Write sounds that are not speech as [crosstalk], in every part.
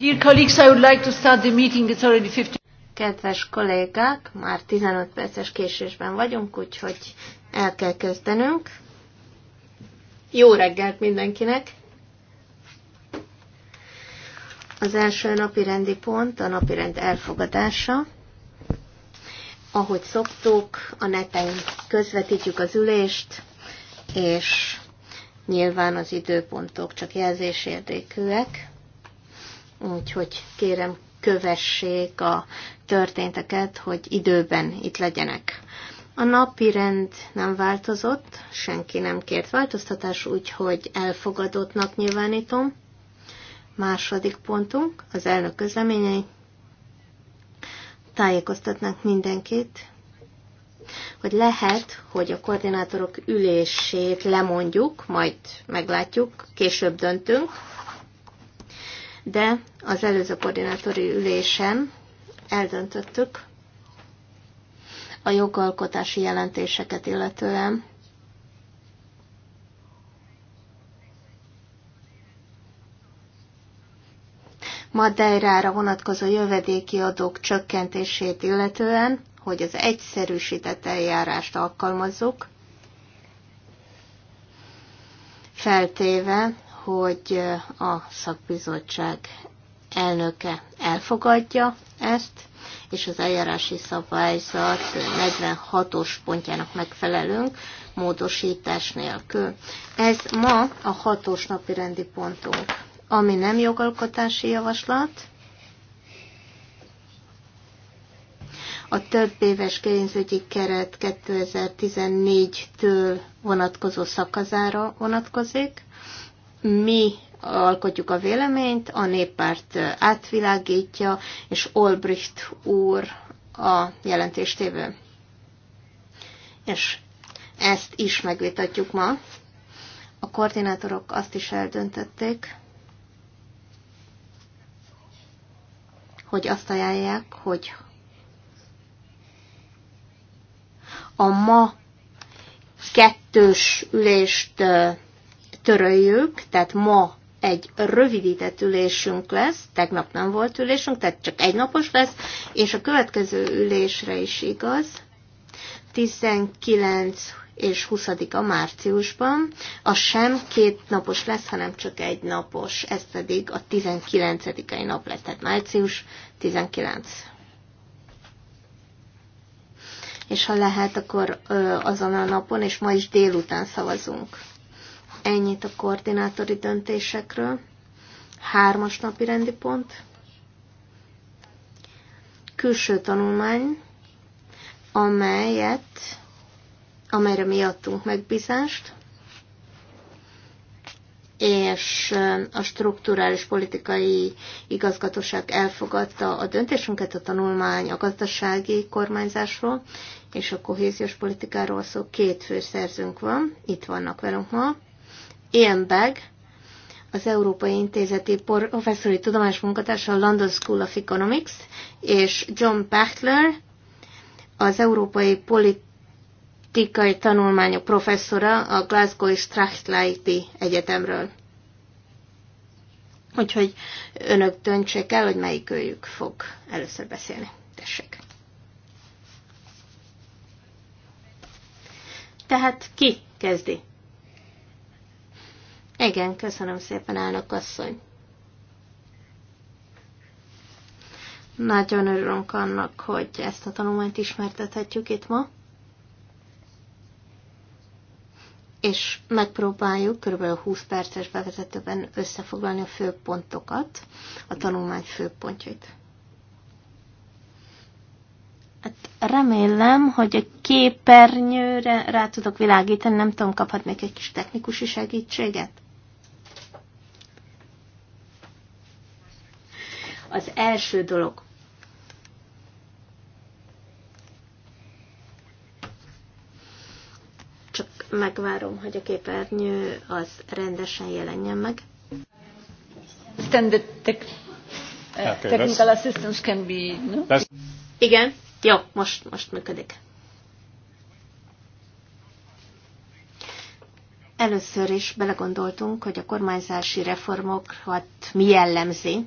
Dear colleagues, I would like to start the meeting. It's already 15. Kedves kollégák, már 15 perces késésben vagyunk, úgyhogy el kell kezdenünk. Jó reggelt mindenkinek! Az első napi rendi pont a napi rend elfogadása. Ahogy szoktuk, a neten közvetítjük az ülést, és nyilván az időpontok csak jelzésérdékűek. Úgyhogy kérem, kövessék a történteket, hogy időben itt legyenek. A napi rend nem változott, senki nem kért változtatás, úgyhogy elfogadottnak nyilvánítom. Második pontunk, az elnök közleményei. Tájékoztatnak mindenkit, hogy lehet, hogy a koordinátorok ülését lemondjuk, majd meglátjuk, később döntünk de az előző koordinátori ülésen eldöntöttük a jogalkotási jelentéseket illetően, Madeirára vonatkozó jövedéki adók csökkentését illetően, hogy az egyszerűsített eljárást alkalmazzuk, feltéve, hogy a szakbizottság elnöke elfogadja ezt, és az eljárási szabályzat 46-os pontjának megfelelünk módosítás nélkül. Ez ma a hatos napi rendi pontunk, ami nem jogalkotási javaslat, a több éves pénzügyi keret 2014-től vonatkozó szakazára vonatkozik, mi alkotjuk a véleményt, a néppárt átvilágítja, és Olbricht úr a jelentéstévő. És ezt is megvitatjuk ma. A koordinátorok azt is eldöntötték, hogy azt ajánlják, hogy a ma kettős ülést töröljük, tehát ma egy rövidített ülésünk lesz, tegnap nem volt ülésünk, tehát csak egy napos lesz, és a következő ülésre is igaz, 19 és 20-a márciusban, a sem két napos lesz, hanem csak egy napos, ez pedig a 19-ai nap lesz, tehát március 19. És ha lehet, akkor azon a napon, és ma is délután szavazunk. Ennyit a koordinátori döntésekről. Hármas napi rendi pont. Külső tanulmány, amelyet, amelyre mi adtunk megbízást, és a strukturális politikai igazgatóság elfogadta a döntésünket a tanulmány a gazdasági kormányzásról és a kohéziós politikáról szó két főszerzőnk van, itt vannak velünk ma. Ian Bag, az Európai Intézeti Professzori Tudományos Munkatársa a London School of Economics, és John Bachtler, az Európai Politikai Tanulmányok professzora a Glasgow Strathclyde Egyetemről. Úgyhogy önök döntsék el, hogy melyik őjük fog először beszélni. Tessék. Tehát ki kezdi? Igen, köszönöm szépen, elnök asszony. Nagyon örülünk annak, hogy ezt a tanulmányt ismertethetjük itt ma. És megpróbáljuk kb. 20 perces bevezetőben összefoglalni a fő pontokat, a tanulmány fő pontjait. Hát remélem, hogy a képernyőre rá tudok világítani, nem tudom, kaphatnék egy kis technikusi segítséget? Az első dolog. Csak megvárom, hogy a képernyő az rendesen jelenjen meg. Uh, technical assistance can be, no? Igen, jó, most, most működik. Először is belegondoltunk, hogy a kormányzási reformokat mi jellemzi,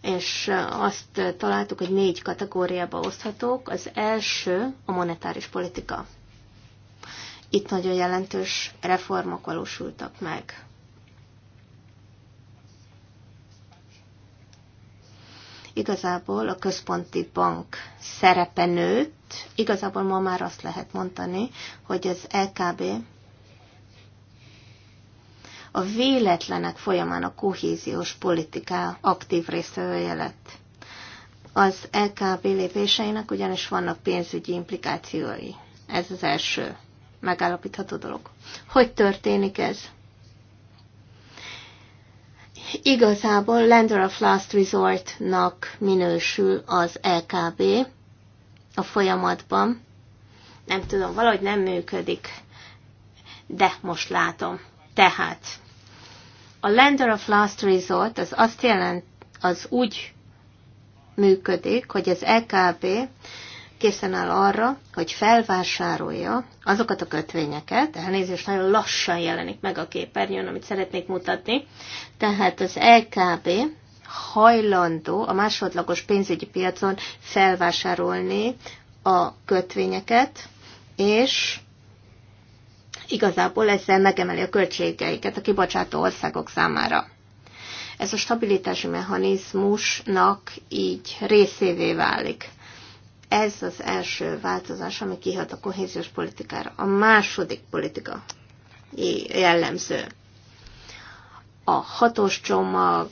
és azt találtuk, hogy négy kategóriába oszthatók. Az első a monetáris politika. Itt nagyon jelentős reformok valósultak meg. Igazából a központi bank szerepe nőtt, igazából ma már azt lehet mondani, hogy az LKB a véletlenek folyamán a kohéziós politiká aktív résztvevője lett. Az LKB lépéseinek ugyanis vannak pénzügyi implikációi. Ez az első megállapítható dolog. Hogy történik ez? Igazából Lender of Last Resortnak minősül az LKB a folyamatban. Nem tudom, valahogy nem működik, de most látom. Tehát a Lender of Last Resort az azt jelent, az úgy működik, hogy az LKB készen áll arra, hogy felvásárolja azokat a kötvényeket, elnézést nagyon lassan jelenik meg a képernyőn, amit szeretnék mutatni, tehát az LKB hajlandó a másodlagos pénzügyi piacon felvásárolni a kötvényeket, és igazából ezzel megemeli a költségeiket a kibocsátó országok számára. Ez a stabilitási mechanizmusnak így részévé válik. Ez az első változás, ami kihat a kohéziós politikára. A második politika jellemző a hatos csomag,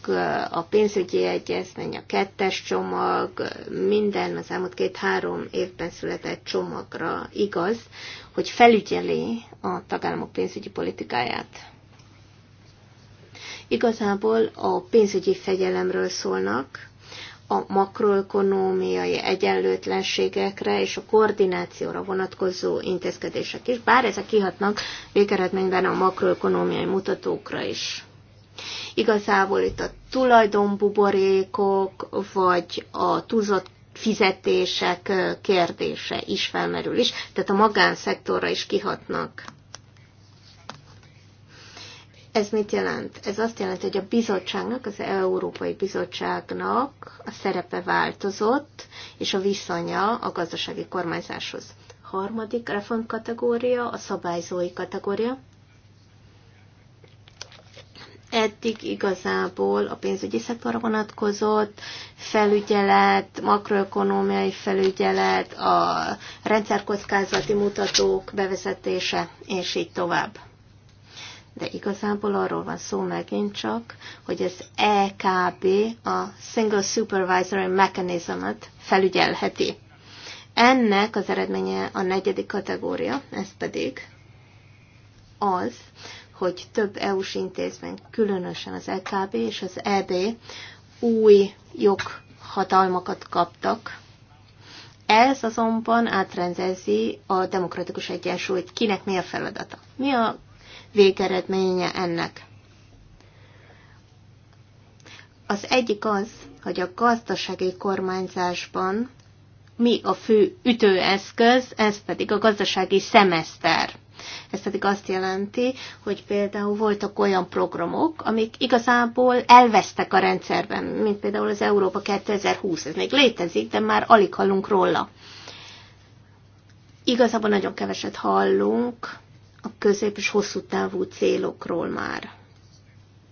a pénzügyi egyezmény, a kettes csomag, minden az elmúlt két-három évben született csomagra igaz, hogy felügyeli a tagállamok pénzügyi politikáját. Igazából a pénzügyi fegyelemről szólnak, a makroökonómiai egyenlőtlenségekre és a koordinációra vonatkozó intézkedések is, bár ezek kihatnak végeredményben a makroökonómiai mutatókra is. Igazából itt a tulajdonbuborékok, vagy a túlzott fizetések kérdése is felmerül is, tehát a magánszektorra is kihatnak. Ez mit jelent? Ez azt jelenti, hogy a bizottságnak, az Európai Bizottságnak a szerepe változott, és a viszonya a gazdasági kormányzáshoz. Harmadik reformkategória a szabályzói kategória eddig igazából a pénzügyi szektorra vonatkozott, felügyelet, makroökonómiai felügyelet, a rendszerkockázati mutatók bevezetése, és így tovább. De igazából arról van szó megint csak, hogy az EKB a Single Supervisory mechanism felügyelheti. Ennek az eredménye a negyedik kategória, ez pedig az, hogy több EU-s intézmény, különösen az EKB és az EB új joghatalmakat kaptak. Ez azonban átrendezi a demokratikus egyensúlyt. Kinek mi a feladata? Mi a végeredménye ennek? Az egyik az, hogy a gazdasági kormányzásban mi a fő ütőeszköz, ez pedig a gazdasági szemeszter. Ez pedig azt jelenti, hogy például voltak olyan programok, amik igazából elvesztek a rendszerben, mint például az Európa 2020. Ez még létezik, de már alig hallunk róla. Igazából nagyon keveset hallunk a közép és hosszú távú célokról már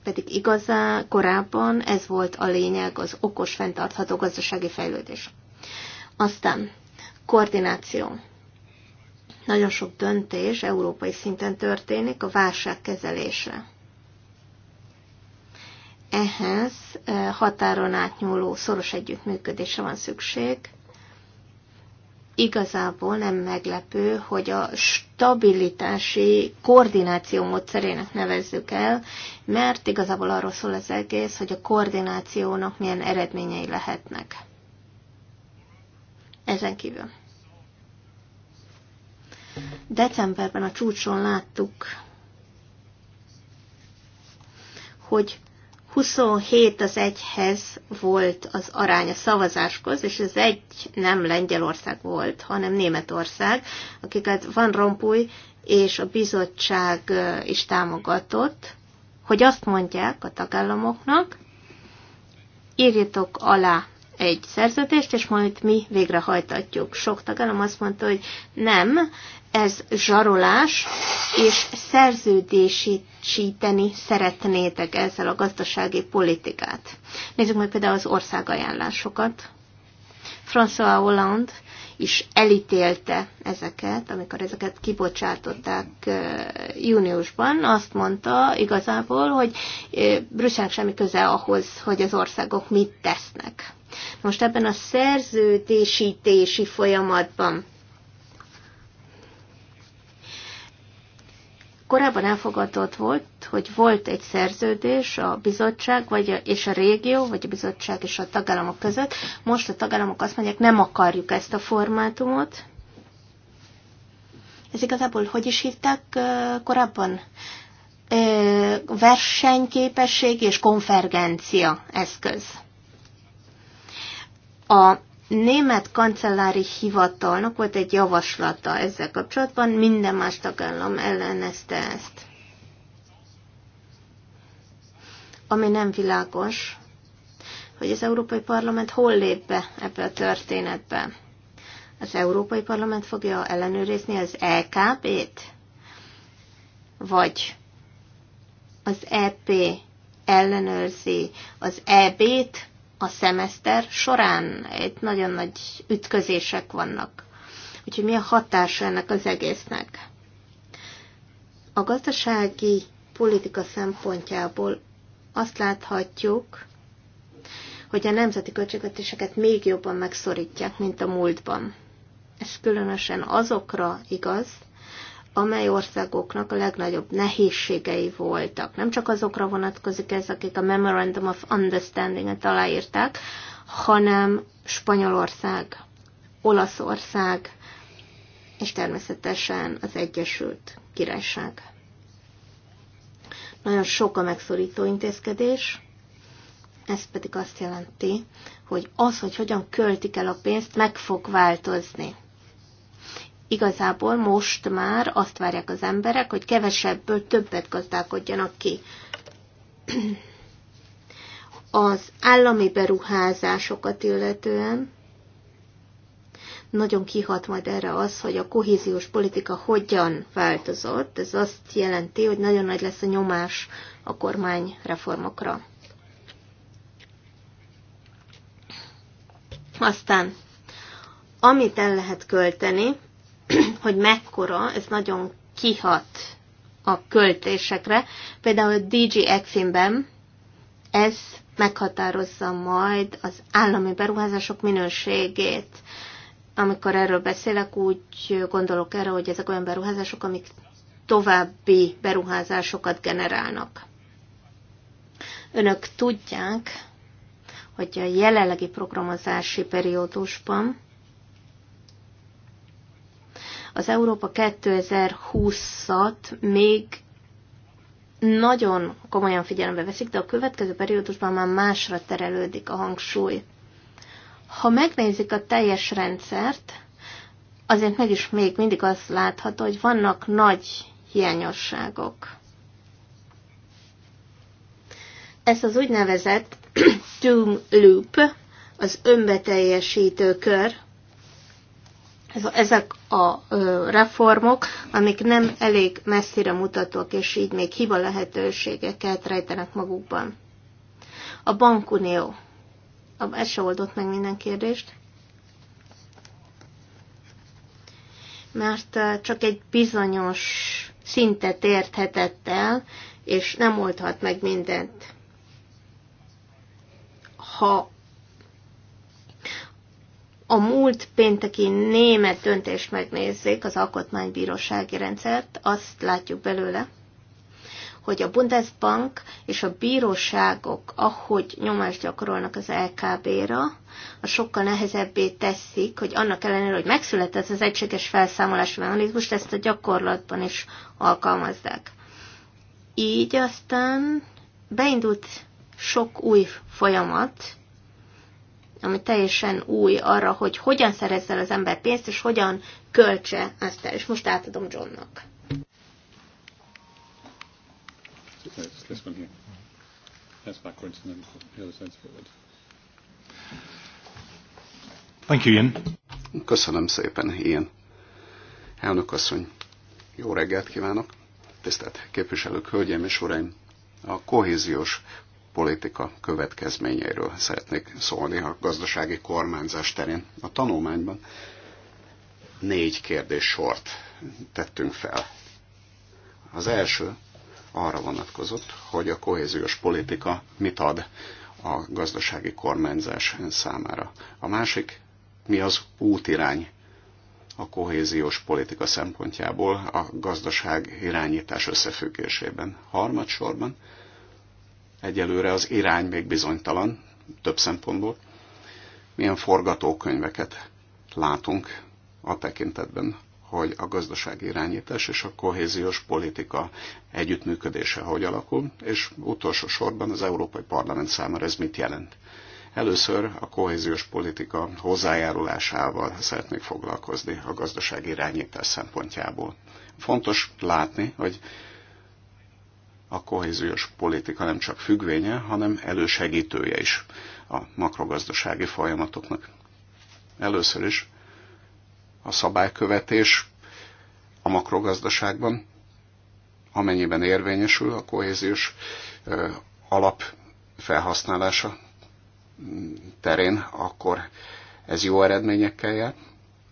pedig igazán korábban ez volt a lényeg, az okos, fenntartható gazdasági fejlődés. Aztán koordináció. Nagyon sok döntés európai szinten történik a válság kezelése. Ehhez eh, határon átnyúló szoros együttműködésre van szükség. Igazából nem meglepő, hogy a stabilitási koordináció módszerének nevezzük el, mert igazából arról szól az egész, hogy a koordinációnak milyen eredményei lehetnek. Ezen kívül. Decemberben a csúcson láttuk, hogy 27 az egyhez volt az arány a szavazáshoz, és az egy nem Lengyelország volt, hanem Németország, akiket Van Rompuy és a bizottság is támogatott, hogy azt mondják a tagállamoknak, írjatok alá egy szerződést, és majd mi végrehajtatjuk. Sok tagállam azt mondta, hogy nem, ez zsarolás, és szerződésíteni szeretnétek ezzel a gazdasági politikát. Nézzük meg például az országajánlásokat. François Hollande is elítélte ezeket, amikor ezeket kibocsátották júniusban, azt mondta igazából, hogy Brüsszelnek semmi köze ahhoz, hogy az országok mit tesznek. Most ebben a szerződésítési folyamatban Korábban elfogadott volt, hogy volt egy szerződés a bizottság vagy a, és a régió, vagy a bizottság és a tagállamok között. Most a tagállamok azt mondják, nem akarjuk ezt a formátumot. Ez igazából hogy is hívták korábban? versenyképesség és konvergencia eszköz. A német kancellári hivatalnak volt egy javaslata ezzel kapcsolatban, minden más tagállam ellenezte ezt. Ami nem világos, hogy az Európai Parlament hol lép be ebbe a történetbe. Az Európai Parlament fogja ellenőrizni az LKB-t, e vagy az EP ellenőrzi az EB-t, a szemeszter során. Itt nagyon nagy ütközések vannak. Úgyhogy mi a hatása ennek az egésznek? A gazdasági politika szempontjából azt láthatjuk, hogy a nemzeti költségvetéseket még jobban megszorítják, mint a múltban. Ez különösen azokra igaz, amely országoknak a legnagyobb nehézségei voltak. Nem csak azokra vonatkozik ez, akik a Memorandum of Understanding-et aláírták, hanem Spanyolország, Olaszország, és természetesen az Egyesült Királyság. Nagyon sok a megszorító intézkedés, ez pedig azt jelenti, hogy az, hogy hogyan költik el a pénzt, meg fog változni igazából most már azt várják az emberek, hogy kevesebből többet gazdálkodjanak ki. [clears throat] Az állami beruházásokat illetően nagyon kihat majd erre az, hogy a kohéziós politika hogyan változott. Ez azt jelenti, hogy nagyon nagy lesz a nyomás a kormány reformokra. Aztán, amit el lehet költeni, [clears throat] hogy mekkora, ez nagyon kihat a költésekre. Például a DG ben ez meghatározza majd az állami beruházások minőségét. Amikor erről beszélek, úgy gondolok erre, hogy ezek olyan beruházások, amik további beruházásokat generálnak. Önök tudják, hogy a jelenlegi programozási periódusban az Európa 2020-at még nagyon komolyan figyelembe veszik, de a következő periódusban már másra terelődik a hangsúly. Ha megnézik a teljes rendszert, azért meg is még mindig az látható, hogy vannak nagy hiányosságok. Ez az úgynevezett [clears throat] doom loop, az önbeteljesítő kör, ezek a reformok, amik nem elég messzire mutatók, és így még hiba lehetőségeket rejtenek magukban. A bankunió. Ez se oldott meg minden kérdést. Mert csak egy bizonyos szintet érthetett el, és nem oldhat meg mindent. Ha a múlt pénteki német döntést megnézzék, az alkotmánybírósági rendszert, azt látjuk belőle, hogy a Bundesbank és a bíróságok, ahogy nyomást gyakorolnak az LKB-ra, a sokkal nehezebbé teszik, hogy annak ellenére, hogy megszületett az egységes felszámolási mechanizmus, ezt a gyakorlatban is alkalmazzák. Így aztán beindult sok új folyamat, ami teljesen új arra, hogy hogyan szerezzel az ember pénzt, és hogyan költse ezt el. És most átadom Johnnak. Thank you, Ian. Köszönöm szépen, Ian. Elnök asszony, jó reggelt kívánok. Tisztelt képviselők, hölgyeim és uraim! A kohéziós politika következményeiről szeretnék szólni a gazdasági kormányzás terén. A tanulmányban négy kérdés sort tettünk fel. Az első arra vonatkozott, hogy a kohéziós politika mit ad a gazdasági kormányzás számára. A másik, mi az útirány a kohéziós politika szempontjából a gazdaság irányítás összefüggésében. Harmadsorban, Egyelőre az irány még bizonytalan, több szempontból. Milyen forgatókönyveket látunk a tekintetben, hogy a gazdasági irányítás és a kohéziós politika együttműködése hogy alakul, és utolsó sorban az Európai Parlament számára ez mit jelent. Először a kohéziós politika hozzájárulásával szeretnék foglalkozni a gazdasági irányítás szempontjából. Fontos látni, hogy a kohéziós politika nem csak függvénye, hanem elősegítője is a makrogazdasági folyamatoknak. Először is a szabálykövetés a makrogazdaságban, amennyiben érvényesül a kohéziós alap felhasználása terén, akkor ez jó eredményekkel jár.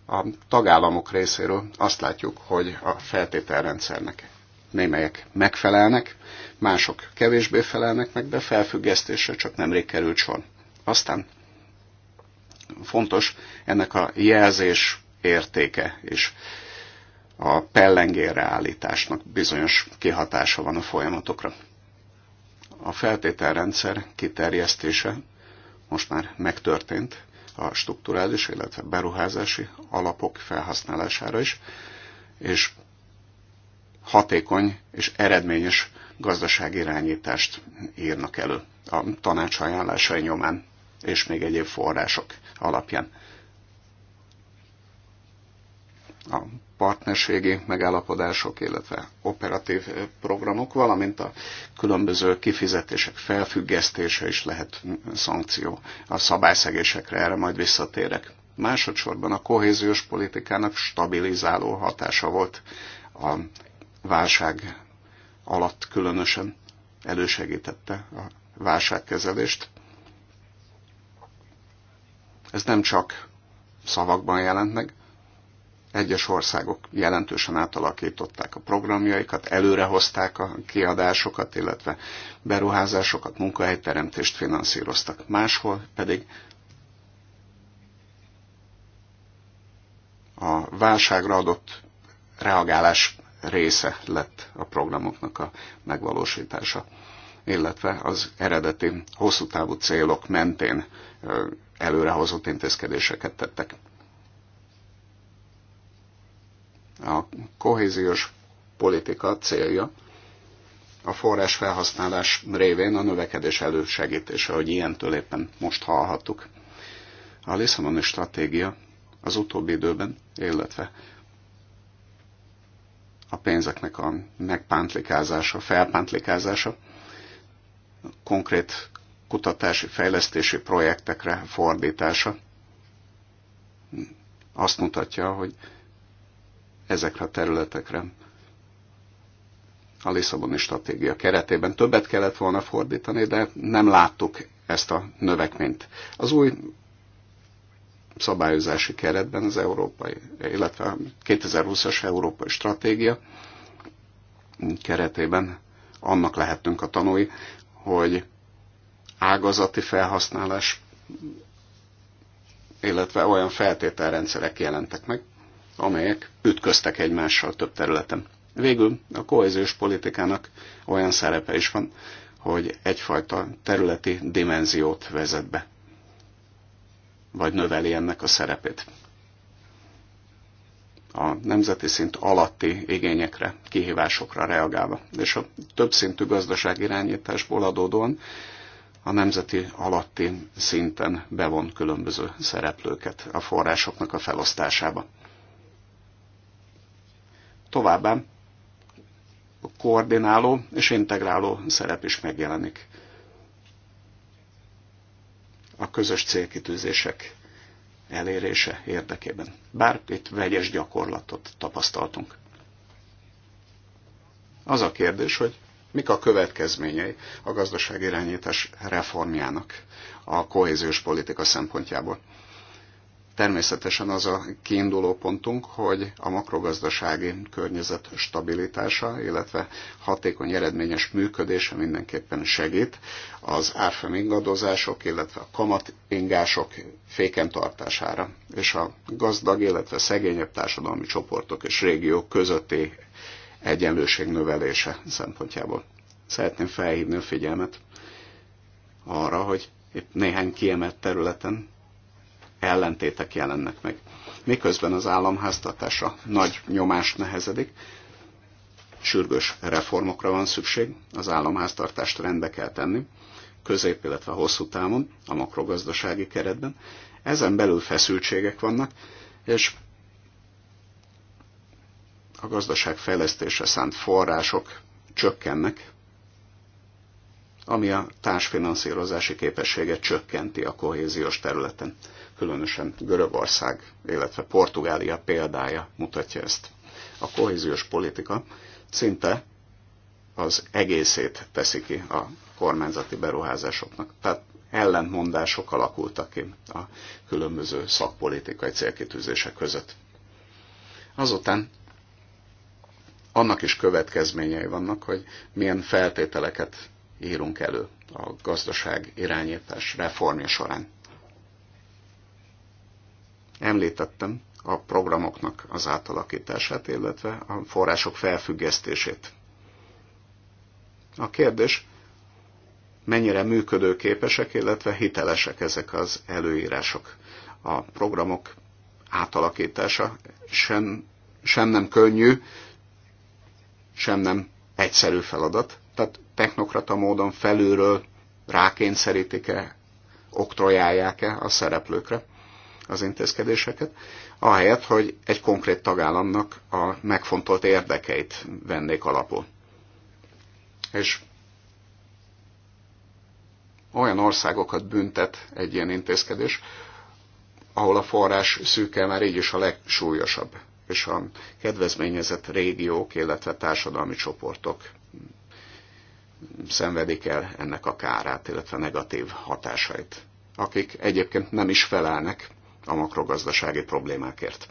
A tagállamok részéről azt látjuk, hogy a feltételrendszernek némelyek megfelelnek, mások kevésbé felelnek meg, de felfüggesztésre csak nemrég került sor. Aztán fontos ennek a jelzés értéke és A pellengére állításnak bizonyos kihatása van a folyamatokra. A feltételrendszer kiterjesztése most már megtörtént a strukturális, illetve beruházási alapok felhasználására is, és hatékony és eredményes gazdaságirányítást írnak elő a tanács ajánlásai nyomán, és még egyéb források alapján. A partnerségi megállapodások, illetve operatív programok, valamint a különböző kifizetések felfüggesztése is lehet szankció a szabályszegésekre, erre majd visszatérek. Másodszorban a kohéziós politikának stabilizáló hatása volt a válság alatt különösen elősegítette a válságkezelést. Ez nem csak szavakban jelent meg, egyes országok jelentősen átalakították a programjaikat, előrehozták a kiadásokat, illetve beruházásokat, munkahelyteremtést finanszíroztak. Máshol pedig a válságra adott reagálás része lett a programoknak a megvalósítása, illetve az eredeti hosszú távú célok mentén előrehozott intézkedéseket tettek. A kohéziós politika célja a forrás felhasználás révén a növekedés elősegítése, hogy ilyentől éppen most hallhattuk. A Lisszaboni stratégia az utóbbi időben, illetve a pénzeknek a megpántlikázása, felpántlikázása konkrét kutatási, fejlesztési projektekre fordítása azt mutatja, hogy ezekre a területekre a Lisszaboni stratégia keretében többet kellett volna fordítani, de nem láttuk ezt a növekményt. Az új szabályozási keretben az európai, illetve a 2020-as európai stratégia keretében annak lehetünk a tanúi, hogy ágazati felhasználás, illetve olyan feltételrendszerek jelentek meg, amelyek ütköztek egymással több területen. Végül a kohéziós politikának olyan szerepe is van, hogy egyfajta területi dimenziót vezet be vagy növeli ennek a szerepét. A nemzeti szint alatti igényekre, kihívásokra reagálva. És a többszintű irányításból adódóan a nemzeti alatti szinten bevon különböző szereplőket a forrásoknak a felosztásába. Továbbá a koordináló és integráló szerep is megjelenik a közös célkitűzések elérése érdekében. Bár itt vegyes gyakorlatot tapasztaltunk. Az a kérdés, hogy mik a következményei a gazdaságirányítás reformjának a kohéziós politika szempontjából. Természetesen az a kiinduló pontunk, hogy a makrogazdasági környezet stabilitása, illetve hatékony eredményes működése mindenképpen segít az árfolyam ingadozások, illetve a kamat ingások féken tartására, és a gazdag, illetve szegényebb társadalmi csoportok és régiók közötti egyenlőség növelése szempontjából. Szeretném felhívni a figyelmet arra, hogy itt néhány kiemelt területen ellentétek jelennek meg. Miközben az államháztatása nagy nyomást nehezedik, sürgős reformokra van szükség, az államháztartást rendbe kell tenni, közép, illetve hosszú távon, a makrogazdasági keretben. Ezen belül feszültségek vannak, és a gazdaság fejlesztése szánt források csökkennek, ami a társfinanszírozási képességet csökkenti a kohéziós területen különösen Görögország, illetve Portugália példája mutatja ezt. A kohéziós politika szinte az egészét teszi ki a kormányzati beruházásoknak. Tehát ellentmondások alakultak ki a különböző szakpolitikai célkitűzések között. Azután annak is következményei vannak, hogy milyen feltételeket írunk elő a gazdaság irányítás reformja során. Említettem a programoknak az átalakítását, illetve a források felfüggesztését. A kérdés, mennyire működőképesek, illetve hitelesek ezek az előírások. A programok átalakítása sem, sem nem könnyű, sem nem egyszerű feladat. Tehát technokrata módon felülről rákényszerítik-e, oktrojálják-e a szereplőkre az intézkedéseket, ahelyett, hogy egy konkrét tagállamnak a megfontolt érdekeit vennék alapul. És olyan országokat büntet egy ilyen intézkedés, ahol a forrás szűke már így is a legsúlyosabb, és a kedvezményezett régiók, illetve társadalmi csoportok szenvedik el ennek a kárát, illetve negatív hatásait, akik egyébként nem is felelnek a makrogazdasági problémákért.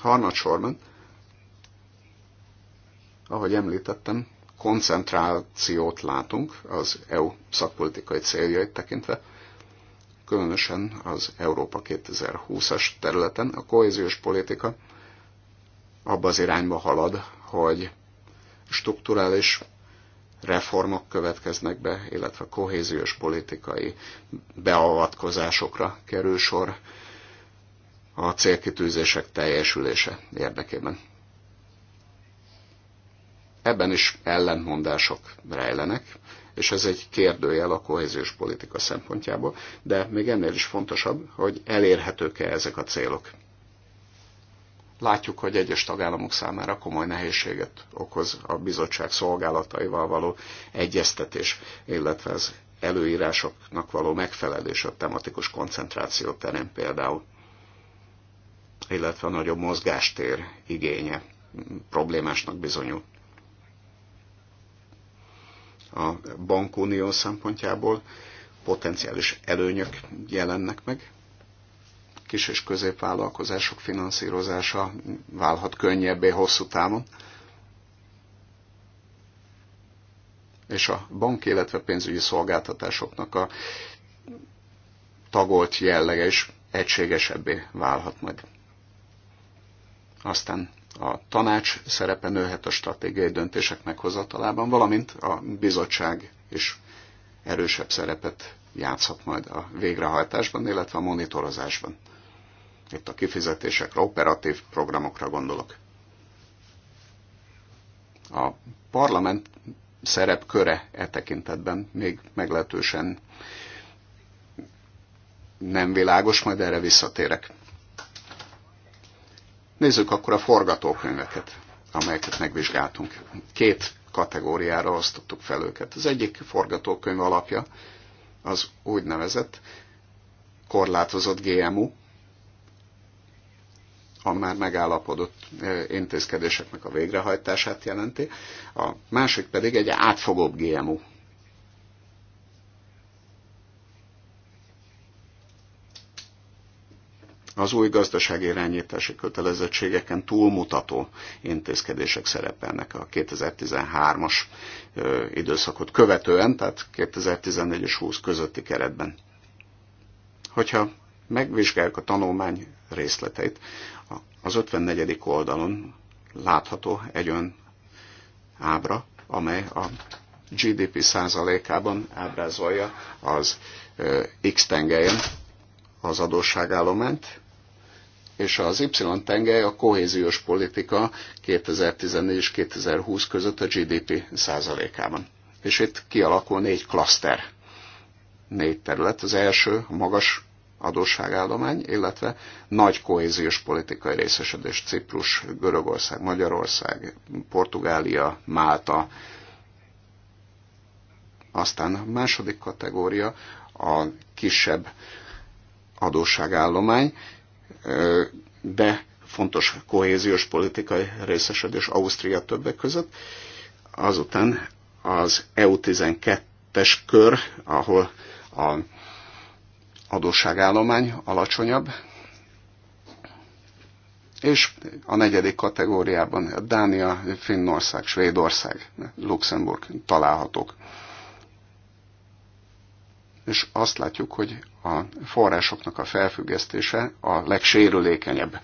Harmadsorban, ahogy említettem, koncentrációt látunk az EU szakpolitikai céljait tekintve, különösen az Európa 2020-as területen a kohéziós politika abba az irányba halad, hogy strukturális reformok következnek be, illetve kohéziós politikai beavatkozásokra kerül sor a célkitűzések teljesülése érdekében. Ebben is ellentmondások rejlenek, és ez egy kérdőjel a kohéziós politika szempontjából, de még ennél is fontosabb, hogy elérhetők-e ezek a célok látjuk, hogy egyes tagállamok számára komoly nehézséget okoz a bizottság szolgálataival való egyeztetés, illetve az előírásoknak való megfelelés a tematikus koncentráció terem például, illetve a nagyobb mozgástér igénye problémásnak bizonyul. A bankunió szempontjából potenciális előnyök jelennek meg, kis- és középvállalkozások finanszírozása válhat könnyebbé hosszú távon. És a bank, illetve pénzügyi szolgáltatásoknak a tagolt jellege is egységesebbé válhat majd. Aztán a tanács szerepe nőhet a stratégiai döntések meghozatalában, valamint a bizottság is erősebb szerepet játszhat majd a végrehajtásban, illetve a monitorozásban. Itt a kifizetésekre, operatív programokra gondolok. A parlament szerepköre e tekintetben még meglehetősen nem világos, majd erre visszatérek. Nézzük akkor a forgatókönyveket, amelyeket megvizsgáltunk. Két kategóriára osztottuk fel őket. Az egyik forgatókönyv alapja az úgynevezett korlátozott GMU, a már megállapodott intézkedéseknek a végrehajtását jelenti, a másik pedig egy átfogóbb GMO. Az új gazdasági irányítási kötelezettségeken túlmutató intézkedések szerepelnek a 2013-as időszakot követően, tehát 2014 és 20 közötti keretben. Hogyha megvizsgáljuk a tanulmány részleteit. Az 54. oldalon látható egy olyan ábra, amely a GDP százalékában ábrázolja az X tengelyen az adósságállományt, és az Y-tengely a kohéziós politika 2014 és 2020 között a GDP százalékában. És itt kialakul négy klaszter, négy terület. Az első a magas adósságállomány, illetve nagy kohéziós politikai részesedés Ciprus, Görögország, Magyarország, Portugália, Málta. Aztán a második kategória a kisebb adósságállomány, de fontos kohéziós politikai részesedés Ausztria többek között. Azután az EU12-es kör, ahol a adósságállomány alacsonyabb, és a negyedik kategóriában Dánia, Finnország, Svédország, Luxemburg találhatók. És azt látjuk, hogy a forrásoknak a felfüggesztése a legsérülékenyebb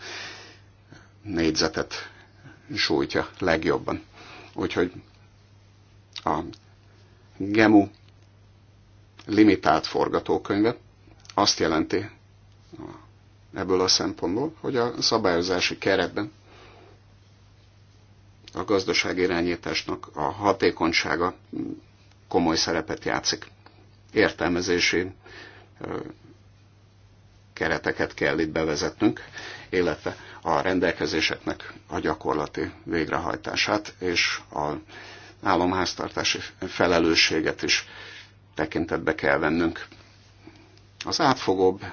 négyzetet sújtja legjobban. Úgyhogy a GEMU limitált forgatókönyvet azt jelenti ebből a szempontból, hogy a szabályozási keretben a gazdaság irányításnak a hatékonysága komoly szerepet játszik. Értelmezési kereteket kell itt bevezetnünk, illetve a rendelkezéseknek a gyakorlati végrehajtását és a államháztartási felelősséget is tekintetbe kell vennünk az átfogóbb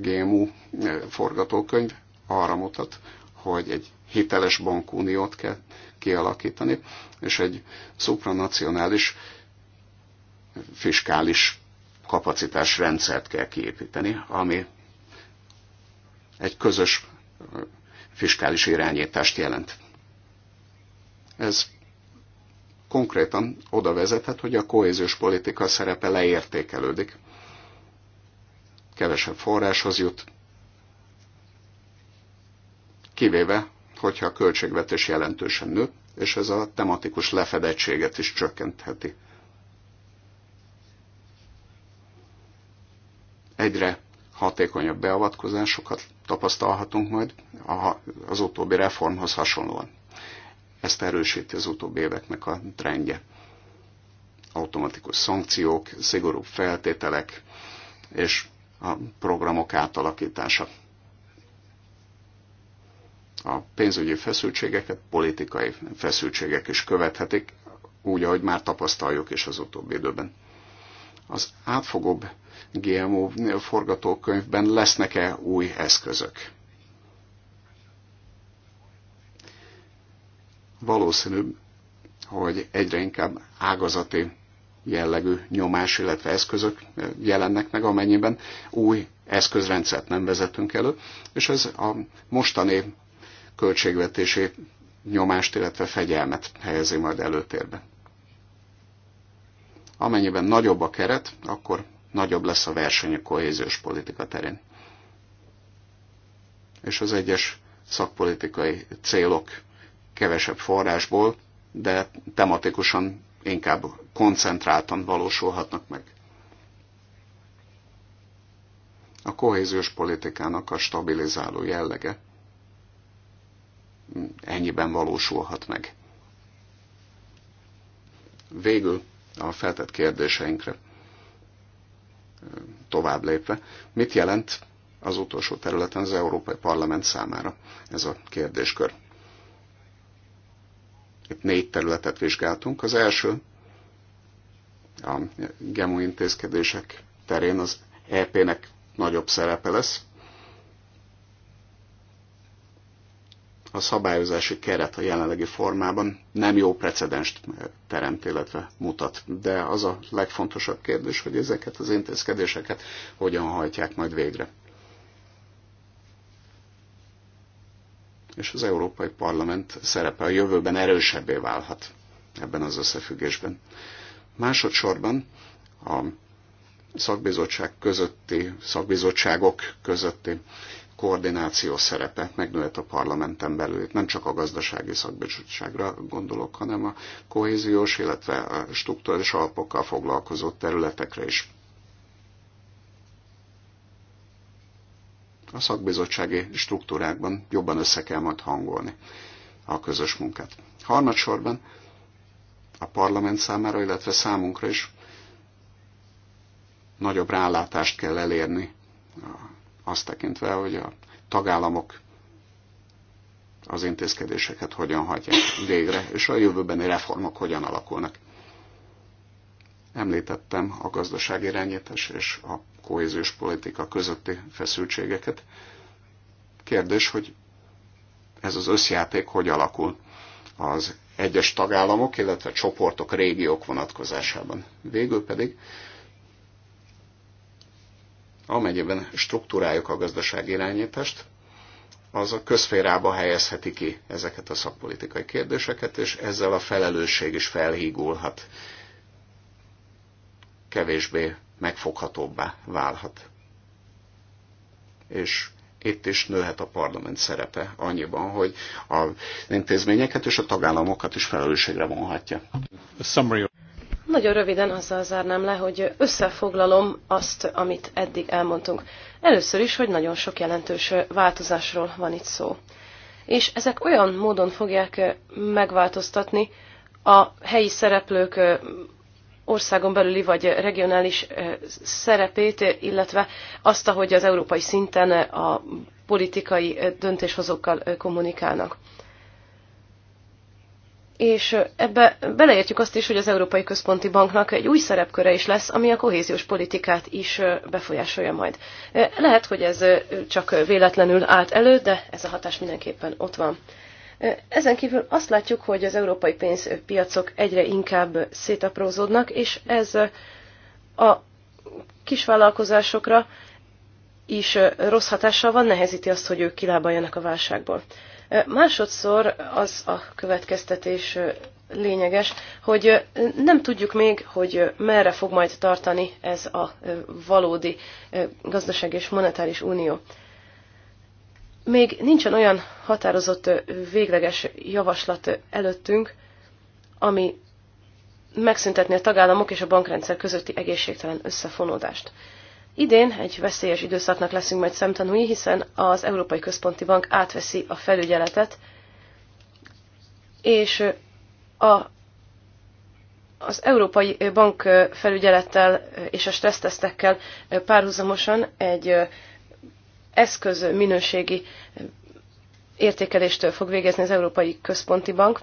GMU eh, forgatókönyv arra mutat, hogy egy hiteles bankuniót kell kialakítani, és egy szupranacionális fiskális rendszert kell kiépíteni, ami egy közös eh, fiskális irányítást jelent. Ez konkrétan oda vezethet, hogy a kohéziós politika szerepe leértékelődik, kevesebb forráshoz jut, kivéve, hogyha a költségvetés jelentősen nő, és ez a tematikus lefedettséget is csökkentheti. Egyre hatékonyabb beavatkozásokat tapasztalhatunk majd az utóbbi reformhoz hasonlóan. Ezt erősíti az utóbbi éveknek a trendje. Automatikus szankciók, szigorúbb feltételek, és a programok átalakítása. A pénzügyi feszültségeket politikai feszültségek is követhetik, úgy, ahogy már tapasztaljuk is az utóbbi időben. Az átfogóbb GMO forgatókönyvben lesznek-e új eszközök? Valószínű, hogy egyre inkább ágazati jellegű nyomás, illetve eszközök jelennek meg, amennyiben új eszközrendszert nem vezetünk elő, és ez a mostani költségvetési nyomást, illetve fegyelmet helyezi majd előtérbe. Amennyiben nagyobb a keret, akkor nagyobb lesz a verseny a kohéziós politika terén. És az egyes szakpolitikai célok kevesebb forrásból, de tematikusan inkább koncentráltan valósulhatnak meg. A kohéziós politikának a stabilizáló jellege ennyiben valósulhat meg. Végül a feltett kérdéseinkre tovább lépve, mit jelent az utolsó területen az Európai Parlament számára ez a kérdéskör? Itt négy területet vizsgáltunk. Az első a GEMU intézkedések terén az EP-nek nagyobb szerepe lesz. A szabályozási keret a jelenlegi formában nem jó precedenst teremt, illetve mutat. De az a legfontosabb kérdés, hogy ezeket az intézkedéseket hogyan hajtják majd végre. és az Európai Parlament szerepe a jövőben erősebbé válhat ebben az összefüggésben. Másodszorban a szakbizottság közötti, szakbizottságok közötti koordináció szerepe megnőhet a parlamenten belül. Nem csak a gazdasági szakbizottságra gondolok, hanem a kohéziós, illetve a struktúrális alapokkal foglalkozó területekre is. a szakbizottsági struktúrákban jobban össze kell majd hangolni a közös munkát. Harmadsorban a parlament számára, illetve számunkra is nagyobb rálátást kell elérni, azt tekintve, hogy a tagállamok az intézkedéseket hogyan hagyják végre, és a jövőbeni reformok hogyan alakulnak. Említettem a irányítás és a kohéziós politika közötti feszültségeket. Kérdés, hogy ez az összjáték hogy alakul az egyes tagállamok, illetve csoportok, régiók vonatkozásában. Végül pedig, amennyiben struktúráljuk a gazdaság irányítást, az a közférába helyezheti ki ezeket a szakpolitikai kérdéseket, és ezzel a felelősség is felhígulhat. Kevésbé megfoghatóbbá válhat. És itt is nőhet a parlament szerepe annyiban, hogy az intézményeket és a tagállamokat is felelősségre vonhatja. Nagyon röviden azzal zárnám le, hogy összefoglalom azt, amit eddig elmondtunk. Először is, hogy nagyon sok jelentős változásról van itt szó. És ezek olyan módon fogják megváltoztatni a helyi szereplők országon belüli vagy regionális szerepét, illetve azt, ahogy az európai szinten a politikai döntéshozókkal kommunikálnak. És ebbe beleértjük azt is, hogy az Európai Központi Banknak egy új szerepköre is lesz, ami a kohéziós politikát is befolyásolja majd. Lehet, hogy ez csak véletlenül állt elő, de ez a hatás mindenképpen ott van. Ezen kívül azt látjuk, hogy az európai pénzpiacok egyre inkább szétaprózódnak, és ez a kisvállalkozásokra is rossz hatással van, nehezíti azt, hogy ők kilábaljanak a válságból. Másodszor az a következtetés lényeges, hogy nem tudjuk még, hogy merre fog majd tartani ez a valódi gazdaság és monetáris unió még nincsen olyan határozott végleges javaslat előttünk, ami megszüntetni a tagállamok és a bankrendszer közötti egészségtelen összefonódást. Idén egy veszélyes időszaknak leszünk majd szemtanúi, hiszen az Európai Központi Bank átveszi a felügyeletet, és a, az Európai Bank felügyelettel és a stressztesztekkel párhuzamosan egy eszköz minőségi értékeléstől fog végezni az Európai Központi Bank,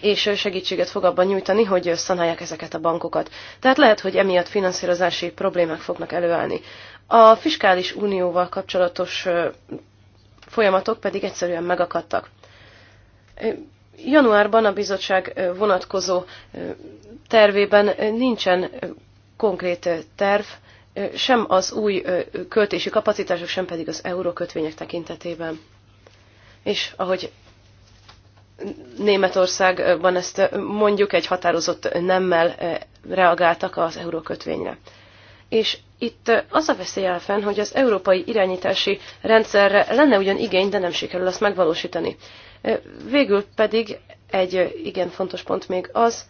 és segítséget fog abban nyújtani, hogy szanálják ezeket a bankokat. Tehát lehet, hogy emiatt finanszírozási problémák fognak előállni. A fiskális unióval kapcsolatos folyamatok pedig egyszerűen megakadtak. Januárban a bizottság vonatkozó tervében nincsen konkrét terv sem az új költési kapacitások, sem pedig az eurókötvények tekintetében. És ahogy Németországban ezt mondjuk egy határozott nemmel reagáltak az eurókötvényre. És itt az a veszély áll fenn, hogy az európai irányítási rendszerre lenne ugyan igény, de nem sikerül azt megvalósítani. Végül pedig egy igen fontos pont még az,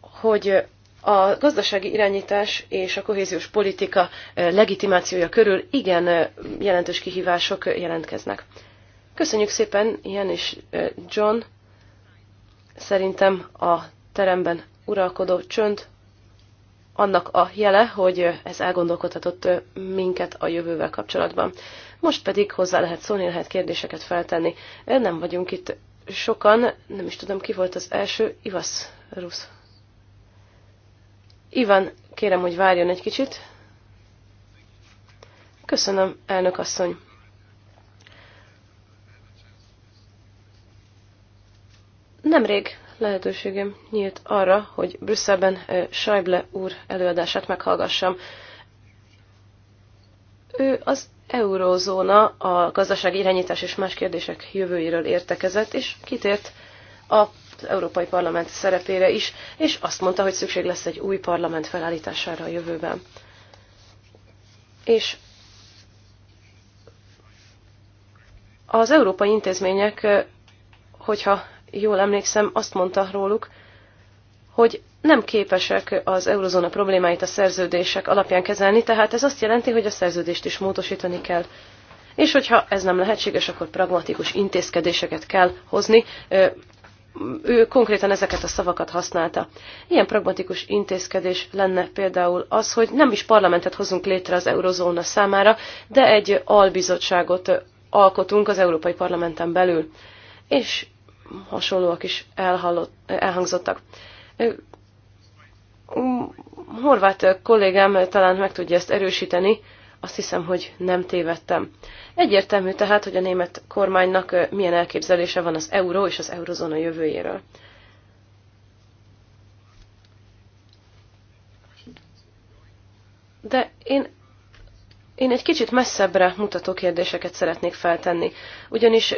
hogy a gazdasági irányítás és a kohéziós politika eh, legitimációja körül igen eh, jelentős kihívások jelentkeznek. Köszönjük szépen, Ian és eh, John. Szerintem a teremben uralkodó csönd annak a jele, hogy ez elgondolkodhatott minket a jövővel kapcsolatban. Most pedig hozzá lehet szólni, lehet kérdéseket feltenni. Nem vagyunk itt sokan, nem is tudom ki volt az első, Ivasz Rusz Ivan, kérem, hogy várjon egy kicsit. Köszönöm, elnök asszony. Nemrég lehetőségem nyílt arra, hogy Brüsszelben Schäuble úr előadását meghallgassam. Ő az eurózóna a gazdaság irányítás és más kérdések jövőjéről értekezett, és kitért a Európai Parlament szerepére is, és azt mondta, hogy szükség lesz egy új parlament felállítására a jövőben. És az európai intézmények, hogyha jól emlékszem, azt mondta róluk, hogy nem képesek az eurozóna problémáit a szerződések alapján kezelni, tehát ez azt jelenti, hogy a szerződést is módosítani kell. És hogyha ez nem lehetséges, akkor pragmatikus intézkedéseket kell hozni, ő konkrétan ezeket a szavakat használta. Ilyen pragmatikus intézkedés lenne például az, hogy nem is parlamentet hozunk létre az eurozóna számára, de egy albizottságot alkotunk az Európai Parlamenten belül. És hasonlóak is elhangzottak. Horváth kollégám talán meg tudja ezt erősíteni, azt hiszem, hogy nem tévedtem. Egyértelmű tehát, hogy a német kormánynak milyen elképzelése van az euró és az eurozóna jövőjéről. De én, én egy kicsit messzebbre mutató kérdéseket szeretnék feltenni. Ugyanis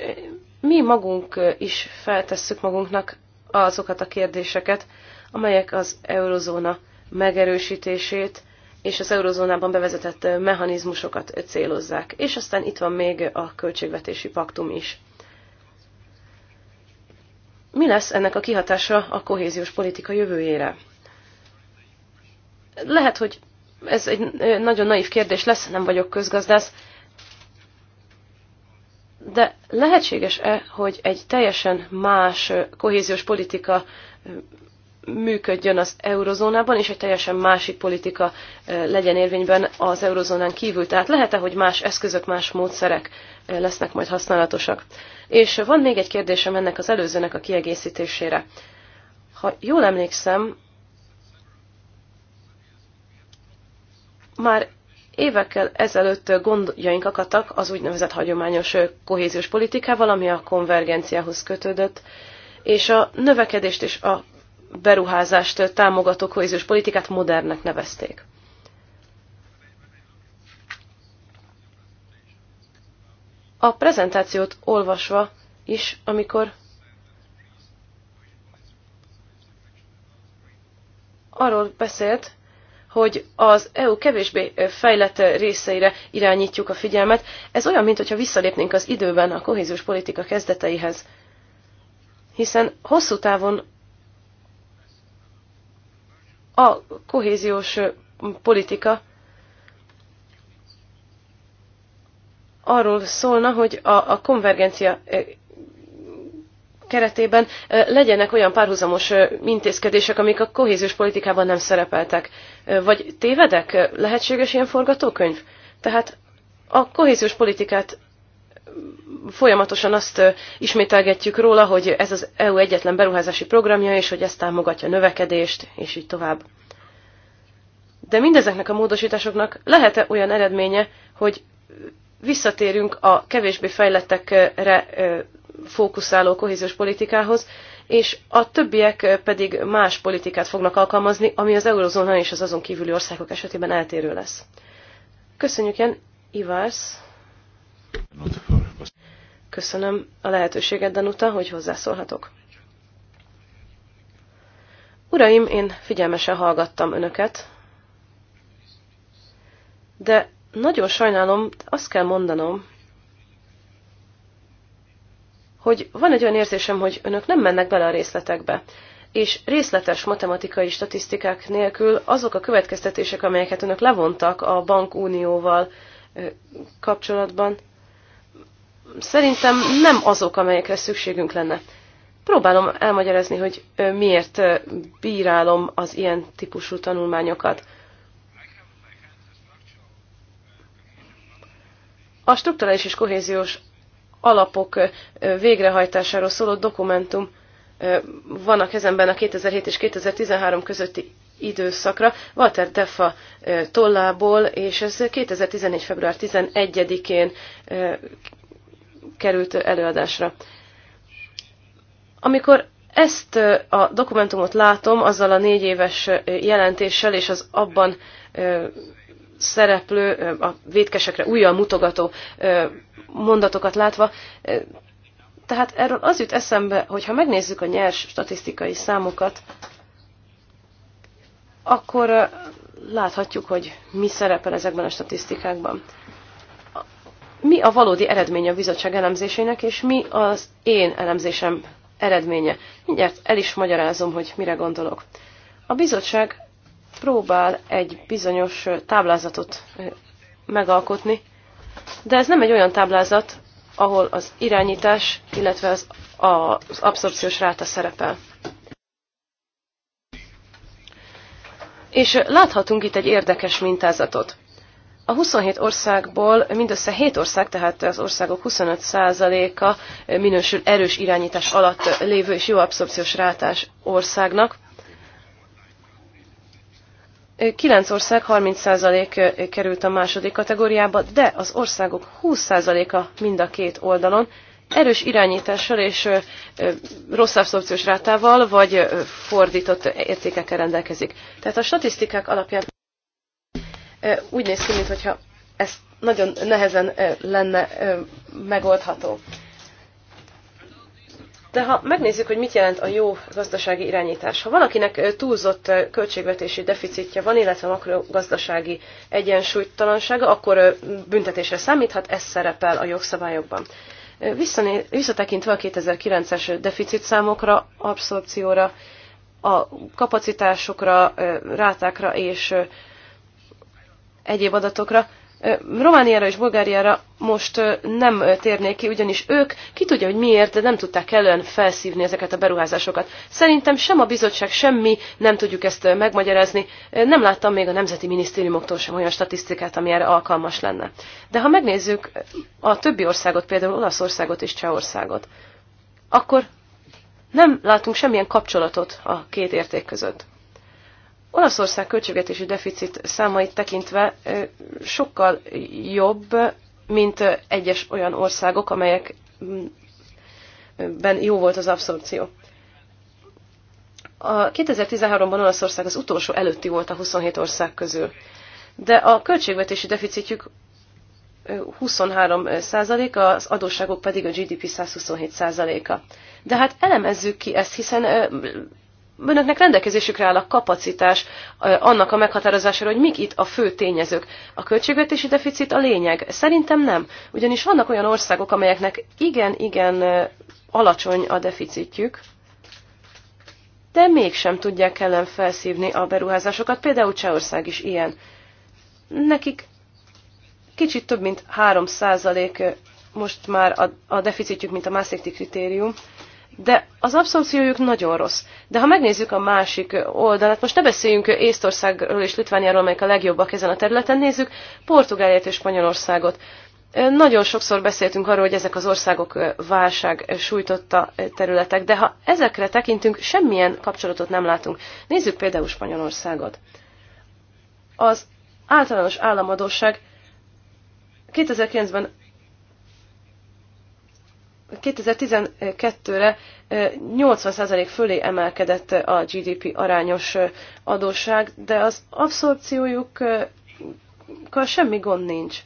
mi magunk is feltesszük magunknak azokat a kérdéseket, amelyek az eurozóna megerősítését, és az eurozónában bevezetett mechanizmusokat célozzák. És aztán itt van még a költségvetési paktum is. Mi lesz ennek a kihatása a kohéziós politika jövőjére? Lehet, hogy ez egy nagyon naív kérdés lesz, nem vagyok közgazdász, de lehetséges-e, hogy egy teljesen más kohéziós politika működjön az eurozónában, és egy teljesen másik politika legyen érvényben az eurozónán kívül. Tehát lehet-e, hogy más eszközök, más módszerek lesznek majd használatosak. És van még egy kérdésem ennek az előzőnek a kiegészítésére. Ha jól emlékszem, már évekkel ezelőtt gondjaink akadtak az úgynevezett hagyományos kohéziós politikával, ami a konvergenciához kötődött, és a növekedést és a beruházást támogató kohéziós politikát modernnek nevezték. A prezentációt olvasva is, amikor arról beszélt, hogy az EU kevésbé fejlett részeire irányítjuk a figyelmet. Ez olyan, mintha visszalépnénk az időben a kohéziós politika kezdeteihez. Hiszen hosszú távon a kohéziós politika arról szólna, hogy a, a konvergencia keretében legyenek olyan párhuzamos intézkedések, amik a kohéziós politikában nem szerepeltek. Vagy tévedek? Lehetséges ilyen forgatókönyv? Tehát a kohéziós politikát folyamatosan azt ismételgetjük róla, hogy ez az EU egyetlen beruházási programja, és hogy ez támogatja növekedést, és így tovább. De mindezeknek a módosításoknak lehet-e olyan eredménye, hogy visszatérünk a kevésbé fejlettekre fókuszáló kohéziós politikához, és a többiek pedig más politikát fognak alkalmazni, ami az eurozóna és az azon kívüli országok esetében eltérő lesz. Köszönjük, Jan Ivars! Köszönöm a lehetőséget, Danuta, hogy hozzászólhatok. Uraim, én figyelmesen hallgattam önöket, de nagyon sajnálom, azt kell mondanom, hogy van egy olyan érzésem, hogy önök nem mennek bele a részletekbe, és részletes matematikai statisztikák nélkül azok a következtetések, amelyeket önök levontak a bankunióval kapcsolatban, szerintem nem azok, amelyekre szükségünk lenne. Próbálom elmagyarázni, hogy miért bírálom az ilyen típusú tanulmányokat. A strukturális és kohéziós alapok végrehajtásáról szóló dokumentum van a kezemben a 2007 és 2013 közötti időszakra Walter Defa tollából, és ez 2014. február 11-én került előadásra. Amikor ezt a dokumentumot látom, azzal a négy éves jelentéssel és az abban szereplő, a vétkesekre újjal mutogató mondatokat látva, tehát erről az jut eszembe, hogy ha megnézzük a nyers statisztikai számokat, akkor láthatjuk, hogy mi szerepel ezekben a statisztikákban mi a valódi eredménye a bizottság elemzésének, és mi az én elemzésem eredménye. Mindjárt el is magyarázom, hogy mire gondolok. A bizottság próbál egy bizonyos táblázatot megalkotni, de ez nem egy olyan táblázat, ahol az irányítás, illetve az, az abszorpciós ráta szerepel. És láthatunk itt egy érdekes mintázatot. A 27 országból mindössze 7 ország, tehát az országok 25%-a minősül erős irányítás alatt lévő és jó abszorpciós rátás országnak. 9 ország 30% került a második kategóriába, de az országok 20%-a mind a két oldalon erős irányítással és rossz abszorpciós rátával, vagy fordított értékekkel rendelkezik. Tehát a statisztikák alapján úgy néz ki, mintha ez nagyon nehezen lenne megoldható. De ha megnézzük, hogy mit jelent a jó gazdasági irányítás. Ha valakinek túlzott költségvetési deficitje van, illetve makrogazdasági egyensúlytalansága, akkor büntetésre számíthat, ez szerepel a jogszabályokban. Visszatekintve a 2009-es deficit számokra, abszorpcióra, a kapacitásokra, rátákra és egyéb adatokra. Romániára és Bulgáriára most nem térnék ki, ugyanis ők ki tudja, hogy miért, de nem tudták kellően felszívni ezeket a beruházásokat. Szerintem sem a bizottság, semmi nem tudjuk ezt megmagyarázni. Nem láttam még a nemzeti minisztériumoktól sem olyan statisztikát, ami erre alkalmas lenne. De ha megnézzük a többi országot, például Olaszországot és Csehországot, akkor nem látunk semmilyen kapcsolatot a két érték között. Olaszország költségvetési deficit számait tekintve sokkal jobb, mint egyes olyan országok, amelyekben mm, jó volt az abszorpció. A 2013-ban Olaszország az utolsó előtti volt a 27 ország közül, de a költségvetési deficitjük 23 százaléka, az adósságok pedig a GDP 127 százaléka. De hát elemezzük ki ezt, hiszen önöknek rendelkezésükre áll a kapacitás annak a meghatározására, hogy mik itt a fő tényezők. A költségvetési deficit a lényeg. Szerintem nem. Ugyanis vannak olyan országok, amelyeknek igen-igen alacsony a deficitjük, de mégsem tudják ellen felszívni a beruházásokat. Például Csehország is ilyen. Nekik kicsit több mint 3 most már a, a deficitjük, mint a Maastrichti kritérium, de az abszorpciójuk nagyon rossz. De ha megnézzük a másik oldalát, most ne beszéljünk Észtországról és Litvániáról, amelyek a legjobbak ezen a területen, nézzük Portugáliát és Spanyolországot. Nagyon sokszor beszéltünk arról, hogy ezek az országok válság sújtotta területek, de ha ezekre tekintünk, semmilyen kapcsolatot nem látunk. Nézzük például Spanyolországot. Az általános államadóság 2009-ben 2012-re 80% fölé emelkedett a GDP arányos adósság, de az abszorpciójukkal semmi gond nincs.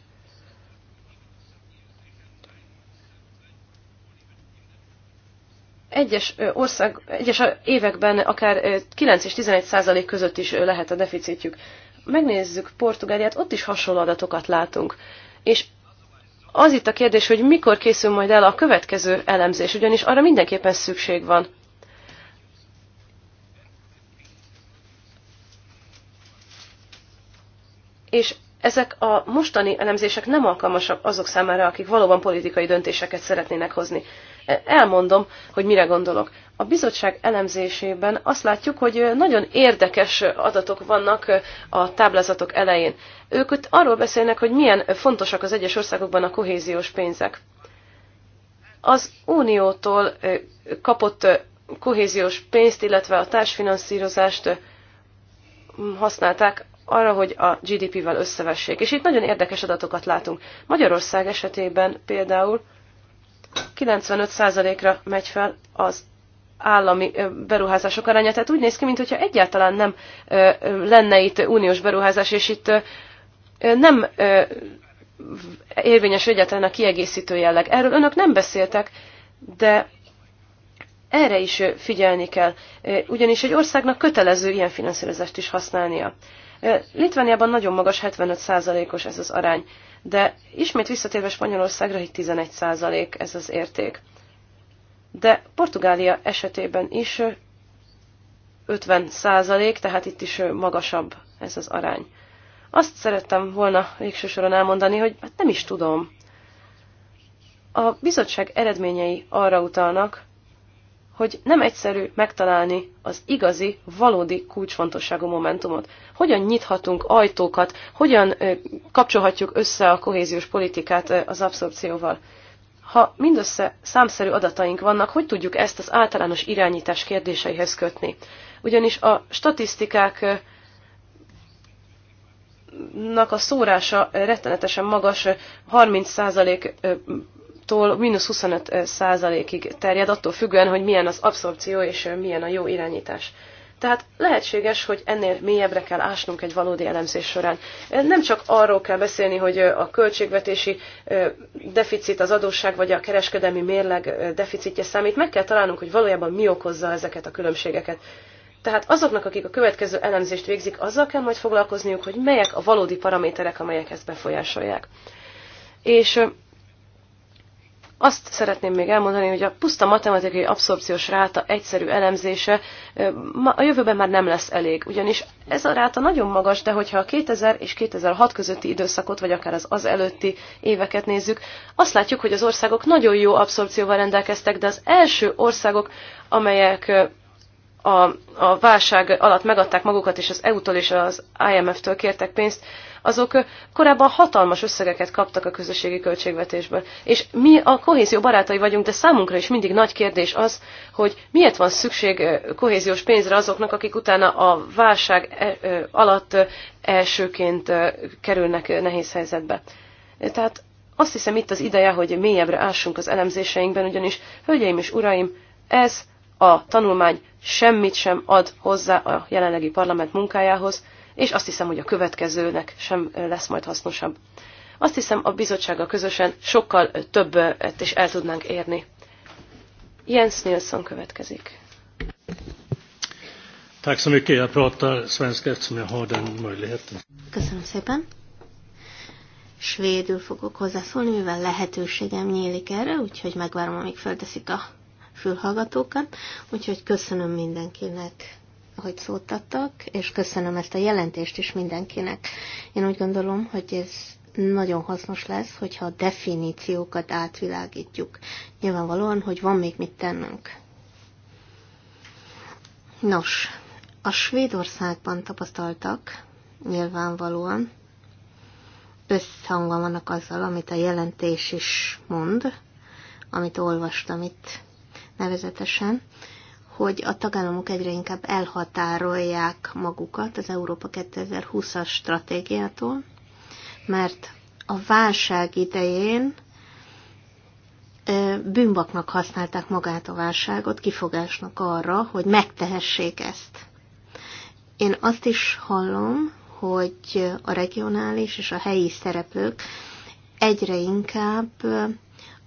Egyes, ország, egyes években akár 9 és 11 százalék között is lehet a deficitjük. Megnézzük Portugáliát, ott is hasonló adatokat látunk. És az itt a kérdés, hogy mikor készül majd el a következő elemzés, ugyanis arra mindenképpen szükség van. És ezek a mostani elemzések nem alkalmasak azok számára, akik valóban politikai döntéseket szeretnének hozni elmondom, hogy mire gondolok. A bizottság elemzésében azt látjuk, hogy nagyon érdekes adatok vannak a táblázatok elején. Ők ott arról beszélnek, hogy milyen fontosak az egyes országokban a kohéziós pénzek. Az uniótól kapott kohéziós pénzt, illetve a társfinanszírozást használták arra, hogy a GDP-vel összevessék. És itt nagyon érdekes adatokat látunk. Magyarország esetében például 95%-ra megy fel az állami beruházások aránya. Tehát úgy néz ki, mintha egyáltalán nem lenne itt uniós beruházás, és itt nem érvényes egyáltalán a kiegészítő jelleg. Erről önök nem beszéltek, de erre is figyelni kell, ugyanis egy országnak kötelező ilyen finanszírozást is használnia. Litvániában nagyon magas 75%-os ez az arány. De ismét visszatérve Spanyolországra, hogy 11 százalék ez az érték. De Portugália esetében is 50 százalék, tehát itt is magasabb ez az arány. Azt szerettem volna végső soron elmondani, hogy hát nem is tudom. A bizottság eredményei arra utalnak, hogy nem egyszerű megtalálni az igazi, valódi kulcsfontosságú momentumot. Hogyan nyithatunk ajtókat, hogyan kapcsolhatjuk össze a kohéziós politikát az abszorpcióval. Ha mindössze számszerű adataink vannak, hogy tudjuk ezt az általános irányítás kérdéseihez kötni? Ugyanis a statisztikák a szórása rettenetesen magas, 30% tól mínusz 25 százalékig terjed, attól függően, hogy milyen az abszorpció és milyen a jó irányítás. Tehát lehetséges, hogy ennél mélyebbre kell ásnunk egy valódi elemzés során. Nem csak arról kell beszélni, hogy a költségvetési deficit, az adósság vagy a kereskedelmi mérleg deficitje számít, meg kell találnunk, hogy valójában mi okozza ezeket a különbségeket. Tehát azoknak, akik a következő elemzést végzik, azzal kell majd foglalkozniuk, hogy melyek a valódi paraméterek, amelyek ezt befolyásolják. És azt szeretném még elmondani, hogy a puszta matematikai abszorpciós ráta egyszerű elemzése a jövőben már nem lesz elég, ugyanis ez a ráta nagyon magas, de hogyha a 2000 és 2006 közötti időszakot, vagy akár az az előtti éveket nézzük, azt látjuk, hogy az országok nagyon jó abszorpcióval rendelkeztek, de az első országok, amelyek a, a válság alatt megadták magukat, és az EU-tól és az IMF-től kértek pénzt, azok korábban hatalmas összegeket kaptak a közösségi költségvetésből. És mi a kohézió barátai vagyunk, de számunkra is mindig nagy kérdés az, hogy miért van szükség kohéziós pénzre azoknak, akik utána a válság e, alatt elsőként kerülnek nehéz helyzetbe. Tehát azt hiszem itt az ideje, hogy mélyebbre ássunk az elemzéseinkben, ugyanis, hölgyeim és uraim, ez a tanulmány semmit sem ad hozzá a jelenlegi parlament munkájához, és azt hiszem, hogy a következőnek sem lesz majd hasznosabb. Azt hiszem, a bizottsága közösen sokkal többet is el tudnánk érni. Jens Nilsson következik. Köszönöm szépen. Svédül fogok hozzászólni, mivel lehetőségem nyílik erre, úgyhogy megvárom, amíg felteszik a fülhallgatókat. Úgyhogy köszönöm mindenkinek hogy szót adtak, és köszönöm ezt a jelentést is mindenkinek. Én úgy gondolom, hogy ez nagyon hasznos lesz, hogyha a definíciókat átvilágítjuk. Nyilvánvalóan, hogy van még mit tennünk. Nos, a Svédországban tapasztaltak nyilvánvalóan összhangban vannak azzal, amit a jelentés is mond, amit olvastam itt nevezetesen, hogy a tagállamok egyre inkább elhatárolják magukat az Európa 2020-as stratégiától, mert a válság idején bűnbaknak használták magát a válságot, kifogásnak arra, hogy megtehessék ezt. Én azt is hallom, hogy a regionális és a helyi szereplők egyre inkább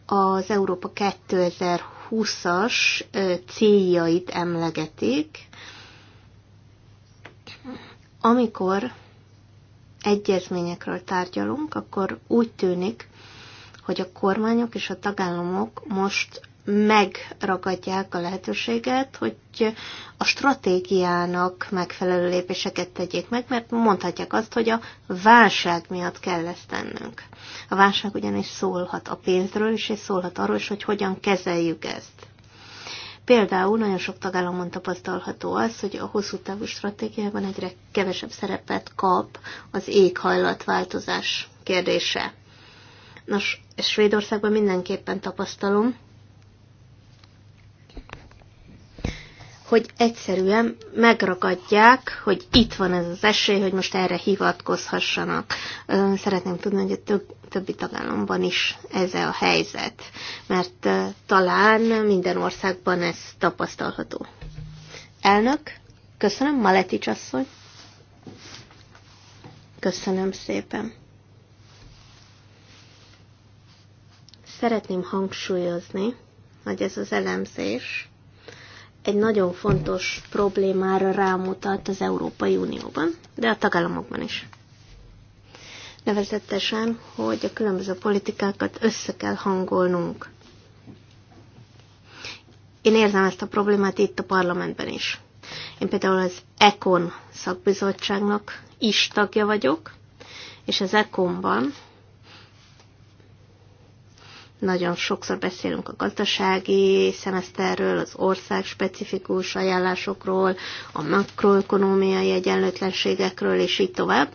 az Európa 2020 2020-as céljait emlegetik, amikor egyezményekről tárgyalunk, akkor úgy tűnik, hogy a kormányok és a tagállamok most megragadják a lehetőséget, hogy a stratégiának megfelelő lépéseket tegyék meg, mert mondhatják azt, hogy a válság miatt kell ezt tennünk. A válság ugyanis szólhat a pénzről és szólhat arról is, hogy hogyan kezeljük ezt. Például nagyon sok tagállamon tapasztalható az, hogy a hosszú távú stratégiában egyre kevesebb szerepet kap az éghajlatváltozás kérdése. Nos, Svédországban mindenképpen tapasztalom, hogy egyszerűen megragadják, hogy itt van ez az esély, hogy most erre hivatkozhassanak. Szeretném tudni, hogy a több, többi tagállamban is ez a helyzet, mert talán minden országban ez tapasztalható. Elnök, köszönöm, Maletics asszony. Köszönöm szépen. Szeretném hangsúlyozni, hogy ez az elemzés, egy nagyon fontos problémára rámutat az Európai Unióban, de a tagállamokban is. Nevezetesen, hogy a különböző politikákat össze kell hangolnunk. Én érzem ezt a problémát itt a parlamentben is. Én például az ECON szakbizottságnak is tagja vagyok, és az ECON-ban nagyon sokszor beszélünk a gazdasági szemeszterről, az ország specifikus ajánlásokról, a makroökonómiai egyenlőtlenségekről, és így tovább.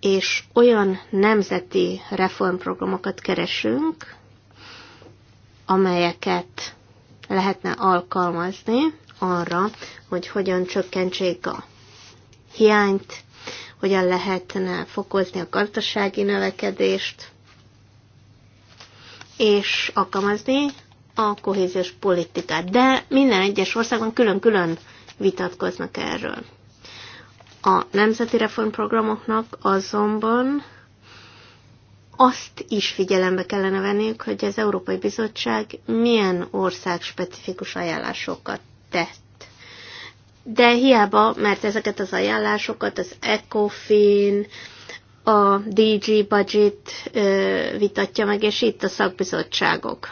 és olyan nemzeti reformprogramokat keresünk, amelyeket lehetne alkalmazni arra, hogy hogyan csökkentsék a hiányt, hogyan lehetne fokozni a gazdasági növekedést, és alkalmazni a kohéziós politikát. De minden egyes országban külön-külön vitatkoznak erről. A nemzeti reformprogramoknak azonban azt is figyelembe kellene venniük, hogy az Európai Bizottság milyen ország specifikus ajánlásokat tett de hiába, mert ezeket az ajánlásokat az ECOFIN, a DG budget vitatja meg, és itt a szakbizottságok.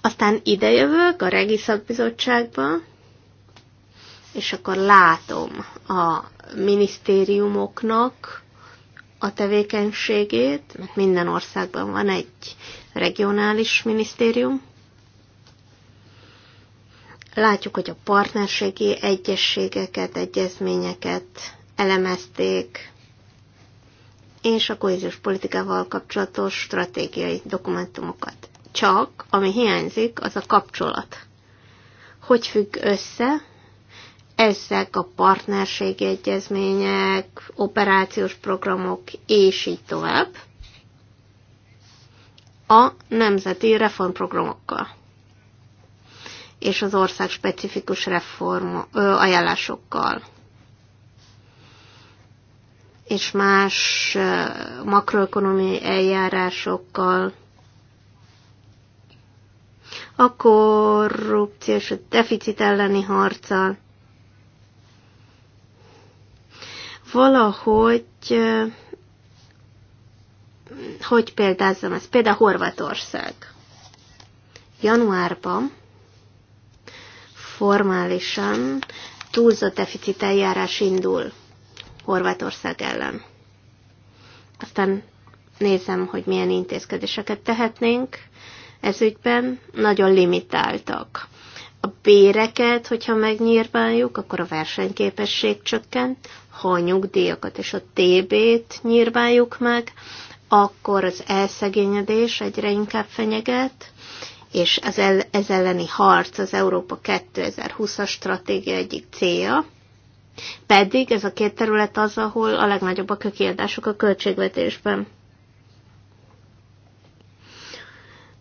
Aztán idejövök a regi szakbizottságba, és akkor látom a minisztériumoknak a tevékenységét, mert minden országban van egy regionális minisztérium, Látjuk, hogy a partnerségi egyességeket, egyezményeket elemezték, és a kohéziós politikával kapcsolatos stratégiai dokumentumokat. Csak, ami hiányzik, az a kapcsolat. Hogy függ össze ezek a partnerségi egyezmények, operációs programok, és így tovább a nemzeti reformprogramokkal és az ország specifikus reform ö, ajánlásokkal és más makroekonomiai eljárásokkal, a korrupció és a deficit elleni harccal. Valahogy, hogy példázzam ezt? Például Horvátország Januárban formálisan túlzott deficit eljárás indul Horvátország ellen. Aztán nézem, hogy milyen intézkedéseket tehetnénk ez ügyben. Nagyon limitáltak. A béreket, hogyha megnyírbáljuk, akkor a versenyképesség csökken. Ha a nyugdíjakat és a TB-t nyírbáljuk meg, akkor az elszegényedés egyre inkább fenyeget, és az el, ez elleni harc az Európa 2020-as stratégia egyik célja, pedig ez a két terület az, ahol a legnagyobbak a kiadások a költségvetésben.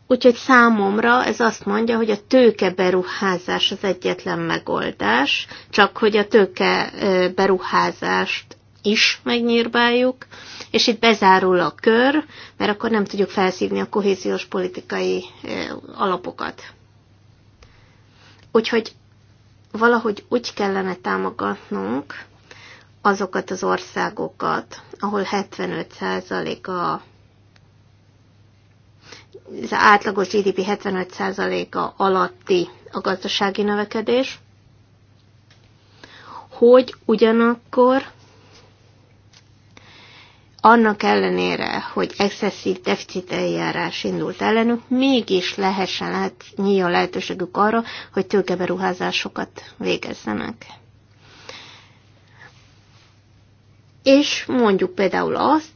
Úgyhogy számomra ez azt mondja, hogy a tőkeberuházás az egyetlen megoldás, csak hogy a tőkeberuházást is megnyírbáljuk, és itt bezárul a kör, mert akkor nem tudjuk felszívni a kohéziós politikai alapokat. Úgyhogy valahogy úgy kellene támogatnunk azokat az országokat, ahol 75% a az átlagos GDP 75%-a alatti a gazdasági növekedés, hogy ugyanakkor annak ellenére, hogy excesszív deficit eljárás indult ellenük, mégis lehessen lehet nyíl a lehetőségük arra, hogy tőkeberuházásokat végezzenek. És mondjuk például azt,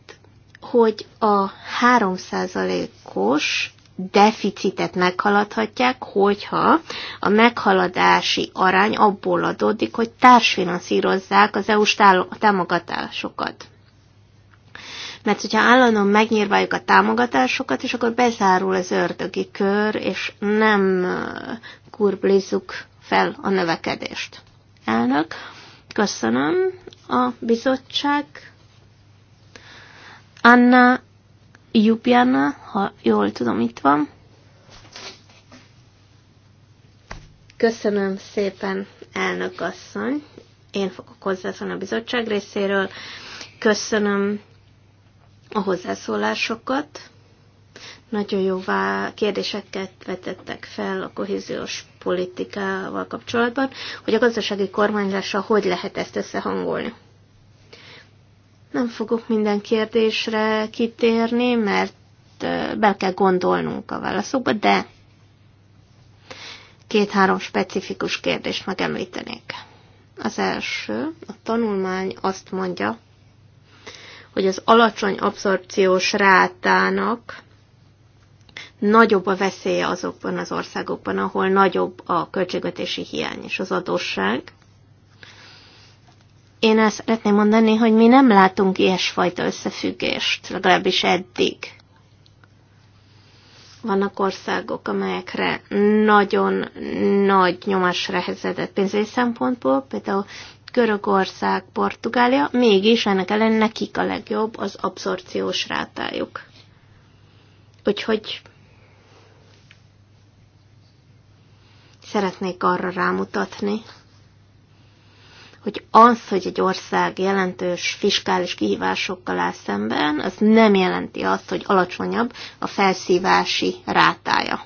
hogy a 3%-os deficitet meghaladhatják, hogyha a meghaladási arány abból adódik, hogy társfinanszírozzák az EU-s támogatásokat. Mert hogyha állandóan megnyírváljuk a támogatásokat, és akkor bezárul az ördögi kör, és nem kurblizzuk fel a növekedést. Elnök, köszönöm a bizottság. Anna Jubjana, ha jól tudom, itt van. Köszönöm szépen, elnök asszony. Én fogok hozzászólni a bizottság részéről. Köszönöm a hozzászólásokat. Nagyon jó kérdéseket vetettek fel a kohéziós politikával kapcsolatban, hogy a gazdasági kormányzással hogy lehet ezt összehangolni. Nem fogok minden kérdésre kitérni, mert be kell gondolnunk a válaszokba, de két-három specifikus kérdést megemlítenék. Az első, a tanulmány azt mondja, hogy az alacsony abszorpciós rátának nagyobb a veszélye azokban az országokban, ahol nagyobb a költségvetési hiány és az adósság. Én ezt szeretném mondani, hogy mi nem látunk ilyesfajta összefüggést, legalábbis eddig. Vannak országok, amelyekre nagyon nagy nyomás rehezedett pénzügyi szempontból, például Görögország, Portugália, mégis ennek ellen nekik a legjobb az abszorciós rátájuk. Úgyhogy szeretnék arra rámutatni, hogy az, hogy egy ország jelentős fiskális kihívásokkal áll szemben, az nem jelenti azt, hogy alacsonyabb a felszívási rátája.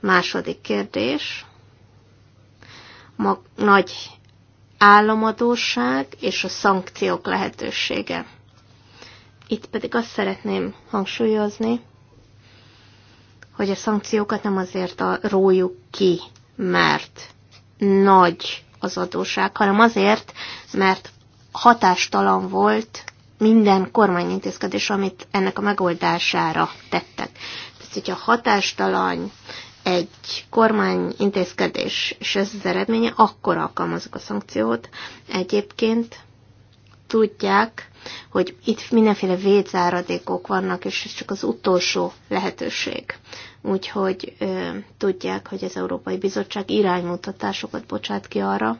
Második kérdés. Mag- nagy államadóság és a szankciók lehetősége. Itt pedig azt szeretném hangsúlyozni, hogy a szankciókat nem azért a rójuk ki, mert nagy az adóság, hanem azért, mert hatástalan volt minden kormányintézkedés, amit ennek a megoldására tettek. Tehát, hogyha hatástalan egy kormány intézkedés, és ez az eredménye, akkor alkalmazok a szankciót. Egyébként tudják, hogy itt mindenféle védzáradékok vannak, és ez csak az utolsó lehetőség. Úgyhogy ö, tudják, hogy az Európai Bizottság iránymutatásokat bocsát ki arra,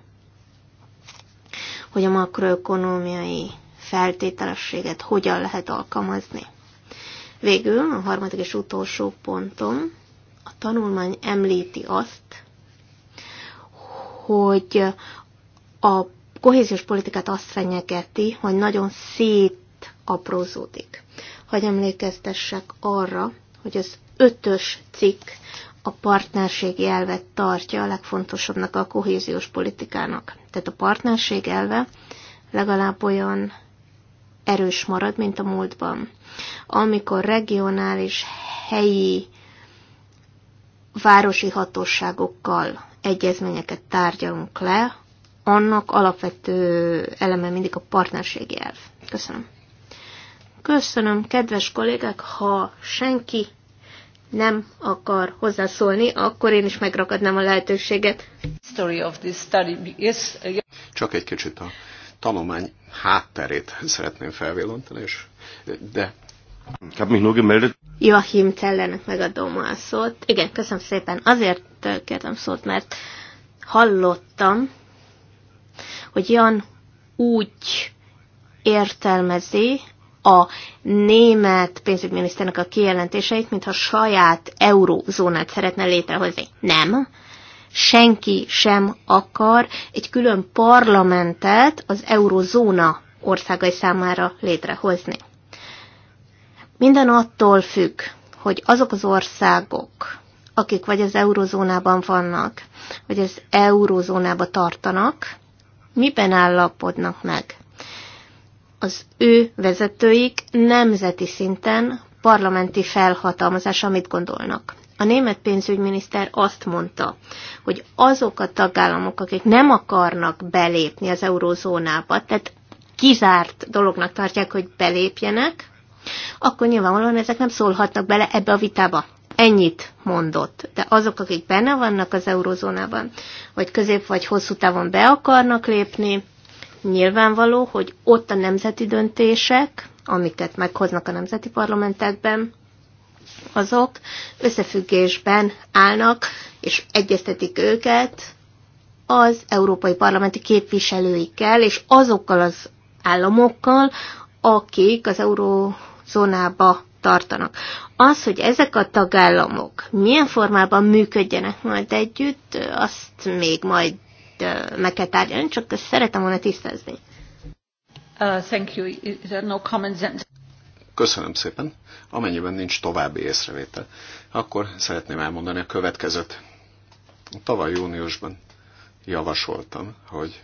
hogy a makroökonómiai feltételességet hogyan lehet alkalmazni. Végül a harmadik és utolsó pontom, a tanulmány említi azt, hogy a kohéziós politikát azt fenyegeti, hogy nagyon szétaprózódik. Hogy emlékeztessek arra, hogy az ötös cikk a partnerségi elvet tartja a legfontosabbnak a kohéziós politikának. Tehát a partnerség elve legalább olyan erős marad, mint a múltban. Amikor regionális, helyi városi hatóságokkal egyezményeket tárgyalunk le, annak alapvető eleme mindig a partnerségi elv. Köszönöm. Köszönöm, kedves kollégák, ha senki nem akar hozzászólni, akkor én is megragadnám a lehetőséget. Csak egy kicsit a tanulmány hátterét szeretném felvillantani, és, de Ich habe mich nur gemeldet. Joachim Cellernek megadom a szót. Igen, köszönöm szépen. Azért eh, kértem szót, mert hallottam, hogy Jan úgy értelmezi a német pénzügyminiszternek a kijelentéseit, mintha saját eurózónát szeretne létrehozni. Nem. Senki sem akar egy külön parlamentet az eurózóna országai számára létrehozni. Minden attól függ, hogy azok az országok, akik vagy az eurozónában vannak, vagy az eurozónába tartanak, miben állapodnak meg. Az ő vezetőik nemzeti szinten parlamenti felhatalmazás, amit gondolnak. A német pénzügyminiszter azt mondta, hogy azok a tagállamok, akik nem akarnak belépni az eurózónába, tehát kizárt dolognak tartják, hogy belépjenek, akkor nyilvánvalóan ezek nem szólhatnak bele ebbe a vitába. Ennyit mondott. De azok, akik benne vannak az eurozónában, vagy közép vagy hosszú távon be akarnak lépni, nyilvánvaló, hogy ott a nemzeti döntések, amiket meghoznak a nemzeti parlamentekben, azok összefüggésben állnak, és egyeztetik őket az európai parlamenti képviselőikkel, és azokkal az államokkal, akik az euró zónába tartanak. Az, hogy ezek a tagállamok milyen formában működjenek majd együtt, azt még majd meg kell tárgyalni, csak ezt szeretem volna tisztázni. Uh, Köszönöm szépen. Amennyiben nincs további észrevétel, akkor szeretném elmondani a következőt. Tavaly júniusban javasoltam, hogy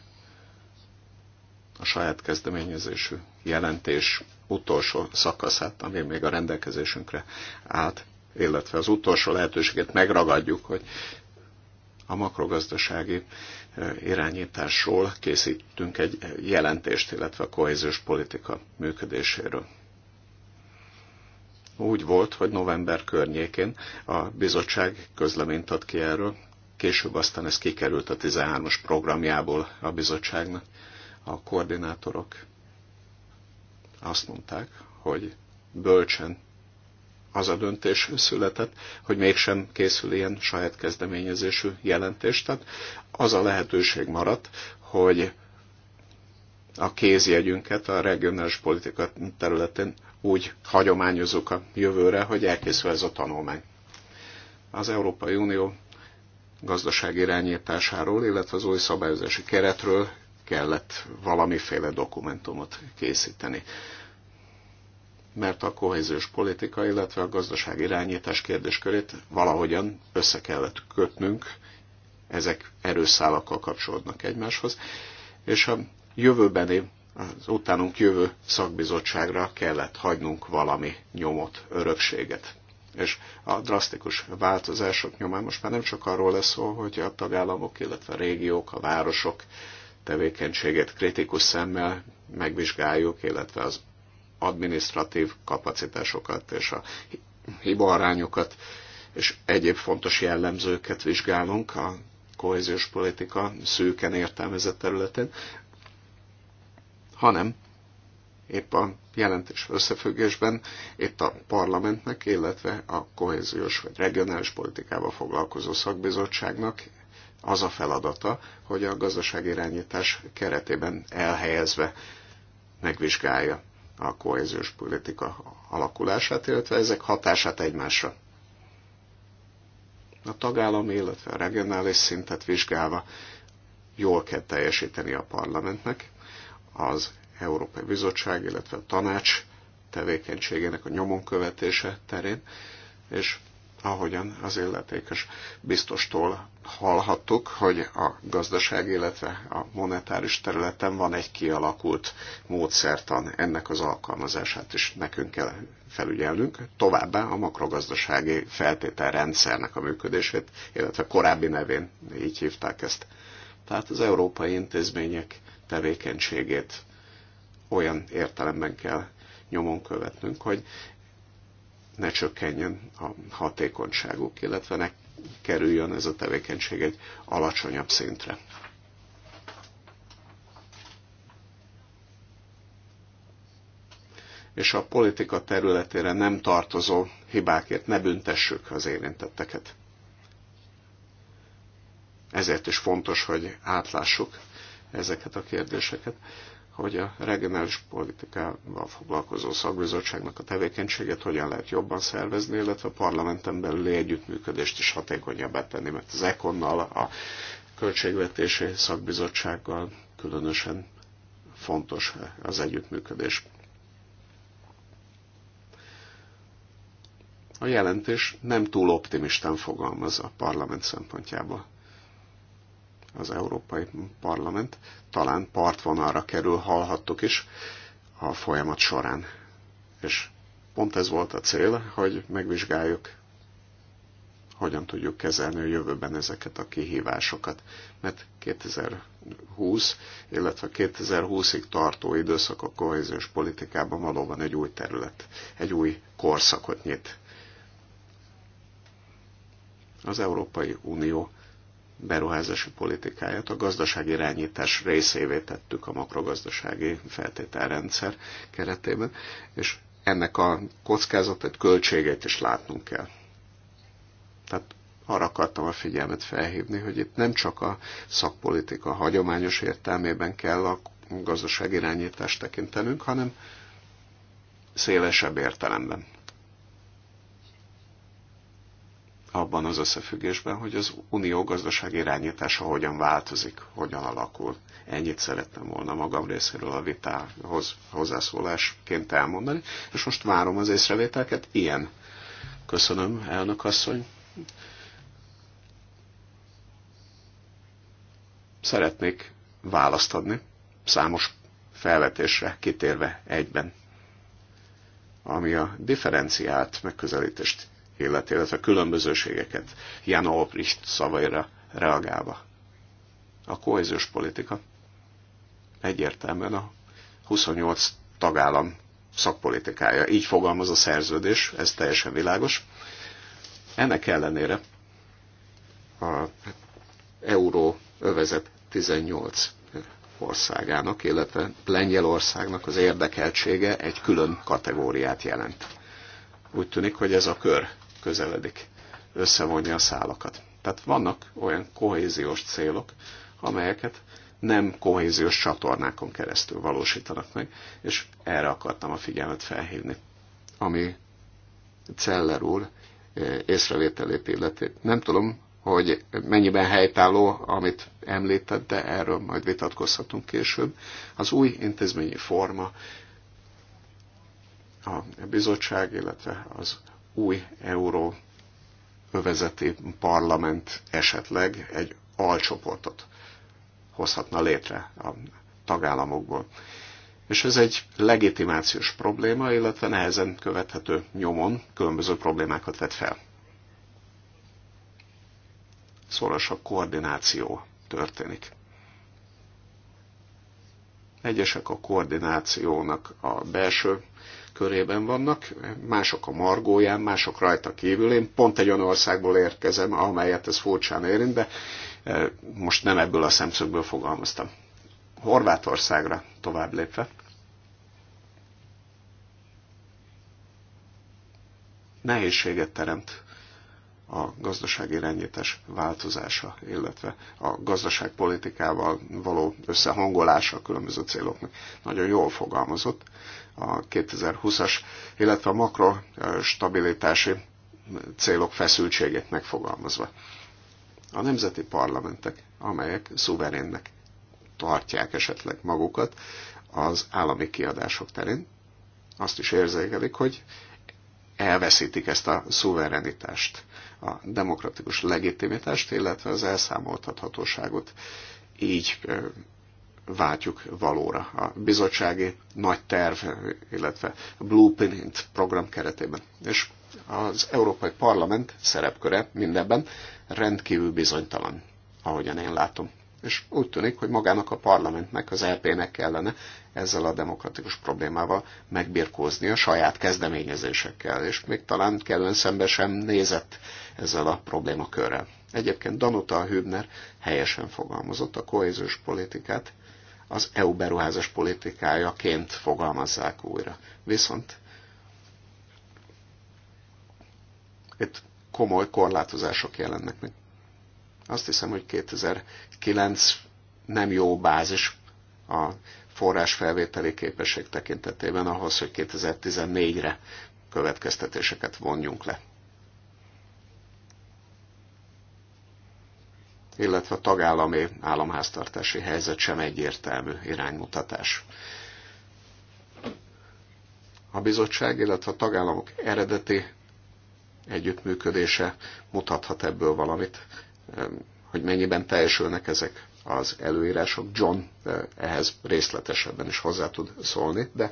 a saját kezdeményezésű jelentés utolsó szakaszát, ami még a rendelkezésünkre állt, illetve az utolsó lehetőséget megragadjuk, hogy a makrogazdasági e, irányításról készítünk egy e, jelentést, illetve a kohéziós politika működéséről. Úgy volt, hogy november környékén a bizottság közleményt ad ki erről, később aztán ez kikerült a 13-as programjából a bizottságnak. A koordinátorok azt mondták, hogy bölcsen az a döntés született, hogy mégsem készül ilyen saját kezdeményezésű jelentést. Tehát az a lehetőség maradt, hogy a kézjegyünket a regionális politika területén úgy hagyományozunk a jövőre, hogy elkészül ez a tanulmány. Az Európai Unió gazdasági irányításáról, illetve az új szabályozási keretről kellett valamiféle dokumentumot készíteni. Mert a kohéziós politika, illetve a gazdaság irányítás kérdéskörét valahogyan össze kellett kötnünk, ezek erőszálakkal kapcsolódnak egymáshoz, és a jövőbeni, az utánunk jövő szakbizottságra kellett hagynunk valami nyomot, örökséget és a drasztikus változások nyomán most már nem csak arról lesz szó, hogy a tagállamok, illetve a régiók, a városok tevékenységet kritikus szemmel megvizsgáljuk, illetve az administratív kapacitásokat és a hibaarányokat és egyéb fontos jellemzőket vizsgálunk a kohéziós politika szűken értelmezett területén, hanem épp a jelentés összefüggésben itt a parlamentnek, illetve a kohéziós vagy regionális politikával foglalkozó szakbizottságnak az a feladata, hogy a gazdaságirányítás keretében elhelyezve megvizsgálja a kohéziós politika alakulását, illetve ezek hatását egymásra. A tagállami, illetve a regionális szintet vizsgálva jól kell teljesíteni a parlamentnek az Európai Bizottság, illetve a tanács tevékenységének a nyomon követése terén, és ahogyan az illetékes biztostól hallhattuk, hogy a gazdaság, illetve a monetáris területen van egy kialakult módszertan, ennek az alkalmazását is nekünk kell felügyelnünk, továbbá a makrogazdasági feltételrendszernek a működését, illetve korábbi nevén így hívták ezt. Tehát az európai intézmények tevékenységét olyan értelemben kell nyomon követnünk, hogy ne csökkenjen a hatékonyságuk, illetve ne kerüljön ez a tevékenység egy alacsonyabb szintre. és a politika területére nem tartozó hibákért ne büntessük az érintetteket. Ezért is fontos, hogy átlássuk ezeket a kérdéseket hogy a regionális politikával foglalkozó szakbizottságnak a tevékenységet hogyan lehet jobban szervezni, illetve a parlamenten belüli együttműködést is hatékonyabbá tenni, mert az ekonnal, a költségvetési szakbizottsággal különösen fontos az együttműködés. A jelentés nem túl optimistán fogalmaz a parlament szempontjából az Európai Parlament talán partvonalra kerül, hallhattuk is a folyamat során. És pont ez volt a cél, hogy megvizsgáljuk, hogyan tudjuk kezelni a jövőben ezeket a kihívásokat. Mert 2020, illetve 2020-ig tartó időszak a kohéziós politikában valóban egy új terület, egy új korszakot nyit. Az Európai Unió beruházási politikáját a gazdasági irányítás részévé tettük a makrogazdasági feltételrendszer keretében, és ennek a kockázatát, költségét is látnunk kell. Tehát arra akartam a figyelmet felhívni, hogy itt nem csak a szakpolitika hagyományos értelmében kell a gazdaságirányítást tekintenünk, hanem szélesebb értelemben. abban az összefüggésben, hogy az unió gazdaság irányítása hogyan változik, hogyan alakul. Ennyit szerettem volna magam részéről a vitához hozzászólásként elmondani, és most várom az észrevételket. Ilyen. Köszönöm, elnök asszony. Szeretnék választ adni számos felvetésre kitérve egyben, ami a differenciált megközelítést illet, illetve a különbözőségeket Jan Oprist szavaira reagálva. A kohéziós politika egyértelműen a 28 tagállam szakpolitikája. Így fogalmaz a szerződés, ez teljesen világos. Ennek ellenére a euró övezet 18 országának, illetve Lengyelországnak az érdekeltsége egy külön kategóriát jelent. Úgy tűnik, hogy ez a kör közeledik, összevonja a szálakat. Tehát vannak olyan kohéziós célok, amelyeket nem kohéziós csatornákon keresztül valósítanak meg, és erre akartam a figyelmet felhívni. Ami Celler úr eh, észrevételét illeti. Nem tudom, hogy mennyiben helytálló, amit említett, de erről majd vitatkozhatunk később. Az új intézményi forma a bizottság, illetve az új euró övezeti parlament esetleg egy alcsoportot hozhatna létre a tagállamokból. És ez egy legitimációs probléma, illetve nehezen követhető nyomon különböző problémákat vet fel. Szoros a koordináció történik. Egyesek a koordinációnak a belső körében vannak, mások a margóján, mások rajta kívül. Én pont egy olyan országból érkezem, amelyet ez furcsán érint, de e, most nem ebből a szemszögből fogalmaztam. Horvátországra tovább lépve. Nehézséget teremt a gazdaság irányítás változása, illetve a gazdaságpolitikával való összehangolása a különböző céloknak. Nagyon jól fogalmazott, a 2020-as, illetve a makrostabilitási célok feszültségét megfogalmazva. A nemzeti parlamentek, amelyek szuverénnek tartják esetleg magukat az állami kiadások terén, azt is érzékelik, hogy elveszítik ezt a szuverenitást, a demokratikus legitimitást, illetve az elszámoltathatóságot. Így váltjuk valóra a bizottsági nagy terv, illetve Blueprint program keretében. És az Európai Parlament szerepköre mindebben rendkívül bizonytalan, ahogyan én látom. És úgy tűnik, hogy magának a parlamentnek, az LP-nek e kellene ezzel a demokratikus problémával megbirkózni a saját kezdeményezésekkel, és még talán kellően szembe sem nézett ezzel a problémakörrel. Egyébként Danuta Hübner helyesen fogalmazott a kohéziós politikát az EU beruházás politikájaként fogalmazzák újra. Viszont itt komoly korlátozások jelennek meg. Azt hiszem, hogy 2009 nem jó bázis a forrásfelvételi képesség tekintetében ahhoz, hogy 2014-re következtetéseket vonjunk le. illetve a tagállami államháztartási helyzet sem egyértelmű iránymutatás. A bizottság, illetve a tagállamok eredeti együttműködése mutathat ebből valamit, hogy mennyiben teljesülnek ezek az előírások. John eh, ehhez részletesebben is hozzá tud szólni, de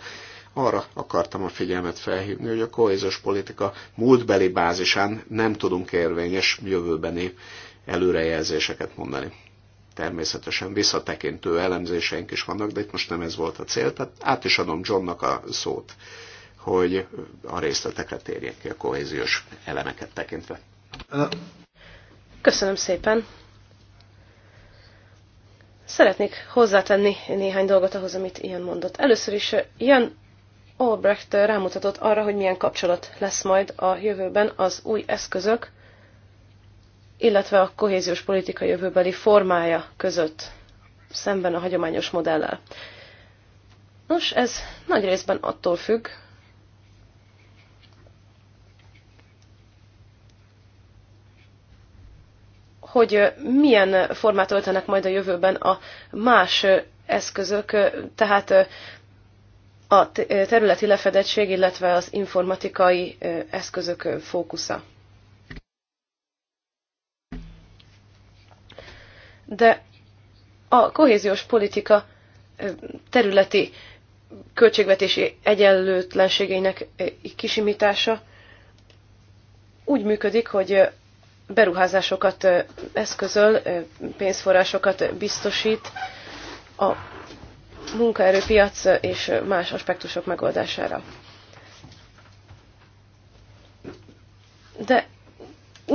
arra akartam a figyelmet felhívni, hogy a kohéziós politika múltbeli bázisán nem tudunk érvényes jövőbeni előrejelzéseket mondani. Természetesen visszatekintő elemzéseink is vannak, de itt most nem ez volt a cél, tehát át is adom Johnnak a szót, hogy a részletekre térjek ki a kohéziós elemeket tekintve. Köszönöm szépen! Szeretnék hozzátenni néhány dolgot ahhoz, amit Ian mondott. Először is eh, Ian Albrecht eh, rámutatott arra, hogy milyen kapcsolat lesz majd a jövőben az új eszközök illetve a kohéziós politika jövőbeli formája között szemben a hagyományos modellel. Nos, ez nagy részben attól függ, hogy milyen formát öltenek majd a jövőben a más eszközök, tehát a területi lefedettség, illetve az informatikai eszközök fókusza. de a kohéziós politika területi költségvetési egyenlőtlenségeinek kisimítása úgy működik, hogy beruházásokat eszközöl, pénzforrásokat biztosít a munkaerőpiac és más aspektusok megoldására. De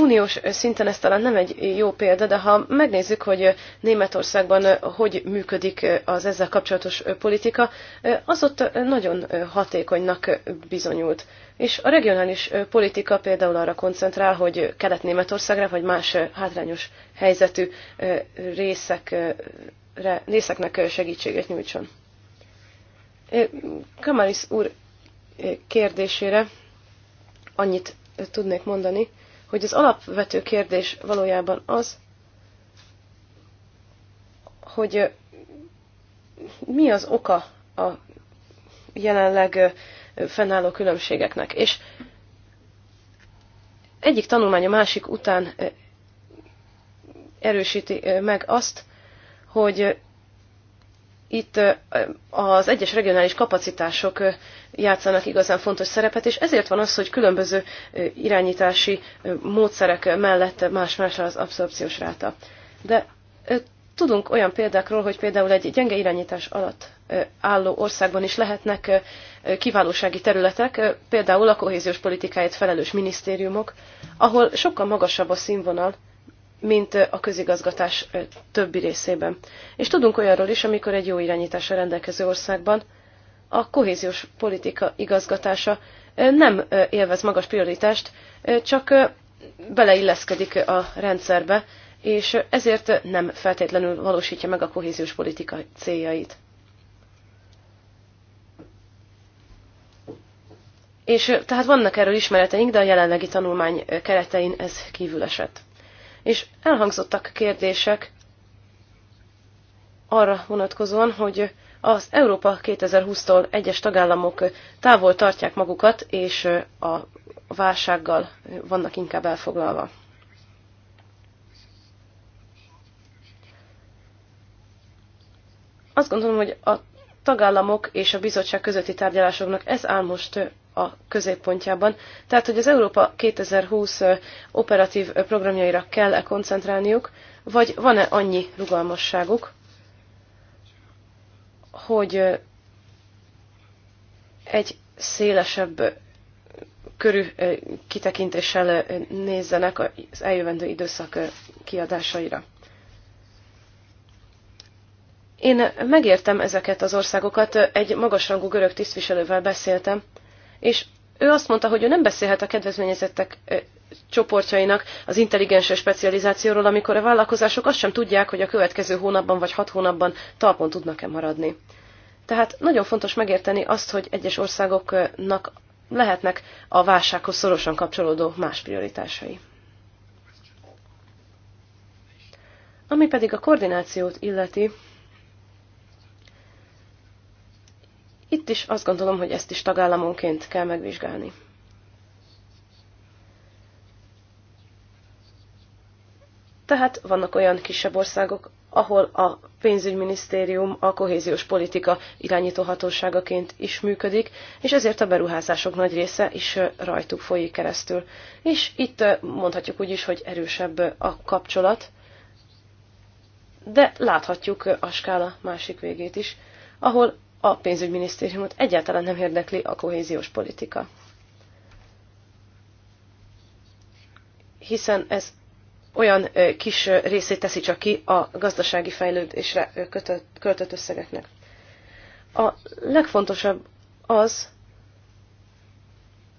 uniós szinten ez talán nem egy jó példa, de ha megnézzük, hogy Németországban hogy működik az ezzel kapcsolatos politika, az ott nagyon hatékonynak bizonyult. És a regionális politika például arra koncentrál, hogy Kelet-Németországra vagy más hátrányos helyzetű részekre, részeknek segítséget nyújtson. Kamaris úr kérdésére annyit tudnék mondani, hogy az alapvető kérdés valójában az, hogy mi az oka a jelenleg fennálló különbségeknek. És egyik tanulmány a másik után erősíti meg azt, hogy itt az egyes regionális kapacitások játszanak igazán fontos szerepet, és ezért van az, hogy különböző irányítási módszerek mellett más-más az abszorpciós ráta. De tudunk olyan példákról, hogy például egy gyenge irányítás alatt álló országban is lehetnek kiválósági területek, például a kohéziós politikáért felelős minisztériumok, ahol sokkal magasabb a színvonal, mint a közigazgatás többi részében. És tudunk olyanról is, amikor egy jó irányítása rendelkező országban a kohéziós politika igazgatása nem élvez magas prioritást, csak beleilleszkedik a rendszerbe, és ezért nem feltétlenül valósítja meg a kohéziós politika céljait. És tehát vannak erről ismereteink, de a jelenlegi tanulmány keretein ez kívül esett és elhangzottak kérdések arra vonatkozóan, hogy az Európa 2020-tól egyes tagállamok távol tartják magukat, és a válsággal vannak inkább elfoglalva. Azt gondolom, hogy a tagállamok és a bizottság közötti tárgyalásoknak ez áll most a középpontjában. Tehát, hogy az Európa 2020 operatív programjaira kell-e koncentrálniuk, vagy van-e annyi rugalmasságuk, hogy egy szélesebb körű kitekintéssel nézzenek az eljövendő időszak kiadásaira. Én megértem ezeket az országokat, egy magasrangú görög tisztviselővel beszéltem, és ő azt mondta, hogy ő nem beszélhet a kedvezményezettek csoportjainak az intelligens specializációról, amikor a vállalkozások azt sem tudják, hogy a következő hónapban vagy hat hónapban talpon tudnak-e maradni. Tehát nagyon fontos megérteni azt, hogy egyes országoknak lehetnek a válsághoz szorosan kapcsolódó más prioritásai. Ami pedig a koordinációt illeti, Itt is azt gondolom, hogy ezt is tagállamonként kell megvizsgálni. Tehát vannak olyan kisebb országok, ahol a pénzügyminisztérium a kohéziós politika irányító hatóságaként is működik, és ezért a beruházások nagy része is rajtuk folyik keresztül. És itt mondhatjuk úgy is, hogy erősebb a kapcsolat, de láthatjuk a skála másik végét is, ahol a pénzügyminisztériumot egyáltalán nem érdekli a kohéziós politika. Hiszen ez olyan kis részét teszi csak ki a gazdasági fejlődésre kötött, költött összegeknek. A legfontosabb az,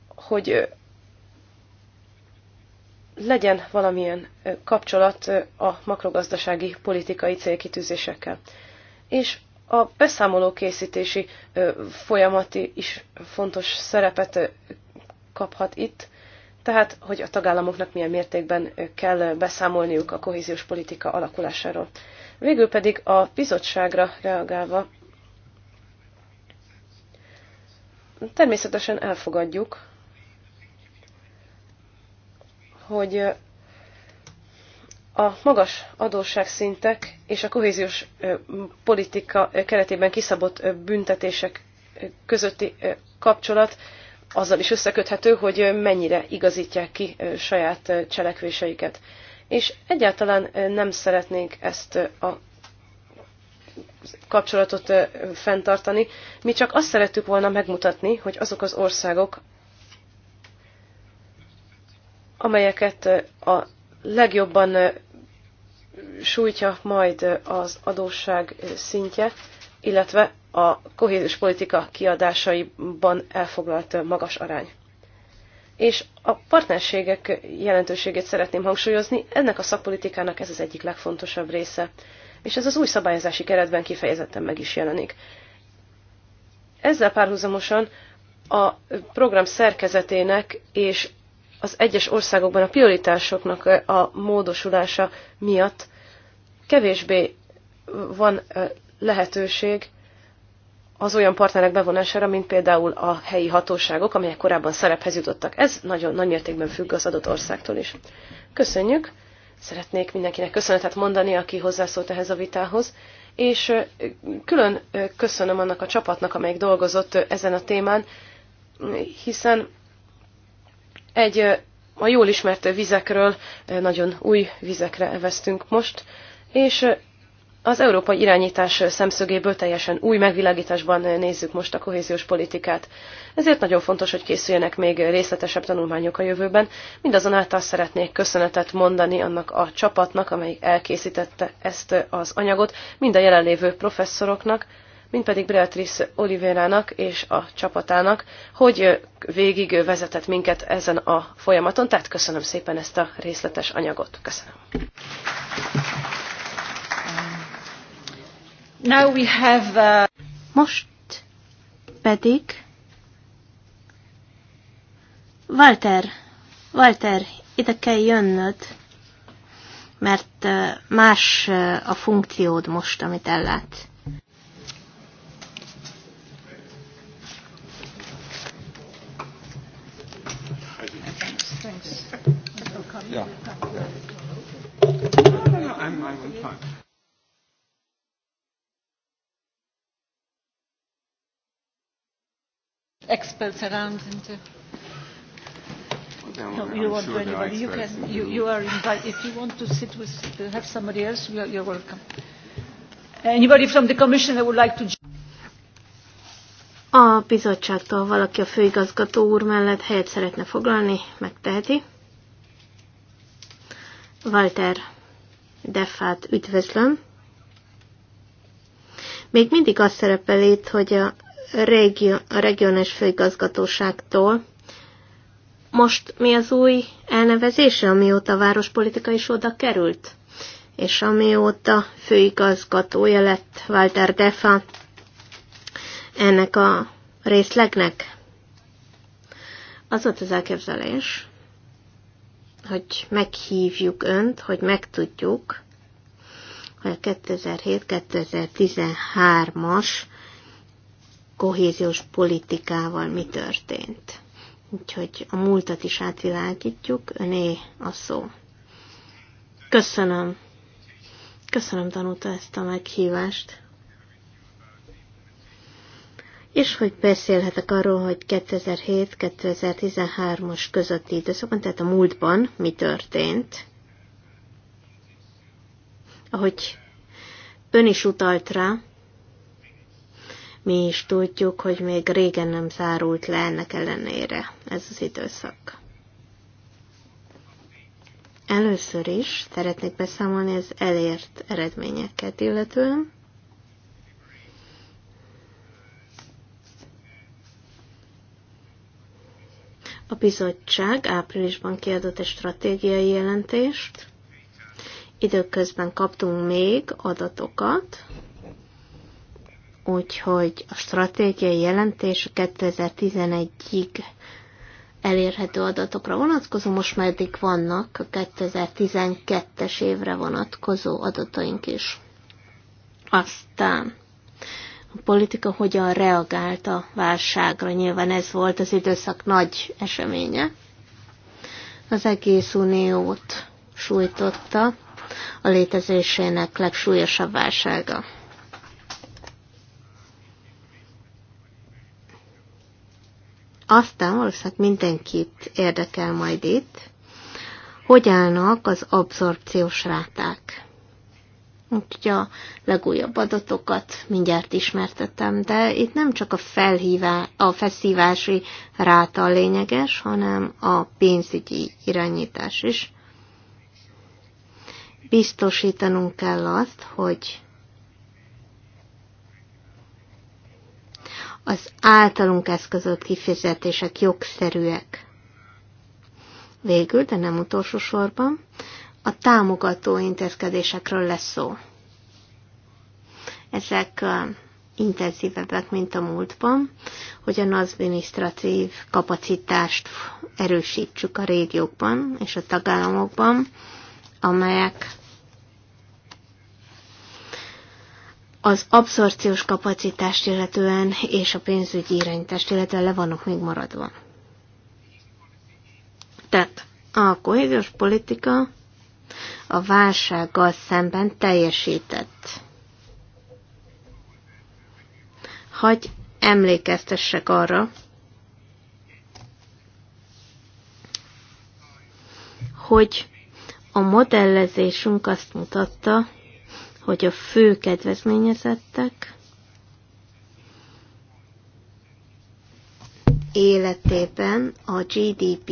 hogy legyen valamilyen kapcsolat a makrogazdasági politikai célkitűzésekkel. És a beszámolókészítési folyamati is fontos szerepet kaphat itt, tehát hogy a tagállamoknak milyen mértékben kell beszámolniuk a kohéziós politika alakulásáról. Végül pedig a bizottságra reagálva természetesen elfogadjuk, hogy a magas adósságszintek és a kohéziós politika keretében kiszabott büntetések közötti kapcsolat azzal is összeköthető, hogy mennyire igazítják ki saját cselekvéseiket. És egyáltalán nem szeretnénk ezt a kapcsolatot fenntartani. Mi csak azt szerettük volna megmutatni, hogy azok az országok, amelyeket a legjobban sújtja majd az adósság szintje, illetve a kohéziós politika kiadásaiban elfoglalt magas arány. És a partnerségek jelentőségét szeretném hangsúlyozni, ennek a szakpolitikának ez az egyik legfontosabb része, és ez az új szabályozási keretben kifejezetten meg is jelenik. Ezzel párhuzamosan a program szerkezetének és az egyes országokban a prioritásoknak a módosulása miatt kevésbé van lehetőség az olyan partnerek bevonására, mint például a helyi hatóságok, amelyek korábban szerephez jutottak. Ez nagyon nagy mértékben függ az adott országtól is. Köszönjük! Szeretnék mindenkinek köszönetet mondani, aki hozzászólt ehhez a vitához, és külön köszönöm annak a csapatnak, amelyik dolgozott ezen a témán, hiszen egy a jól ismert vizekről nagyon új vizekre eveztünk most, és az európai irányítás szemszögéből teljesen új megvilágításban nézzük most a kohéziós politikát. Ezért nagyon fontos, hogy készüljenek még részletesebb tanulmányok a jövőben. Mindazonáltal szeretnék köszönetet mondani annak a csapatnak, amely elkészítette ezt az anyagot, mind a jelenlévő professzoroknak, mint pedig Beatrice Oliverának és a csapatának, hogy végig vezetett minket ezen a folyamaton, tehát köszönöm szépen ezt a részletes anyagot. Köszönöm. Now we have, uh... Most pedig Walter, Walter, ide kell jönnöd, mert más a funkciód most, amit ellát. Yeah. yeah. I'm, I'm on time. Experts around and. Uh, no, you want sure anybody. You can. You, you are invited. If you want to sit with, to have somebody else, you are, you're welcome. Anybody from the Commission that would like to. A bizottságtól valaki a főigazgató úr mellett helyet szeretne foglalni, megteheti. Walter Defát üdvözlöm. Még mindig az szerepel itt, hogy a, régi a regionális főigazgatóságtól most mi az új elnevezése, amióta a várospolitika is oda került, és amióta főigazgatója lett Walter Defa ennek a részlegnek. Az volt az elképzelés, hogy meghívjuk Önt, hogy megtudjuk, hogy a 2007-2013-as kohéziós politikával mi történt. Úgyhogy a múltat is átvilágítjuk, öné a szó. Köszönöm. Köszönöm tanulta ezt a meghívást és hogy beszélhetek arról, hogy 2007-2013-os közötti időszakban, tehát a múltban mi történt. Ahogy ön is utalt rá, mi is tudjuk, hogy még régen nem zárult le ennek ellenére ez az időszak. Először is szeretnék beszámolni az elért eredményeket illetően, A bizottság áprilisban kiadott egy stratégiai jelentést. Időközben kaptunk még adatokat, úgyhogy a stratégiai jelentés 2011-ig elérhető adatokra vonatkozó, most már eddig vannak a 2012-es évre vonatkozó adataink is. Aztán a politika hogyan reagált a válságra. Nyilván ez volt az időszak nagy eseménye. Az egész uniót sújtotta a létezésének legsúlyosabb válsága. Aztán valószínűleg mindenkit érdekel majd itt, hogy állnak az abszorpciós ráták. Úgyhogy a legújabb adatokat mindjárt ismertetem, de itt nem csak a, felhívá, a feszívási ráta a lényeges, hanem a pénzügyi irányítás is. Biztosítanunk kell azt, hogy az általunk eszközött kifizetések jogszerűek. Végül, de nem utolsó sorban, a támogató intézkedésekről lesz szó. Ezek intenzívebbek, mint a múltban, hogy az adminisztratív kapacitást erősítsük a régiókban és a tagállamokban, amelyek az abszorciós kapacitást illetően és a pénzügyi irányítást illetően le vannak még maradva. Tehát a kohéziós politika a válsággal szemben teljesített. Hagy emlékeztessek arra, hogy a modellezésünk azt mutatta, hogy a fő kedvezményezettek életében a GDP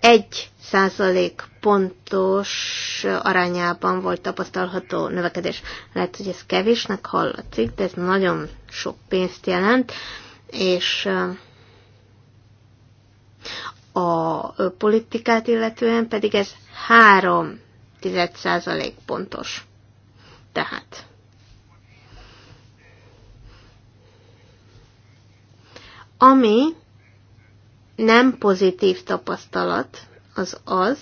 egy százalék pontos arányában volt tapasztalható növekedés. Lehet, hogy ez kevésnek hallatszik, de ez nagyon sok pénzt jelent, és a politikát illetően pedig ez 3 százalék pontos. Tehát ami nem pozitív tapasztalat az az,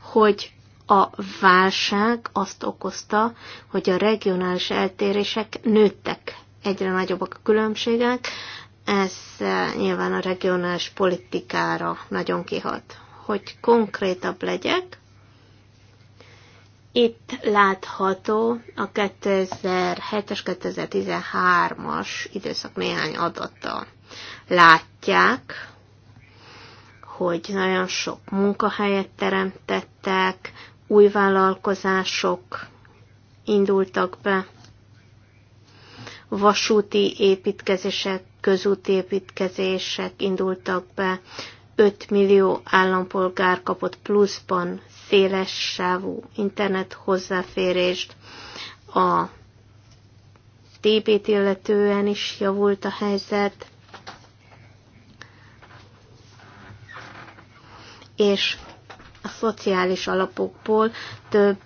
hogy a válság azt okozta, hogy a regionális eltérések nőttek, egyre nagyobbak a különbségek, ez eh, nyilván a regionális politikára nagyon kihat. Hogy konkrétabb legyek, itt látható a 2007-es, 2013-as időszak néhány adata. Látják, hogy nagyon sok munkahelyet teremtettek, új vállalkozások indultak be, vasúti építkezések, közúti építkezések indultak be, 5 millió állampolgár kapott pluszban széles sávú internet hozzáférést, a TB-t illetően is javult a helyzet, és a szociális alapokból több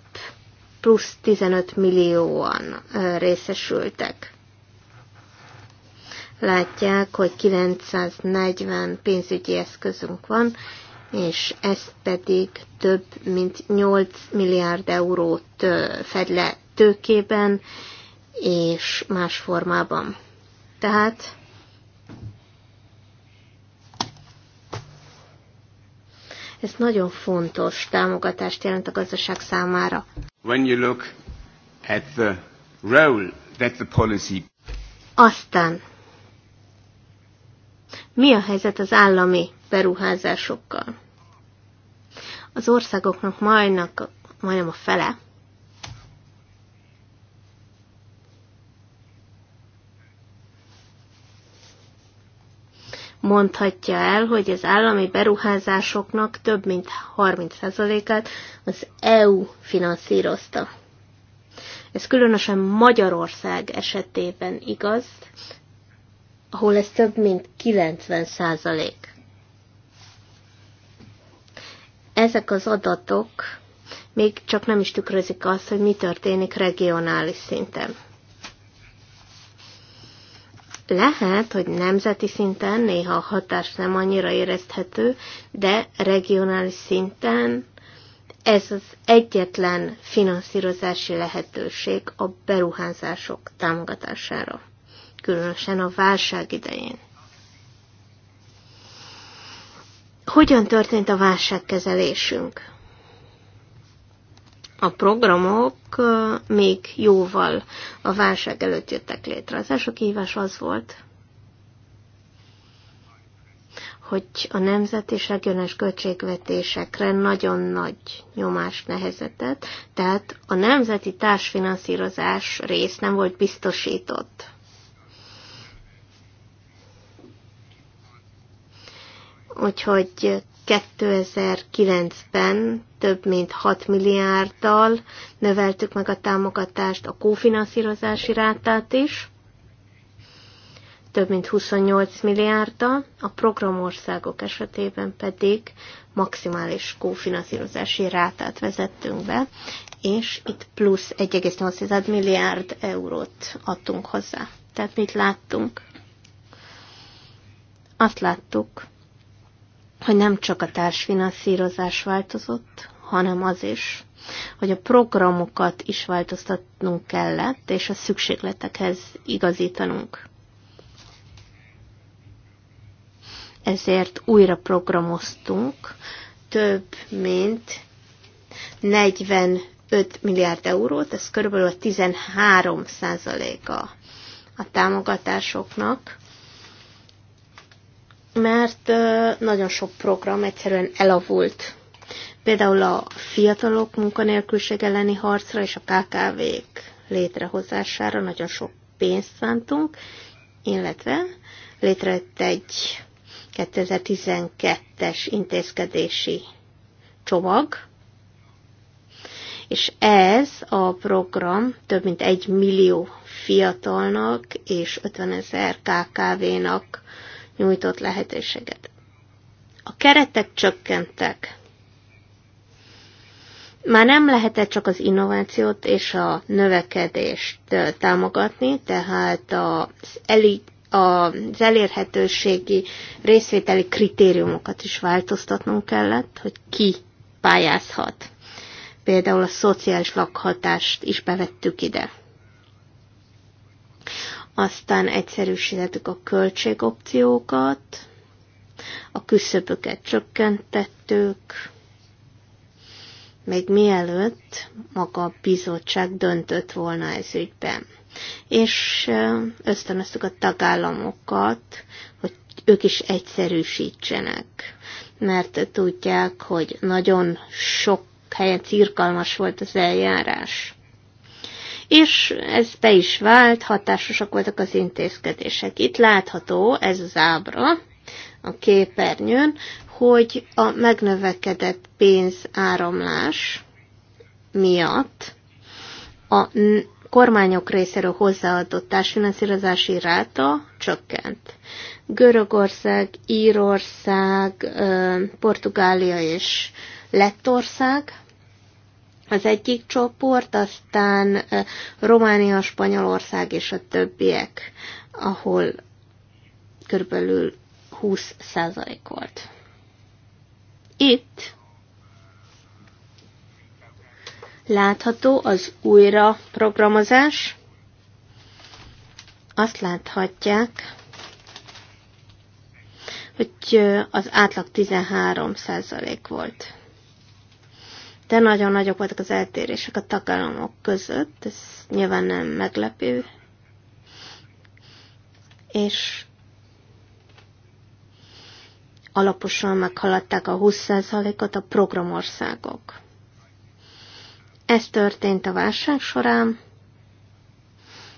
plusz 15 millióan részesültek látják, hogy 940 pénzügyi eszközünk van, és ez pedig több mint 8 milliárd eurót fed le tőkében és más formában. Tehát ez nagyon fontos támogatást jelent a gazdaság számára. When you look at the role that the policy... Aztán mi a helyzet az állami beruházásokkal? Az országoknak majdnak, majdnem a fele mondhatja el, hogy az állami beruházásoknak több mint 30%-át az EU finanszírozta. Ez különösen Magyarország esetében igaz, ahol ez több mint 90 százalék. Ezek az adatok még csak nem is tükrözik azt, hogy mi történik regionális szinten. Lehet, hogy nemzeti szinten néha a hatás nem annyira érezthető, de regionális szinten ez az egyetlen finanszírozási lehetőség a beruházások támogatására különösen a válság idején. Hogyan történt a válságkezelésünk? A programok még jóval a válság előtt jöttek létre. Az első kihívás az volt, hogy a nemzet és regionális költségvetésekre nagyon nagy nyomás nehezetett, tehát a nemzeti társfinanszírozás rész nem volt biztosított. Úgyhogy 2009-ben több mint 6 milliárddal növeltük meg a támogatást, a kófinanszírozási rátát is, több mint 28 milliárddal, a programországok esetében pedig maximális kófinanszírozási rátát vezettünk be, és itt plusz 1,8 milliárd eurót adtunk hozzá. Tehát mit láttunk? Azt láttuk, hogy nem csak a társfinanszírozás változott, hanem az is, hogy a programokat is változtatnunk kellett, és a szükségletekhez igazítanunk. Ezért újra programoztunk több mint 45 milliárd eurót, ez körülbelül a 13 százaléka a támogatásoknak, mert nagyon sok program egyszerűen elavult. Például a fiatalok munkanélküliség elleni harcra és a KKV-k létrehozására nagyon sok pénzt szántunk, illetve létrejött egy 2012-es intézkedési csomag, és ez a program több mint egy millió fiatalnak és 50 ezer KKV-nak nyújtott lehetőséget. A keretek csökkentek. Már nem lehetett csak az innovációt és a növekedést támogatni, tehát az, eli, az elérhetőségi részvételi kritériumokat is változtatnunk kellett, hogy ki pályázhat. Például a szociális lakhatást is bevettük ide aztán egyszerűsítettük a költségopciókat, a küszöböket csökkentettük, még mielőtt maga a bizottság döntött volna ez ügyben. És ösztönöztük a tagállamokat, hogy ők is egyszerűsítsenek, mert tudják, hogy nagyon sok helyen cirkalmas volt az eljárás és ez be is vált, hatásosak voltak az intézkedések. Itt látható ez az ábra a képernyőn, hogy a megnövekedett pénzáramlás miatt a kormányok részéről hozzáadott társfinanszírozási ráta csökkent. Görögország, Írország, Portugália és Lettország az egyik csoport, aztán Románia, Spanyolország és a többiek, ahol körülbelül 20 százalék volt. Itt látható az újra programozás. Azt láthatják, hogy az átlag 13 százalék volt de nagyon nagyok voltak az eltérések a tagállamok között, ez nyilván nem meglepő. És alaposan meghaladták a 20%-ot a programországok. Ez történt a válság során,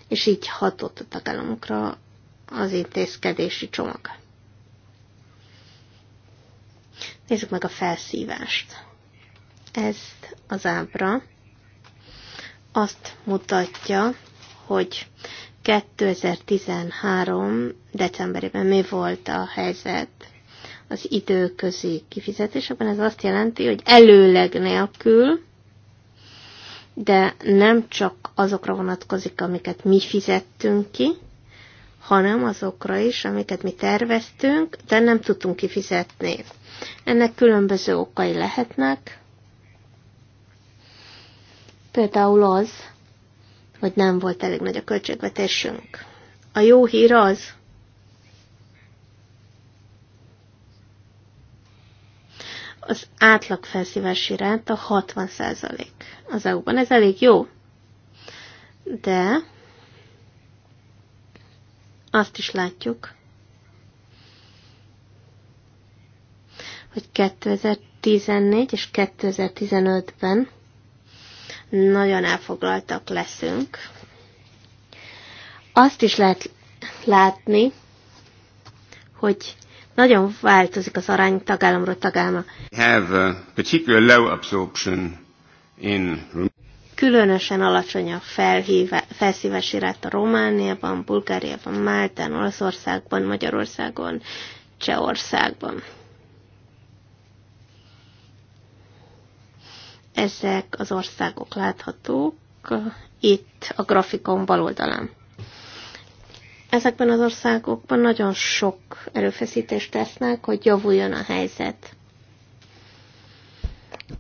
és így hatott a tagállamokra az intézkedési csomag. Nézzük meg a felszívást. Ezt az ábra azt mutatja, hogy 2013. decemberében mi volt a helyzet az időközi kifizetésekben. Ez azt jelenti, hogy előleg nélkül, de nem csak azokra vonatkozik, amiket mi fizettünk ki, hanem azokra is, amiket mi terveztünk, de nem tudtunk kifizetni. Ennek különböző okai lehetnek. Például az, hogy nem volt elég nagy a költségvetésünk. A jó hír az, az átlag felszívási a 60 százalék az EU-ban. Ez elég jó. De azt is látjuk, hogy 2014 és 2015-ben nagyon elfoglaltak leszünk. Azt is lehet látni, hogy nagyon változik az arány tagállamról tagállama. Have a particular low absorption in Különösen alacsony a felhíve, felszíves a Romániában, Bulgáriában, Máltán, Olaszországban, Magyarországon, Csehországban. Ezek az országok láthatók uh, itt a grafikon bal oldalán. Ezekben az országokban nagyon sok erőfeszítést tesznek, hogy javuljon a helyzet.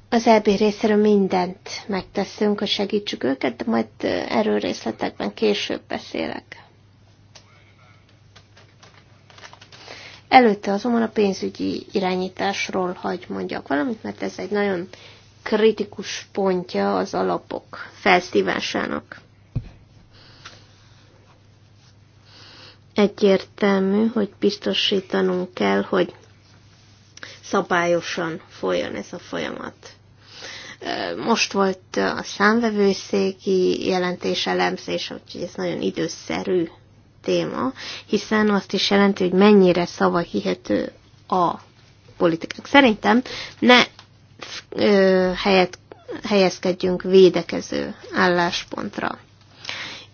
Az EB részéről mindent megteszünk, hogy segítsük őket, de majd uh, erről részletekben később beszélek. Előtte azonban a pénzügyi irányításról hagy mondjak valamit, mert ez egy nagyon kritikus pontja az alapok felszívásának. Egyértelmű, hogy biztosítanunk kell, hogy szabályosan folyjon ez a folyamat. Most volt a számvevőszéki jelentés elemzés, úgyhogy ez nagyon időszerű téma, hiszen azt is jelenti, hogy mennyire szava hihető a politikák. Szerintem ne helyet, helyezkedjünk védekező álláspontra.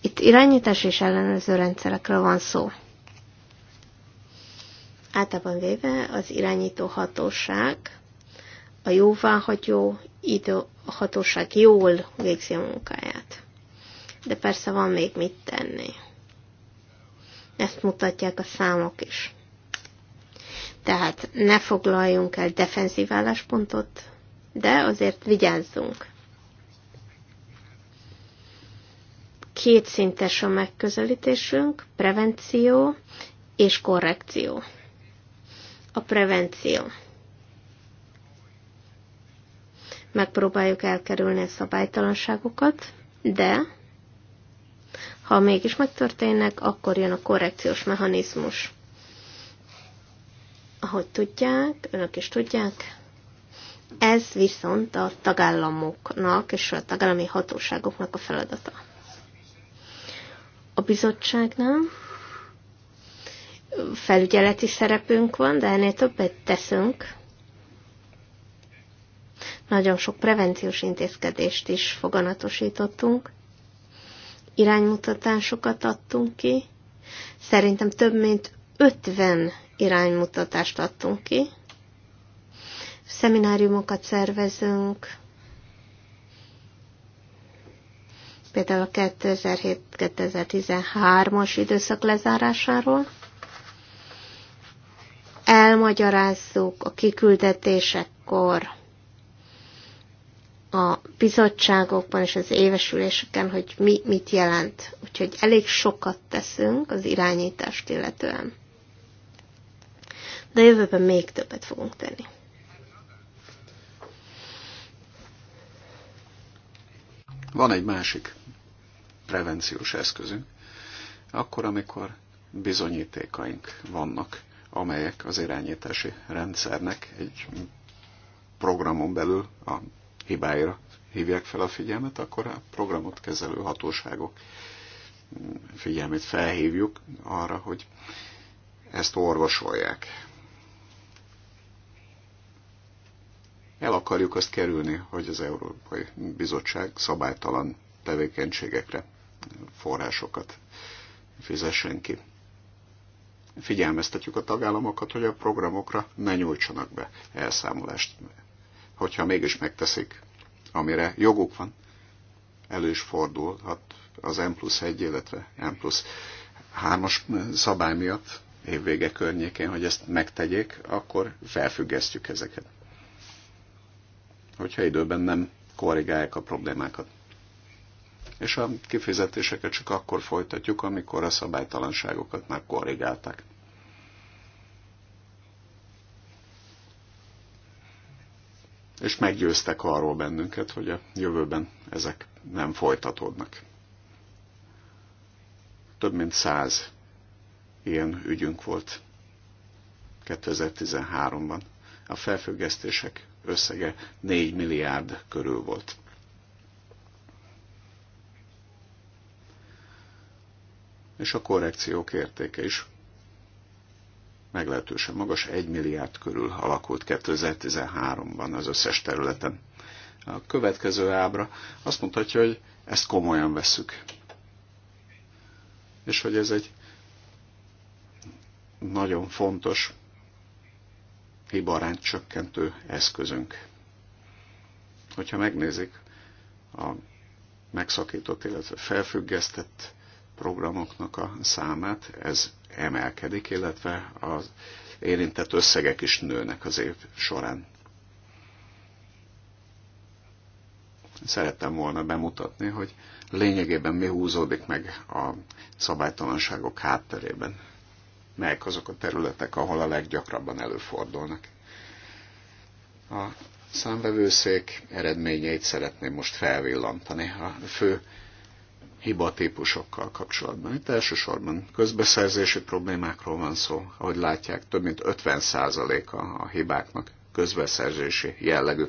Itt irányítás és ellenőrző rendszerekre van szó. Általában véve az irányító hatóság, a jóváhagyó idő, a hatóság jól végzi a munkáját. De persze van még mit tenni. Ezt mutatják a számok is. Tehát ne foglaljunk el defenzív álláspontot, de azért vigyázzunk. Kétszintes a megközelítésünk, prevenció és korrekció. A prevenció. Megpróbáljuk elkerülni a szabálytalanságokat, de ha mégis megtörténnek, akkor jön a korrekciós mechanizmus ahogy tudják, önök is tudják, ez viszont a tagállamoknak és a tagállami hatóságoknak a feladata. A bizottságnál felügyeleti szerepünk van, de ennél többet teszünk. Nagyon sok prevenciós intézkedést is foganatosítottunk, iránymutatásokat adtunk ki. Szerintem több mint 50 iránymutatást adtunk ki. Szemináriumokat szervezünk, például a 2007-2013-as időszak lezárásáról. Elmagyarázzuk a kiküldetésekkor a bizottságokban és az évesüléseken, hogy mi mit jelent. Úgyhogy elég sokat teszünk az irányítást illetően de jövőben még többet fogunk tenni. Van egy másik prevenciós eszközünk, akkor, amikor bizonyítékaink vannak, amelyek az irányítási rendszernek egy programon belül a hibáira hívják fel a figyelmet, akkor a programot kezelő hatóságok figyelmét felhívjuk arra, hogy ezt orvosolják. El akarjuk azt kerülni, hogy az Európai Bizottság szabálytalan tevékenységekre forrásokat fizessen ki. Figyelmeztetjük a tagállamokat, hogy a programokra ne nyújtsanak be elszámolást. Hogyha mégis megteszik, amire joguk van, elő is fordulhat az M plusz 1, illetve M plusz 3-as szabály miatt évvége környékén, hogy ezt megtegyék, akkor felfüggesztjük ezeket hogyha időben nem korrigálják a problémákat. És a kifizetéseket csak akkor folytatjuk, amikor a szabálytalanságokat már korrigálták. És meggyőztek arról bennünket, hogy a jövőben ezek nem folytatódnak. Több mint száz ilyen ügyünk volt 2013-ban. A felfüggesztések összege 4 milliárd körül volt. És a korrekciók értéke is meglehetősen magas, 1 milliárd körül alakult 2013-ban az összes területen. A következő ábra azt mutatja, hogy ezt komolyan vesszük. És hogy ez egy nagyon fontos hibarányt csökkentő eszközünk. Hogyha megnézik a megszakított, illetve felfüggesztett programoknak a számát, ez emelkedik, illetve az érintett összegek is nőnek az év során. Szerettem volna bemutatni, hogy lényegében mi húzódik meg a szabálytalanságok hátterében melyek azok a területek, ahol a leggyakrabban előfordulnak. A számbevőszék eredményeit szeretném most felvillantani a fő hibatípusokkal kapcsolatban. Itt elsősorban közbeszerzési problémákról van szó, ahogy látják, több mint 50%-a a hibáknak közbeszerzési jellegű.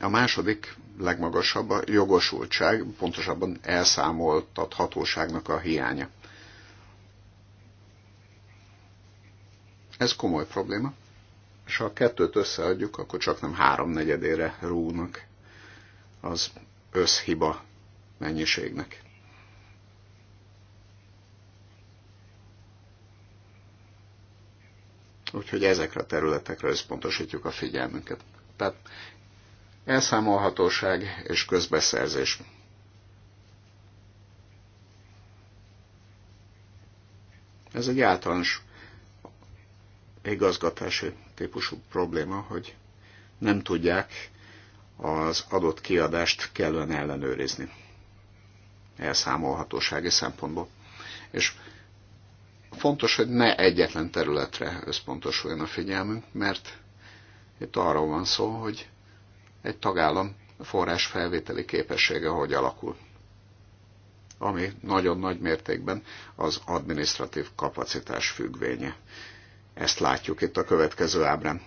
A második legmagasabb a jogosultság, pontosabban elszámoltathatóságnak a hiánya. Ez komoly probléma, és ha a kettőt összeadjuk, akkor csak nem háromnegyedére rúnak az összhiba mennyiségnek. Úgyhogy ezekre a területekre összpontosítjuk a figyelmünket. Tehát elszámolhatóság és közbeszerzés. Ez egy általános igazgatási típusú probléma, hogy nem tudják az adott kiadást kellően ellenőrizni elszámolhatósági szempontból. És fontos, hogy ne egyetlen területre összpontosuljon a figyelmünk, mert itt arról van szó, hogy egy tagállam forrás felvételi képessége hogy alakul. Ami nagyon nagy mértékben az administratív kapacitás függvénye. Ezt látjuk itt a következő ábrán.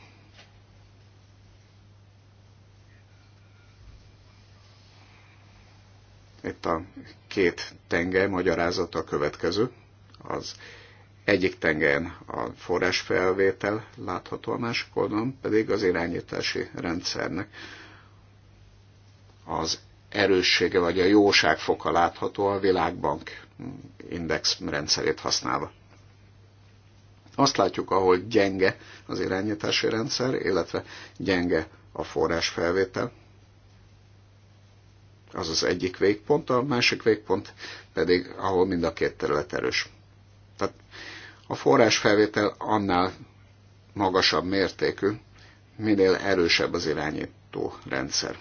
Itt a két tenger magyarázata a következő. Az egyik tengeren a forrásfelvétel látható, a másik oldalon pedig az irányítási rendszernek az erőssége vagy a jóságfoka látható a világbank index rendszerét használva. Azt látjuk, ahol gyenge az irányítási rendszer, illetve gyenge a forrásfelvétel. Az az egyik végpont, a másik végpont pedig, ahol mind a két terület erős. Tehát a forrásfelvétel annál magasabb mértékű, minél erősebb az irányító rendszer.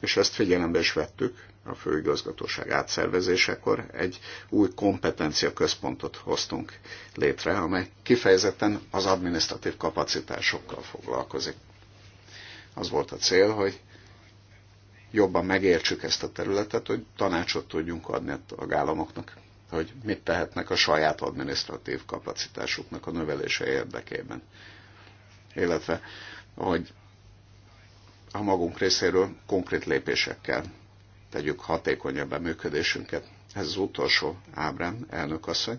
És ezt figyelembe is vettük a főigazgatóság átszervezésekor egy új kompetencia központot hoztunk létre, amely kifejezetten az adminisztratív kapacitásokkal foglalkozik. Az volt a cél, hogy jobban megértsük ezt a területet, hogy tanácsot tudjunk adni a tagállamoknak, hogy mit tehetnek a saját adminisztratív kapacitásuknak a növelése érdekében. Illetve, hogy a magunk részéről konkrét lépésekkel tegyük hatékonyabb a működésünket. Ez az utolsó ábrám, elnök asszony.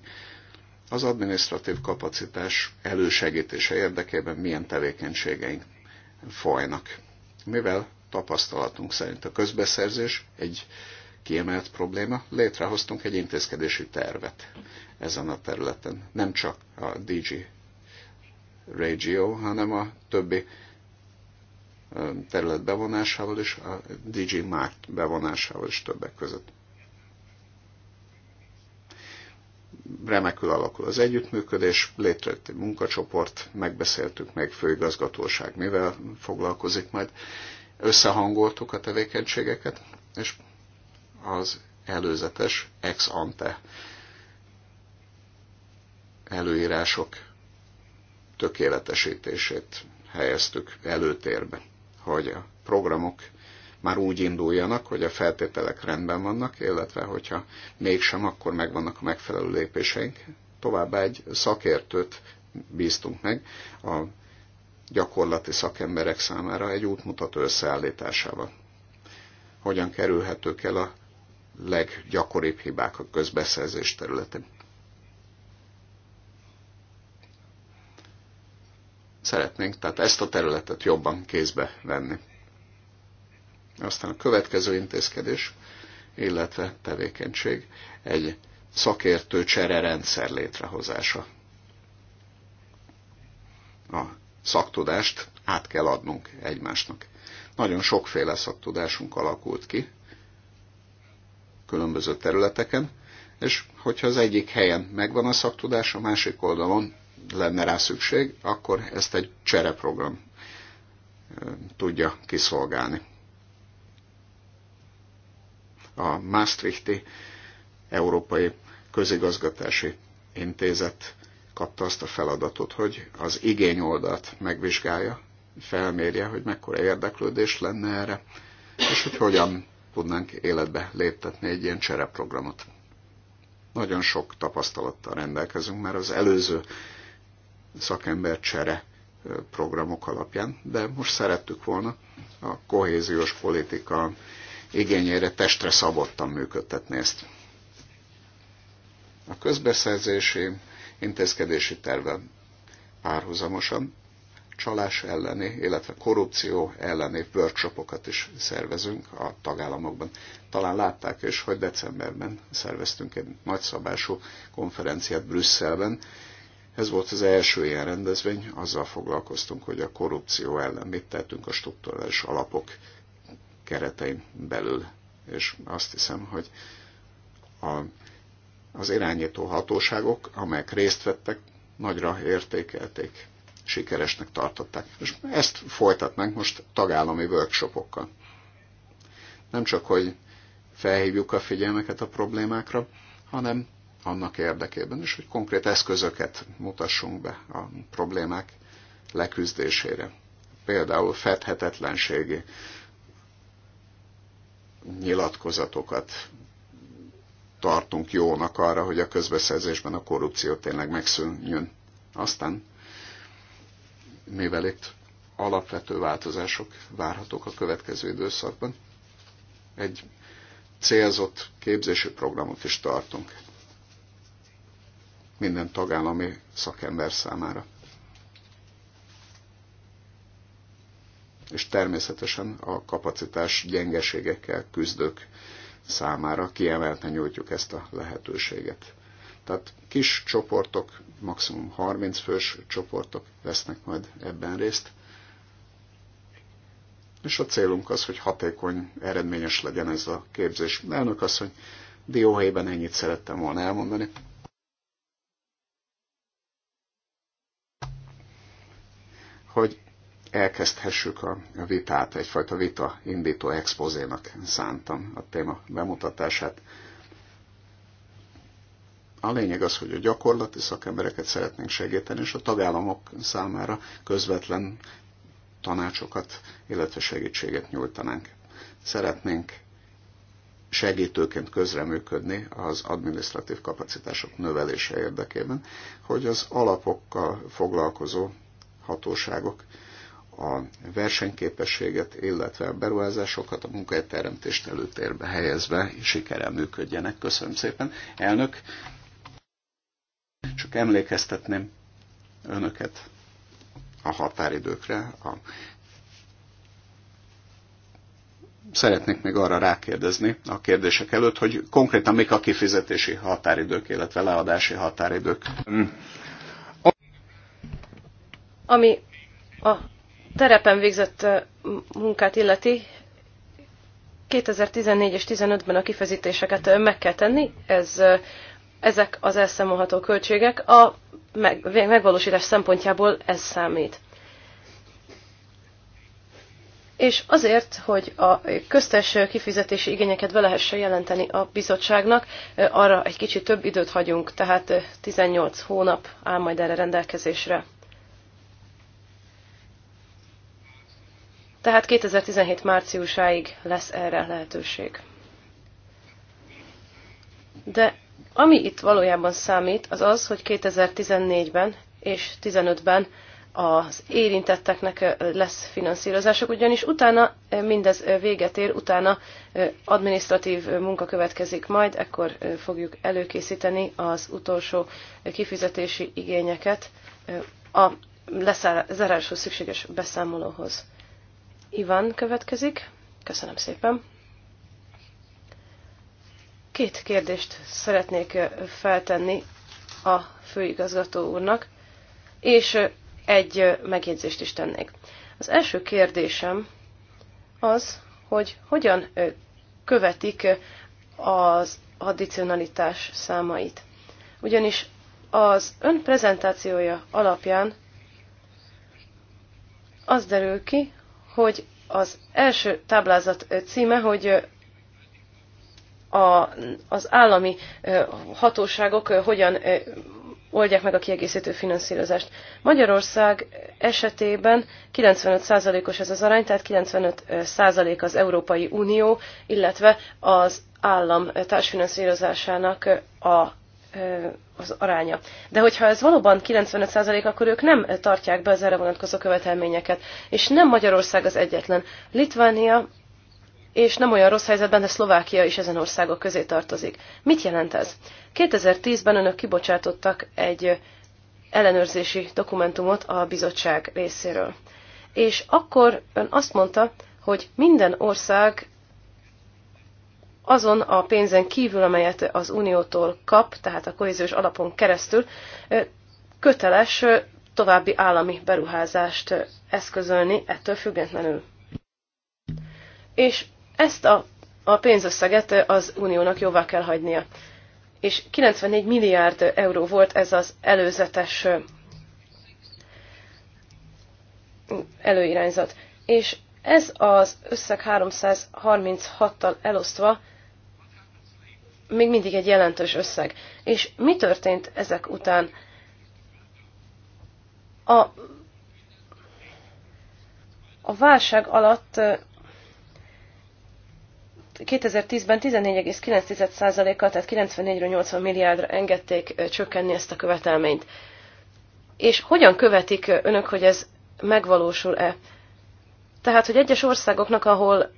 Az administratív kapacitás elősegítése érdekében milyen tevékenységeink folynak. Mivel tapasztalatunk szerint a közbeszerzés egy kiemelt probléma, létrehoztunk egy intézkedési tervet ezen a területen. Nem csak a DG Regio, hanem a többi terület bevonásával és a DJ Mark bevonásával is többek között. Remekül alakul az együttműködés, létrejött egy munkacsoport, megbeszéltük meg főigazgatóság, mivel foglalkozik majd, összehangoltuk a tevékenységeket, és az előzetes ex ante előírások tökéletesítését helyeztük előtérbe hogy a programok már úgy induljanak, hogy a feltételek rendben vannak, illetve hogyha mégsem, akkor megvannak a megfelelő lépéseink. Továbbá egy szakértőt bíztunk meg a gyakorlati szakemberek számára egy útmutató összeállításával. Hogyan kerülhetők el a leggyakoribb hibák a közbeszerzés területén. Szeretnénk tehát ezt a területet jobban kézbe venni. Aztán a következő intézkedés, illetve tevékenység egy szakértő csere rendszer létrehozása. A szaktudást át kell adnunk egymásnak. Nagyon sokféle szaktudásunk alakult ki különböző területeken, és hogyha az egyik helyen megvan a szaktudás, a másik oldalon lenne rá szükség, akkor ezt egy csereprogram tudja kiszolgálni. A Maastrichti Európai Közigazgatási Intézet kapta azt a feladatot, hogy az igény oldalt megvizsgálja, felmérje, hogy mekkora érdeklődés lenne erre, és hogy hogyan tudnánk életbe léptetni egy ilyen csereprogramot. Nagyon sok tapasztalattal rendelkezünk, mert az előző csere programok alapján, de most szerettük volna a kohéziós politika igényére testre szabottan működtetni ezt. A közbeszerzési intézkedési terve párhuzamosan csalás elleni, illetve korrupció elleni workshopokat is szervezünk a tagállamokban. Talán látták is, hogy decemberben szerveztünk egy nagyszabású konferenciát Brüsszelben, ez volt az első ilyen rendezvény, azzal foglalkoztunk, hogy a korrupció ellen mit tettünk a struktúrális alapok keretein belül. És azt hiszem, hogy a, az irányító hatóságok, amelyek részt vettek, nagyra értékelték, sikeresnek tartották. És ezt folytatnánk most tagállami workshopokkal. Nem csak, hogy felhívjuk a figyelmeket a problémákra, hanem annak érdekében is, hogy konkrét eszközöket mutassunk be a problémák leküzdésére. Például fedhetetlenségi nyilatkozatokat tartunk jónak arra, hogy a közbeszerzésben a korrupció tényleg megszűnjön. Aztán, mivel itt alapvető változások várhatók a következő időszakban, egy célzott képzési programot is tartunk minden tagállami szakember számára. És természetesen a kapacitás gyengeségekkel küzdők számára kiemelten nyújtjuk ezt a lehetőséget. Tehát kis csoportok, maximum 30 fős csoportok vesznek majd ebben részt. És a célunk az, hogy hatékony, eredményes legyen ez a képzés. Elnök azt, hogy dióhelyben ennyit szerettem volna elmondani. hogy elkezdhessük a vitát, egyfajta vita indító expozénak szántam a téma bemutatását. A lényeg az, hogy a gyakorlati szakembereket szeretnénk segíteni, és a tagállamok számára közvetlen tanácsokat, illetve segítséget nyújtanánk. Szeretnénk segítőként közreműködni az administratív kapacitások növelése érdekében, hogy az alapokkal foglalkozó hatóságok a versenyképességet, illetve a beruházásokat a munkahelyteremtést előtérbe helyezve sikerrel működjenek. Köszönöm szépen. Elnök, csak emlékeztetném önöket a határidőkre. A... Szeretnék még arra rákérdezni a kérdések előtt, hogy konkrétan mik a kifizetési határidők, illetve leadási határidők. Mm. Ami a terepen végzett munkát illeti, 2014 és 2015-ben a kifezítéseket meg kell tenni, ez, ezek az elszámolható költségek, a meg, megvalósítás szempontjából ez számít. És azért, hogy a köztes kifizetési igényeket be lehessen jelenteni a bizottságnak, arra egy kicsit több időt hagyunk, tehát 18 hónap áll majd erre rendelkezésre. Tehát 2017 márciusáig lesz erre lehetőség. De ami itt valójában számít, az az, hogy 2014-ben és 2015-ben az érintetteknek lesz finanszírozások, ugyanis utána mindez véget ér, utána administratív munka következik majd, ekkor fogjuk előkészíteni az utolsó kifizetési igényeket a lezáráshoz szükséges beszámolóhoz. Ivan következik. Köszönöm szépen. Két kérdést szeretnék feltenni a főigazgató úrnak, és egy megjegyzést is tennék. Az első kérdésem az, hogy hogyan követik az addicionalitás számait. Ugyanis az ön prezentációja alapján az derül ki, hogy az első táblázat címe, hogy a, az állami hatóságok hogyan oldják meg a kiegészítő finanszírozást. Magyarország esetében 95%-os ez az arány, tehát 95% az Európai Unió, illetve az állam társfinanszírozásának a az aránya. De hogyha ez valóban 95%, akkor ők nem tartják be az erre vonatkozó követelményeket. És nem Magyarország az egyetlen. Litvánia és nem olyan rossz helyzetben, de Szlovákia is ezen országok közé tartozik. Mit jelent ez? 2010-ben önök kibocsátottak egy ellenőrzési dokumentumot a bizottság részéről. És akkor ön azt mondta, hogy minden ország azon a pénzen kívül, amelyet az Uniótól kap, tehát a kohéziós alapon keresztül, köteles további állami beruházást eszközölni ettől függetlenül. És ezt a, a pénzösszeget az Uniónak jóvá kell hagynia. És 94 milliárd euró volt ez az előzetes előirányzat. És ez az összeg 336-tal elosztva még mindig egy jelentős összeg. És mi történt ezek után? A, a válság alatt 2010-ben 14,9%-kal, tehát 94-ről 80 milliárdra engedték csökkenni ezt a követelményt. És hogyan követik önök, hogy ez megvalósul-e? Tehát, hogy egyes országoknak, ahol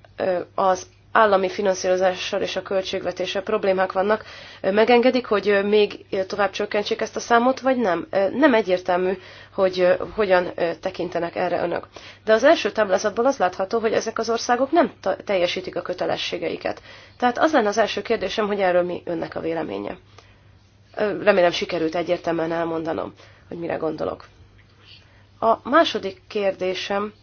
az állami finanszírozással és a költségvetéssel problémák vannak, megengedik, hogy még tovább csökkentsék ezt a számot, vagy nem? Nem egyértelmű, hogy hogyan tekintenek erre önök. De az első táblázatból az látható, hogy ezek az országok nem teljesítik a kötelességeiket. Tehát az lenne az első kérdésem, hogy erről mi önnek a véleménye. Remélem sikerült egyértelműen elmondanom, hogy mire gondolok. A második kérdésem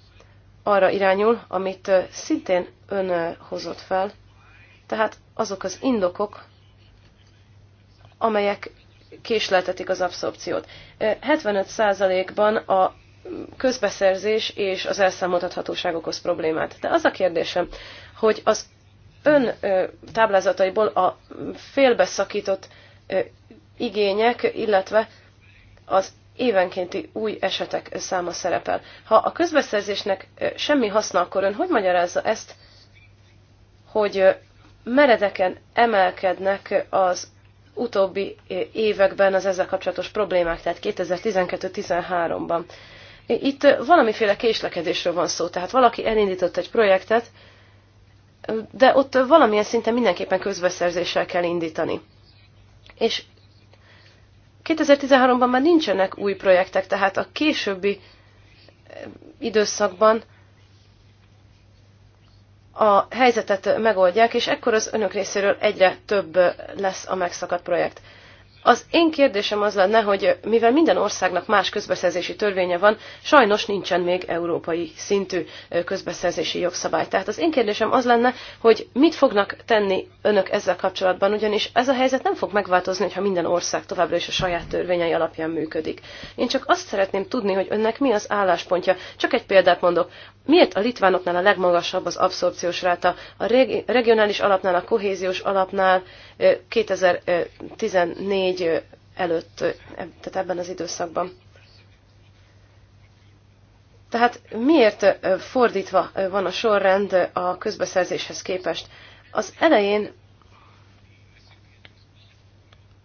arra irányul, amit szintén ön hozott fel, tehát azok az indokok, amelyek késleltetik az abszorpciót. 75%-ban a közbeszerzés és az elszámoltathatóság okoz problémát. De az a kérdésem, hogy az ön táblázataiból a félbeszakított igények, illetve az évenkénti új esetek száma szerepel. Ha a közbeszerzésnek semmi haszna, akkor ön hogy magyarázza ezt, hogy meredeken emelkednek az utóbbi években az ezzel kapcsolatos problémák, tehát 2012-13-ban. Itt valamiféle késlekedésről van szó, tehát valaki elindított egy projektet, de ott valamilyen szinten mindenképpen közbeszerzéssel kell indítani. És 2013-ban már nincsenek új projektek, tehát a későbbi eh, időszakban a helyzetet megoldják, és ekkor az önök részéről egyre több eh, lesz a megszakadt projekt. Az én kérdésem az lenne, hogy mivel minden országnak más közbeszerzési törvénye van, sajnos nincsen még európai szintű közbeszerzési jogszabály. Tehát az én kérdésem az lenne, hogy mit fognak tenni önök ezzel kapcsolatban, ugyanis ez a helyzet nem fog megváltozni, ha minden ország továbbra is a saját törvényei alapján működik. Én csak azt szeretném tudni, hogy önnek mi az álláspontja. Csak egy példát mondok. Miért a litvánoknál a legmagasabb az abszorpciós ráta, a regionális alapnál, a kohéziós alapnál 2014 2014 előtt, tehát ebben az időszakban. Tehát miért fordítva van a sorrend a közbeszerzéshez képest? Az elején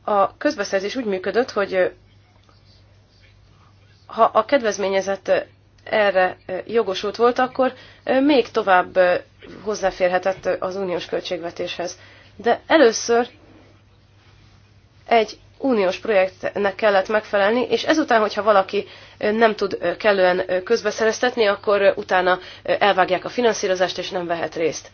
a közbeszerzés úgy működött, hogy ha a kedvezményezett erre jogosult volt, akkor még tovább hozzáférhetett az uniós költségvetéshez. De először egy uniós projektnek kellett megfelelni, és ezután, hogyha valaki nem tud kellően közbeszereztetni, akkor utána elvágják a finanszírozást, és nem vehet részt.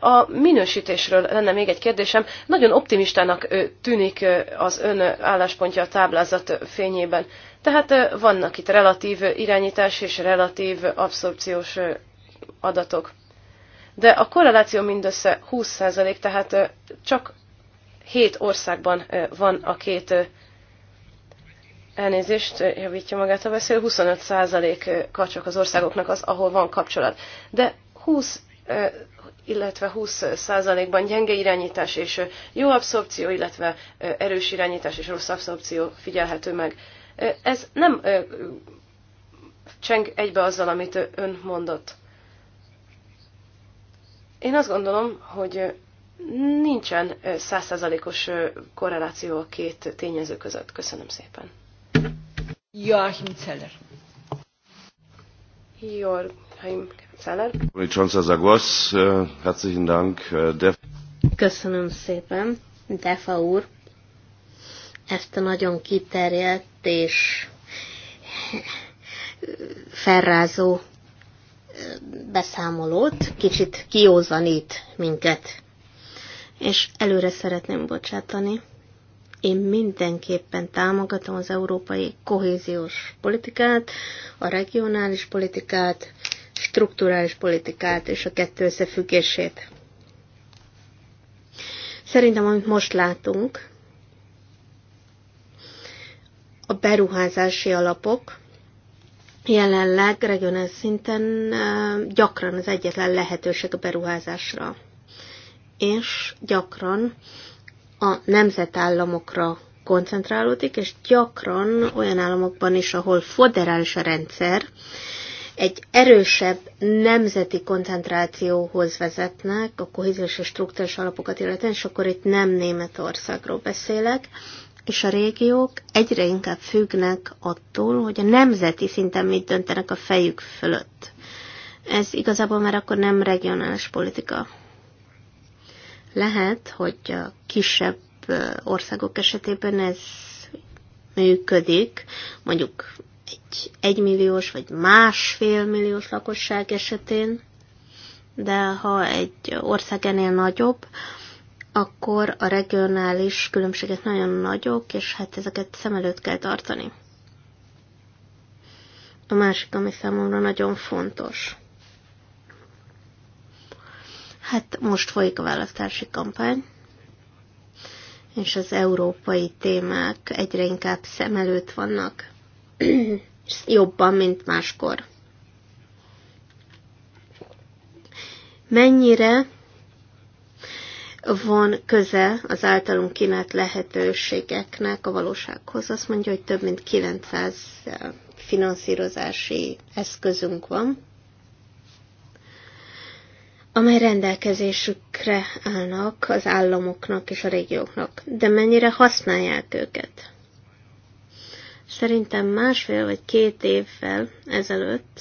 A minősítésről lenne még egy kérdésem. Nagyon optimistának tűnik az ön álláspontja a táblázat fényében. Tehát vannak itt relatív irányítás és relatív abszorpciós adatok. De a korreláció mindössze 20%, tehát csak hét országban van a két elnézést, javítja magát a beszél, 25 kacsak az országoknak az, ahol van kapcsolat. De 20 illetve 20%-ban gyenge irányítás és jó abszorpció, illetve erős irányítás és rossz abszorpció figyelhető meg. Ez nem cseng egybe azzal, amit ön mondott. Én azt gondolom, hogy nincsen százszázalékos korreláció a két tényező között. Köszönöm szépen. Joachim Zeller. Joachim Zeller. herzlichen Dank. Köszönöm szépen, Defa úr, ezt a nagyon kiterjedt és felrázó beszámolót, kicsit kiózanít minket és előre szeretném bocsátani, én mindenképpen támogatom az európai kohéziós politikát, a regionális politikát, strukturális politikát és a kettő összefüggését. Szerintem, amit most látunk, a beruházási alapok jelenleg regionális szinten gyakran az egyetlen lehetőség a beruházásra és gyakran a nemzetállamokra koncentrálódik, és gyakran olyan államokban is, ahol foderális a rendszer, egy erősebb nemzeti koncentrációhoz vezetnek a kohéziós és struktúrás alapokat illetően, és akkor itt nem Németországról beszélek, és a régiók egyre inkább függnek attól, hogy a nemzeti szinten mit döntenek a fejük fölött. Ez igazából már akkor nem regionális politika. Lehet, hogy a kisebb országok esetében ez működik, mondjuk egy egymilliós vagy másfél milliós lakosság esetén, de ha egy ország ennél nagyobb, akkor a regionális különbségek nagyon nagyok, és hát ezeket szem előtt kell tartani. A másik, ami számomra nagyon fontos. Hát most folyik a választási kampány, és az európai témák egyre inkább szem előtt vannak, [clears throat] jobban, mint máskor. Mennyire van köze az általunk kínált lehetőségeknek a valósághoz. Azt mondja, hogy több mint 900 eh, finanszírozási eszközünk van, amely rendelkezésükre állnak az államoknak és a régióknak. De mennyire használják őket? Szerintem másfél vagy két évvel ezelőtt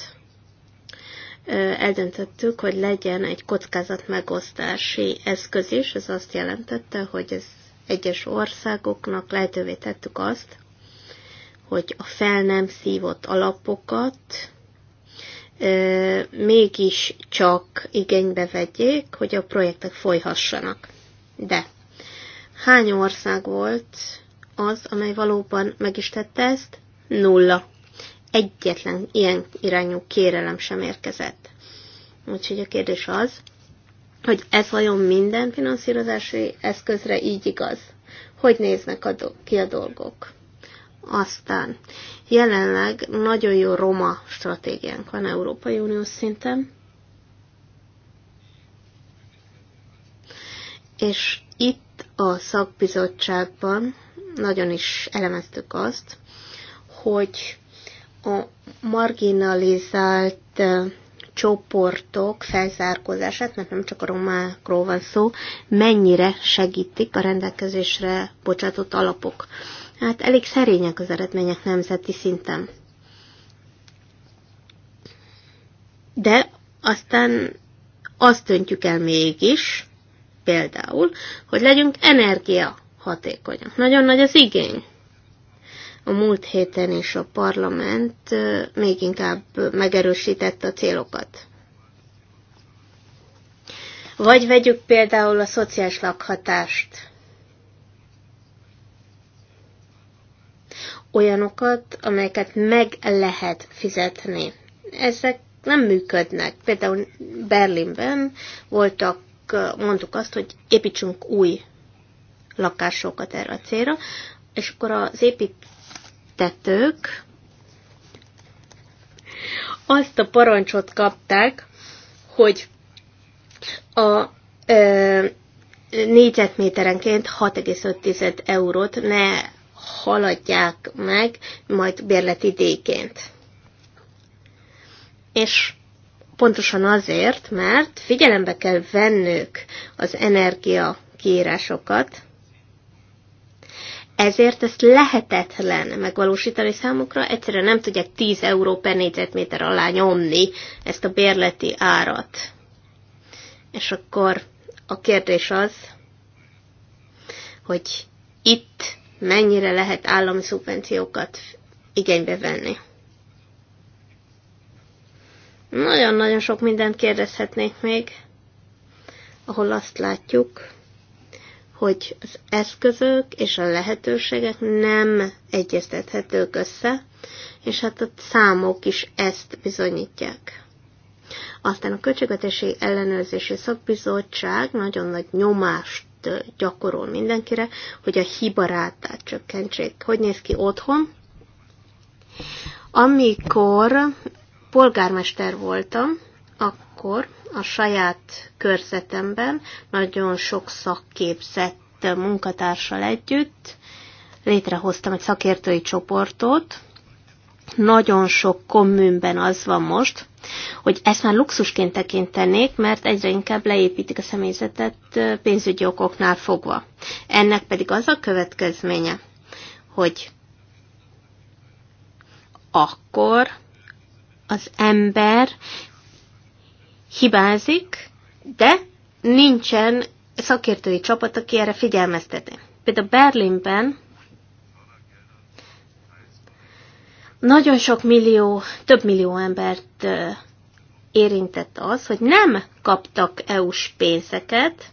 eldöntöttük, hogy legyen egy kockázatmegosztási megosztási eszköz is. Ez azt jelentette, hogy az egyes országoknak lehetővé tettük azt, hogy a fel nem szívott alapokat mégis csak igénybe vegyék, hogy a projektek folyhassanak. De hány ország volt az, amely valóban meg is tette ezt? Nulla. Egyetlen ilyen irányú kérelem sem érkezett. Úgyhogy a kérdés az, hogy ez vajon minden finanszírozási eszközre így igaz? Hogy néznek a do- ki a dolgok? Aztán jelenleg nagyon jó roma stratégiánk van Európai Unió szinten, és itt a szakbizottságban nagyon is elemeztük azt, hogy a marginalizált csoportok felzárkózását, mert nem csak a romákról van szó, mennyire segítik a rendelkezésre bocsátott alapok. Hát elég szerények az eredmények nemzeti szinten. De aztán azt döntjük el mégis, például, hogy legyünk energia hatékonyak. Nagyon nagy az igény. A múlt héten is a parlament még inkább megerősítette a célokat. Vagy vegyük például a szociális lakhatást. olyanokat, amelyeket meg lehet fizetni. Ezek nem működnek. Például Berlinben voltak, mondtuk azt, hogy építsünk új lakásokat erre a célra, és akkor az építetők azt a parancsot kapták, hogy a ö, négyzetméterenként 6,5 eurót ne haladják meg, majd bérleti díjként. És pontosan azért, mert figyelembe kell vennünk az energia kiírásokat, ezért ezt lehetetlen megvalósítani számukra, egyszerűen nem tudják 10 euró per négyzetméter alá nyomni ezt a bérleti árat. És akkor a kérdés az, hogy itt mennyire lehet állami szubvenciókat igénybe venni. Nagyon-nagyon sok mindent kérdezhetnék még, ahol azt látjuk, hogy az eszközök és a lehetőségek nem egyeztethetők össze, és hát a számok is ezt bizonyítják. Aztán a Költségvetési Ellenőrzési Szakbizottság nagyon nagy nyomást gyakorol mindenkire, hogy a rátát csökkentsék. Hogy néz ki otthon? Amikor polgármester voltam, akkor a saját körzetemben nagyon sok szakképzett munkatársal együtt létrehoztam egy szakértői csoportot, nagyon sok kommunben az van most, hogy ezt már luxusként tekintenék, mert egyre inkább leépítik a személyzetet pénzügyi okoknál fogva. Ennek pedig az a következménye, hogy akkor az ember hibázik, de nincsen szakértői csapat, aki erre figyelmezteti. Például Berlinben nagyon sok millió, több millió embert érintett az, hogy nem kaptak EU-s pénzeket,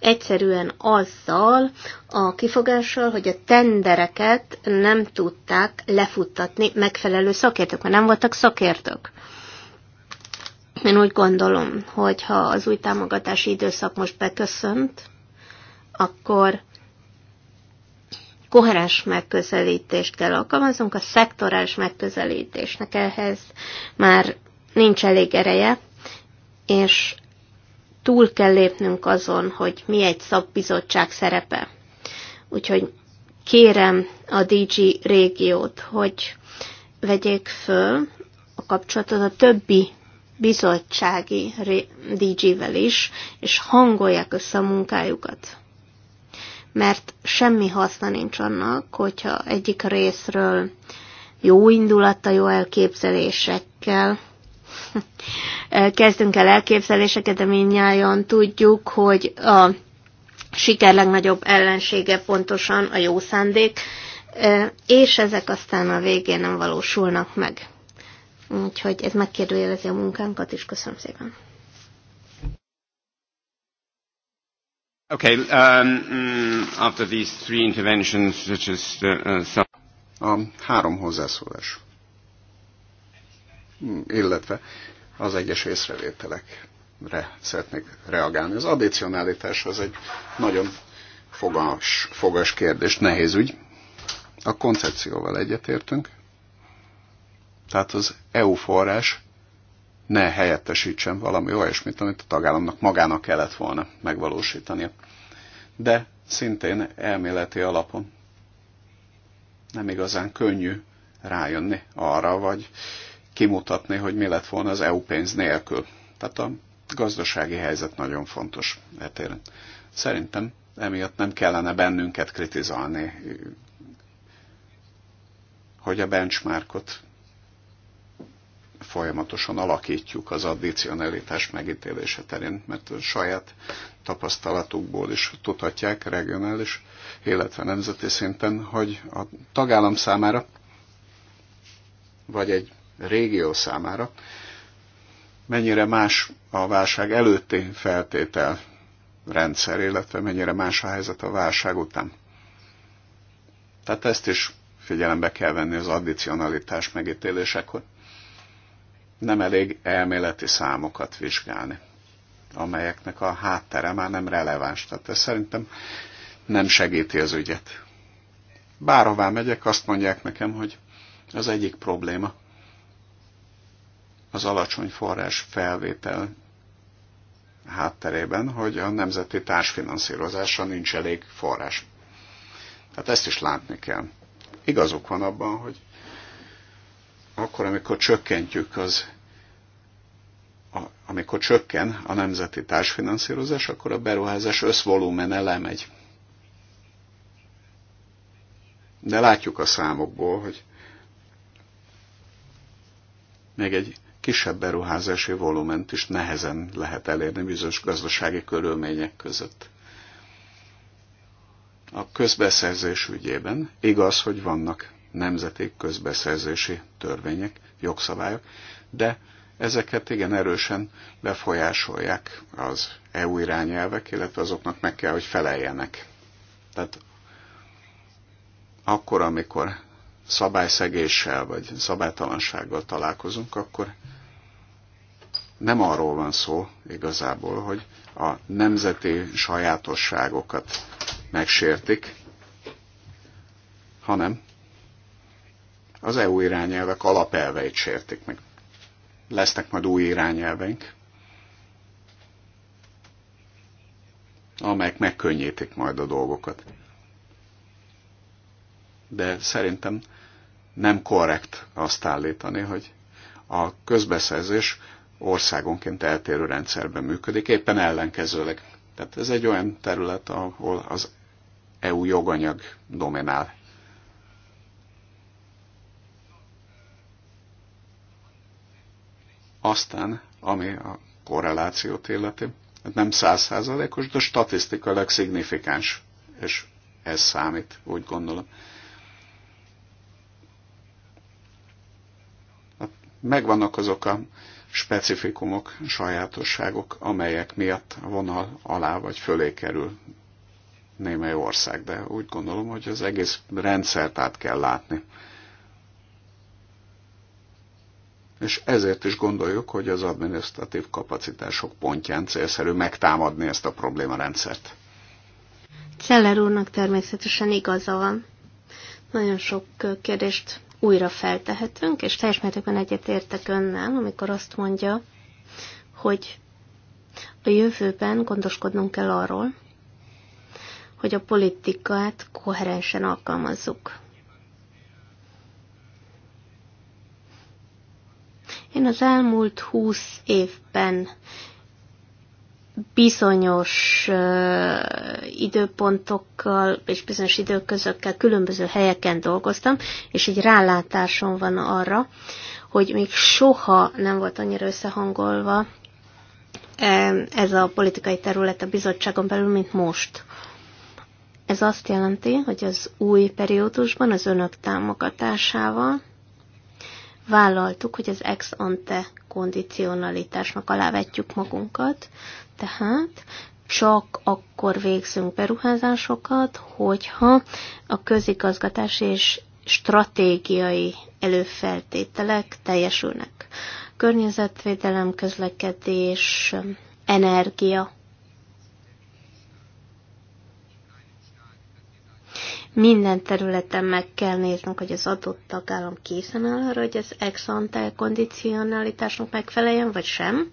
egyszerűen azzal a kifogással, hogy a tendereket nem tudták lefuttatni megfelelő szakértők, mert nem voltak szakértők. Én úgy gondolom, hogy ha az új támogatási időszak most beköszönt, akkor koherens megközelítést kell alkalmaznunk, a szektorális megközelítésnek ehhez már nincs elég ereje, és túl kell lépnünk azon, hogy mi egy szakbizottság szerepe. Úgyhogy kérem a DG régiót, hogy vegyék föl a kapcsolatot a többi bizottsági DG-vel is, és hangolják össze a munkájukat mert semmi haszna nincs annak, hogyha egyik részről jó indulata, jó elképzelésekkel [laughs] kezdünk el elképzeléseket, de minnyáján tudjuk, hogy a siker legnagyobb ellensége pontosan a jó szándék, és ezek aztán a végén nem valósulnak meg. Úgyhogy ez megkérdőjelezi a munkánkat is. Köszönöm szépen! Okay, um, mm, after these three interventions, which is the, uh, some... A három hozzászólás, hmm, illetve az egyes észrevételekre szeretnék reagálni. Az addicionálitás az egy nagyon fogas, fogas kérdés, nehéz ügy. A koncepcióval egyetértünk, tehát az EU forrás ne helyettesítsen valami olyasmit, amit a tagállamnak magának kellett volna megvalósítania. De szintén elméleti alapon nem igazán könnyű rájönni arra, vagy kimutatni, hogy mi lett volna az EU pénz nélkül. Tehát a gazdasági helyzet nagyon fontos etéren. Szerintem emiatt nem kellene bennünket kritizálni, hogy a benchmarkot folyamatosan alakítjuk az addicionalitás megítélése terén, mert a saját tapasztalatukból is tudhatják regionális, illetve nemzeti szinten, hogy a tagállam számára, vagy egy régió számára mennyire más a válság előtti feltétel rendszer, illetve mennyire más a helyzet a válság után. Tehát ezt is figyelembe kell venni az addicionalitás megítélésekor nem elég elméleti számokat vizsgálni, amelyeknek a háttere már nem releváns. Tehát ez szerintem nem segíti az ügyet. Bárhová megyek, azt mondják nekem, hogy az egyik probléma az alacsony forrás felvétel hátterében, hogy a nemzeti társfinanszírozásra nincs elég forrás. Tehát ezt is látni kell. Igazuk van abban, hogy akkor, amikor csökkentjük az a, amikor csökken a nemzeti társfinanszírozás, akkor a beruházás összvolumen elemegy. De látjuk a számokból, hogy még egy kisebb beruházási volument is nehezen lehet elérni bizonyos gazdasági körülmények között. A közbeszerzés ügyében igaz, hogy vannak nemzeti közbeszerzési törvények, jogszabályok, de ezeket igen erősen befolyásolják az EU irányelvek, illetve azoknak meg kell, hogy feleljenek. Tehát akkor, amikor szabályszegéssel vagy szabálytalansággal találkozunk, akkor nem arról van szó igazából, hogy a nemzeti sajátosságokat megsértik, hanem az EU irányelvek alapelveit sértik meg. Lesznek majd új irányelveink, amelyek megkönnyítik majd a dolgokat. De szerintem nem korrekt azt állítani, hogy a közbeszerzés országonként eltérő rendszerben működik, éppen ellenkezőleg. Tehát ez egy olyan terület, ahol az EU joganyag dominál. Aztán, ami a korrelációt illeti, hát nem százszázalékos, de statisztikailag szignifikáns, és ez számít, úgy gondolom. Hát megvannak azok a specifikumok, sajátosságok, amelyek miatt a vonal alá vagy fölé kerül némely ország, de úgy gondolom, hogy az egész rendszert át kell látni. és ezért is gondoljuk, hogy az adminisztratív kapacitások pontján célszerű megtámadni ezt a problémarendszert. Celler úrnak természetesen igaza van. Nagyon sok kérdést újra feltehetünk, és teljes mértékben értek önnel, amikor azt mondja, hogy a jövőben gondoskodnunk kell arról, hogy a politikát koherensen alkalmazzuk. Én az elmúlt húsz évben bizonyos uh, időpontokkal és bizonyos időközökkel különböző helyeken dolgoztam, és egy rálátásom van arra, hogy még soha nem volt annyira összehangolva ez a politikai terület a bizottságon belül, mint most. Ez azt jelenti, hogy az új periódusban az önök támogatásával vállaltuk, hogy az ex ante kondicionalitásnak alávetjük magunkat, tehát csak akkor végzünk beruházásokat, hogyha a közigazgatás és stratégiai előfeltételek teljesülnek. Környezetvédelem, közlekedés, energia, Minden területen meg kell néznünk, hogy az adott tagállam készen áll arra, hogy az ex ante kondicionalitásnak megfeleljen, vagy sem.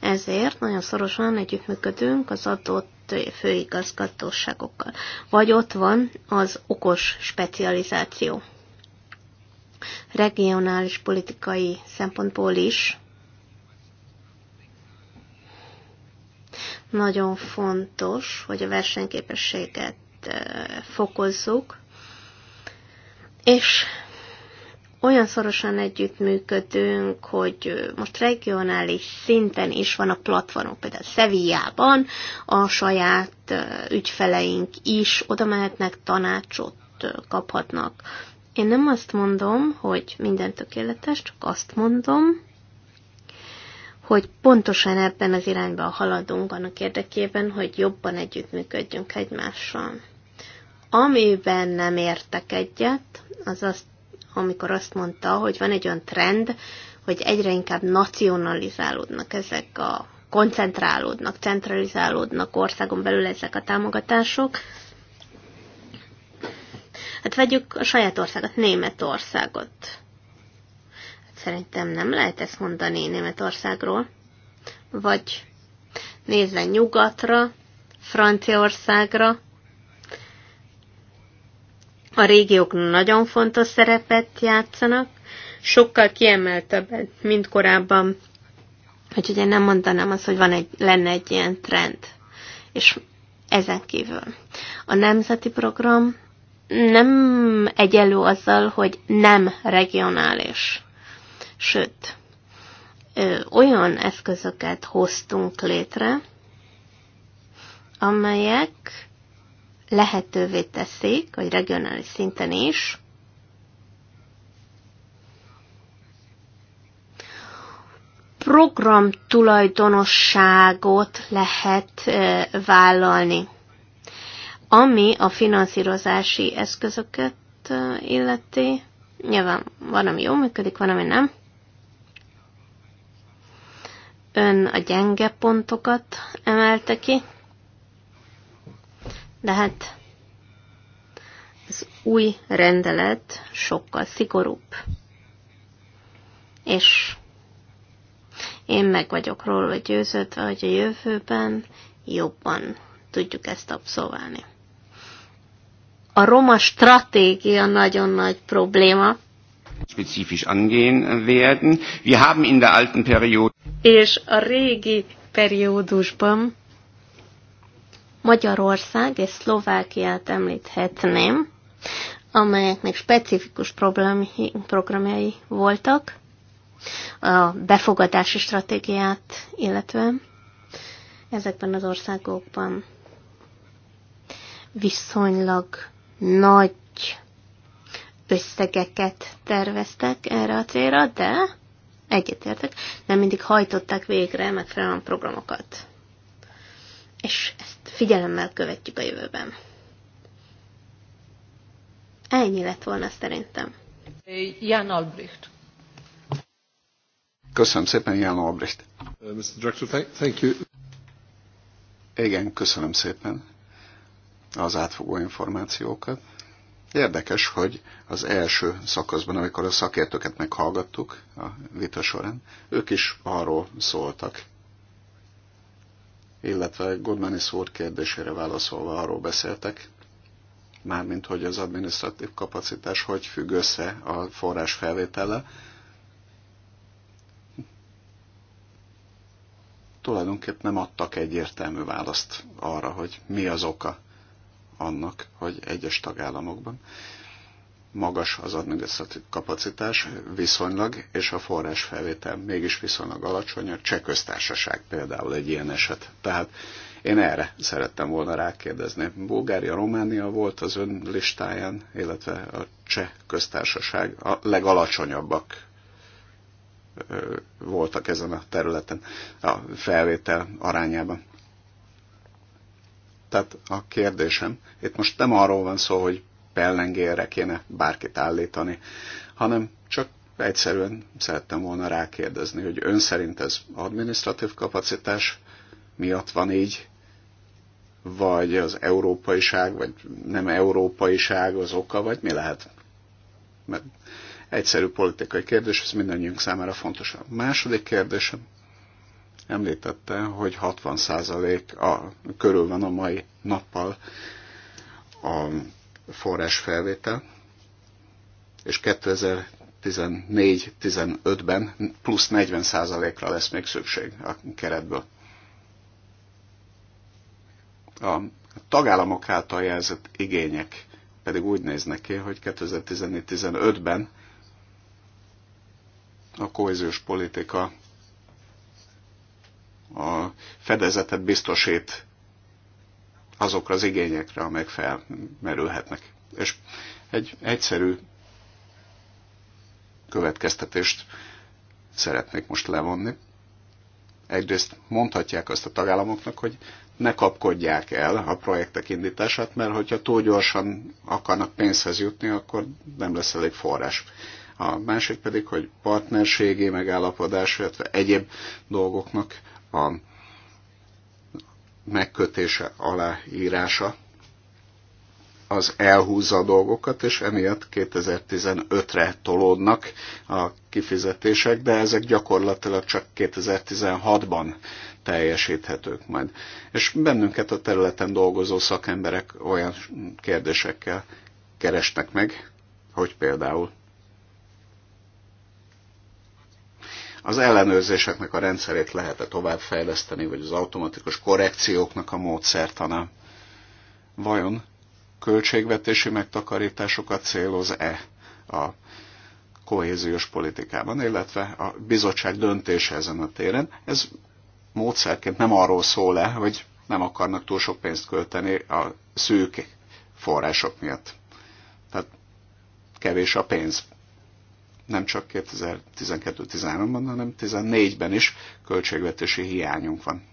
Ezért nagyon szorosan együttműködünk az adott főigazgatóságokkal. Vagy ott van az okos specializáció. Regionális politikai szempontból is nagyon fontos, hogy a versenyképességet fokozzuk, és olyan szorosan együttműködünk, hogy most regionális szinten is vannak platformok, például Szevijában a saját ügyfeleink is oda mehetnek, tanácsot kaphatnak. Én nem azt mondom, hogy minden tökéletes, csak azt mondom, hogy pontosan ebben az irányba haladunk annak érdekében, hogy jobban együttműködjünk egymással. Amiben nem értek egyet, az azt, amikor azt mondta, hogy van egy olyan trend, hogy egyre inkább nacionalizálódnak ezek a koncentrálódnak, centralizálódnak országon belül ezek a támogatások. Hát vegyük a saját országot, Németországot. Hát szerintem nem lehet ezt mondani Németországról. Vagy nézzen nyugatra, Franciaországra, a régiók nagyon fontos szerepet játszanak, sokkal kiemeltebbet, mint korábban. Úgyhogy én nem mondanám azt, hogy van egy, lenne egy ilyen trend. És ezen kívül a nemzeti program nem egyelő azzal, hogy nem regionális. Sőt, olyan eszközöket hoztunk létre, amelyek lehetővé teszik, hogy regionális szinten is, program tulajdonosságot lehet vállalni, ami a finanszírozási eszközöket illeti. Nyilván van, ami jól működik, van, ami nem. Ön a gyenge pontokat emelte ki. De hát az új rendelet sokkal szigorúbb. És én meg vagyok róla győződve, hogy a jövőben jobban tudjuk ezt abszolválni. A roma stratégia nagyon nagy probléma. Spezifisch angehen werden. Wir haben in der alten Periode. És a régi periódusban Magyarország és Szlovákiát említhetném, amelyeknek specifikus programjai voltak, a befogadási stratégiát, illetve ezekben az országokban viszonylag nagy összegeket terveztek erre a célra, de egyetértek, nem mindig hajtották végre megfelelően programokat és ezt figyelemmel követjük a jövőben. Ennyi lett volna szerintem. Jan Albrecht. Köszönöm szépen, Jan Albrecht. Uh, Mr. Director, thank you. Igen, köszönöm szépen az átfogó információkat. Érdekes, hogy az első szakaszban, amikor a szakértőket meghallgattuk a vita során, ők is arról szóltak, illetve Goodman is úr kérdésére válaszolva arról beszéltek, mármint hogy az administratív kapacitás hogy függ össze a forrás felvétele. Tulajdonképpen nem adtak egyértelmű választ arra, hogy mi az oka annak, hogy egyes tagállamokban magas az adminisztratív kapacitás viszonylag, és a forrásfelvétel mégis viszonylag alacsony, a cseh köztársaság például egy ilyen eset. Tehát én erre szerettem volna rákérdezni. Bulgária, Románia volt az ön listáján, illetve a cseh köztársaság a legalacsonyabbak voltak ezen a területen a felvétel arányában. Tehát a kérdésem, itt most nem arról van szó, hogy pellengére kéne bárkit állítani, hanem csak egyszerűen szerettem volna rákérdezni, hogy ön szerint ez administratív kapacitás miatt van így, vagy az európaiság, vagy nem európaiság az oka, vagy mi lehet? Mert egyszerű politikai kérdés, ez mindannyiunk számára fontos. A második kérdésem, említette, hogy 60% a, körül van a mai nappal a forrásfelvétel, és 2014-15-ben plusz 40%-ra lesz még szükség a keretből. A tagállamok által jelzett igények pedig úgy néznek ki, hogy 2014-15-ben a kohéziós politika a fedezetet biztosít azokra az igényekre, amelyek felmerülhetnek. És egy egyszerű következtetést szeretnék most levonni. Egyrészt mondhatják azt a tagállamoknak, hogy ne kapkodják el a projektek indítását, mert hogyha túl gyorsan akarnak pénzhez jutni, akkor nem lesz elég forrás. A másik pedig, hogy partnerségi megállapodás, illetve egyéb dolgoknak a megkötése, aláírása az elhúzza a dolgokat, és emiatt 2015-re tolódnak a kifizetések, de ezek gyakorlatilag csak 2016-ban teljesíthetők majd. És bennünket a területen dolgozó szakemberek olyan kérdésekkel keresnek meg, hogy például Az ellenőrzéseknek a rendszerét lehet-e továbbfejleszteni, vagy az automatikus korrekcióknak a módszertana? Vajon költségvetési megtakarításokat céloz-e a kohéziós politikában, illetve a bizottság döntése ezen a téren. Ez módszerként nem arról szól-e, hogy nem akarnak túl sok pénzt költeni a szűk források miatt. Tehát kevés a pénz nem csak 2012-13-ban, hanem 14-ben is költségvetési hiányunk van.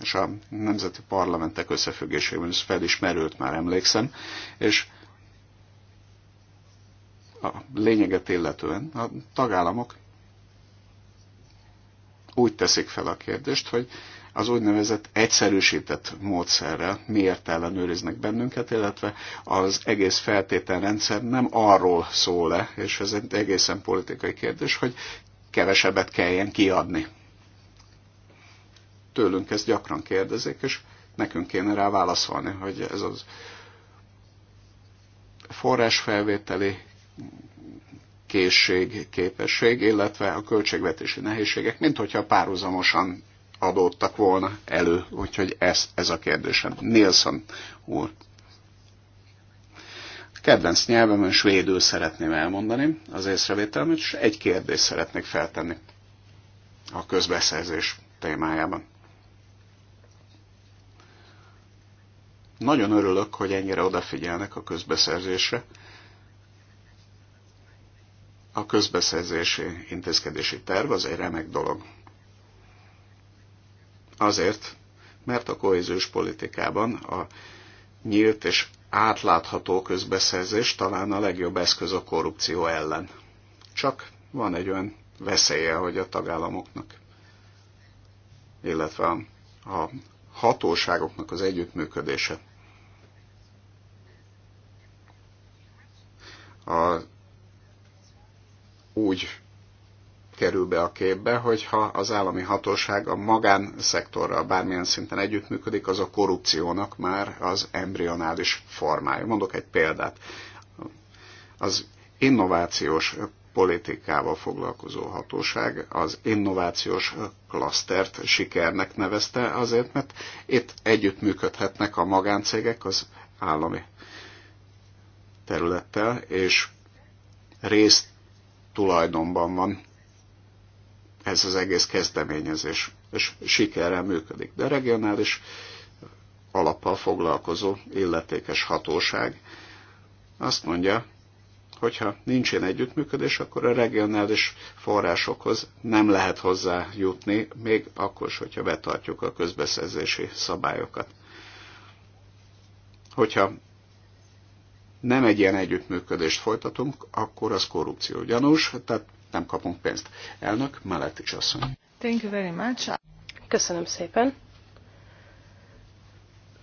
És a nemzeti parlamentek összefüggésében ez felismerült már emlékszem, és a lényeget illetően a tagállamok úgy teszik fel a kérdést, hogy az úgynevezett egyszerűsített módszerrel miért ellenőriznek bennünket, illetve az egész feltételrendszer nem arról szól-e, és ez egy egészen politikai kérdés, hogy kevesebbet kelljen kiadni. Tőlünk ezt gyakran kérdezik, és nekünk kéne rá válaszolni, hogy ez az forrásfelvételi készség, képesség, illetve a költségvetési nehézségek, mint hogyha párhuzamosan adódtak volna elő, úgyhogy ez, ez a kérdésem. Nilsson úr. Kedvenc nyelvemen svédül szeretném elmondani az észrevételmet, és egy kérdést szeretnék feltenni a közbeszerzés témájában. Nagyon örülök, hogy ennyire odafigyelnek a közbeszerzésre. A közbeszerzési intézkedési terv az egy remek dolog. Azért, mert a kohéziós politikában a nyílt és átlátható közbeszerzés talán a legjobb eszköz a korrupció ellen. Csak van egy olyan veszélye, hogy a tagállamoknak, illetve a hatóságoknak az együttműködése. A úgy kerül be a képbe, hogyha az állami hatóság a magánszektorral bármilyen szinten együttműködik, az a korrupciónak már az embrionális formája. Mondok egy példát. Az innovációs politikával foglalkozó hatóság az innovációs klasztert sikernek nevezte azért, mert itt együttműködhetnek a magáncégek az állami területtel, és részt tulajdonban van ez az egész kezdeményezés, és sikerrel működik. De a regionális alappal foglalkozó illetékes hatóság azt mondja, hogyha nincs ilyen együttműködés, akkor a regionális forrásokhoz nem lehet hozzájutni, még akkor is, hogyha betartjuk a közbeszerzési szabályokat. Hogyha nem egy ilyen együttműködést folytatunk, akkor az korrupció gyanús, tehát nem kapunk pénzt. Elnök, mellett is asszony. Thank you very much. Köszönöm szépen.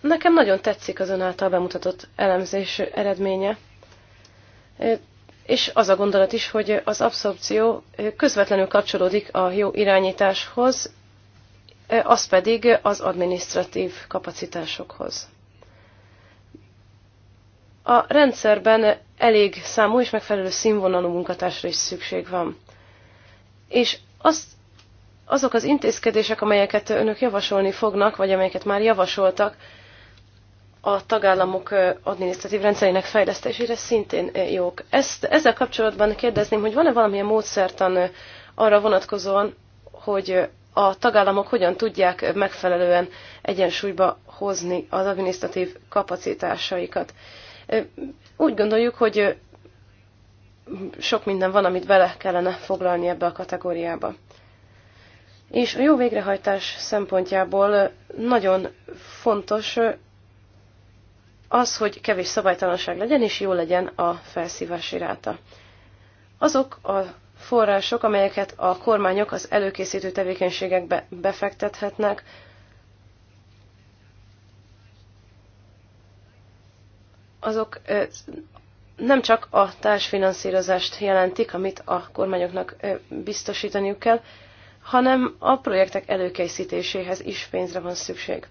Nekem nagyon tetszik az ön által bemutatott elemzés eredménye. És az a gondolat is, hogy az abszorpció közvetlenül kapcsolódik a jó irányításhoz, az pedig az administratív kapacitásokhoz. A rendszerben elég számú és megfelelő színvonalú munkatársra is szükség van. És az, azok az intézkedések, amelyeket önök javasolni fognak, vagy amelyeket már javasoltak, a tagállamok adminisztratív rendszerének fejlesztésére szintén jók. Ezt, ezzel kapcsolatban kérdezném, hogy van-e valamilyen módszertan arra vonatkozóan, hogy a tagállamok hogyan tudják megfelelően egyensúlyba hozni az adminisztratív kapacitásaikat. Úgy gondoljuk, hogy sok minden van, amit bele kellene foglalni ebbe a kategóriába. És a jó végrehajtás szempontjából nagyon fontos az, hogy kevés szabálytalanság legyen, és jó legyen a felszívási ráta. Azok a források, amelyeket a kormányok az előkészítő tevékenységekbe befektethetnek, azok nem csak a társfinanszírozást jelentik, amit a kormányoknak biztosítaniuk kell, hanem a projektek előkészítéséhez is pénzre van szükség.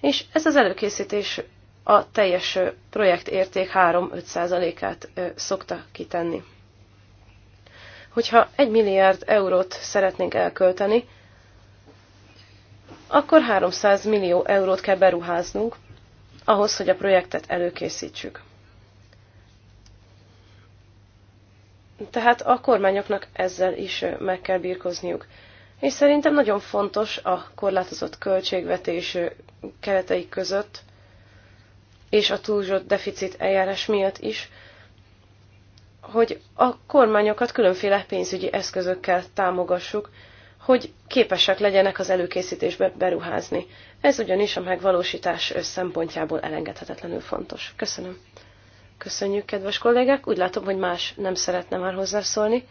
És ez az előkészítés a teljes projektérték 3-5%-át szokta kitenni. Hogyha 1 milliárd eurót szeretnénk elkölteni, akkor 300 millió eurót kell beruháznunk, ahhoz, hogy a projektet előkészítsük. Tehát a kormányoknak ezzel is meg kell birkozniuk. És szerintem nagyon fontos a korlátozott költségvetés keretei között, és a túlzott deficit eljárás miatt is, hogy a kormányokat különféle pénzügyi eszközökkel támogassuk, hogy képesek legyenek az előkészítésbe beruházni. Ez ugyanis a megvalósítás szempontjából elengedhetetlenül fontos. Köszönöm. Köszönjük, kedves kollégák. Úgy látom, hogy más nem szeretne már hozzászólni.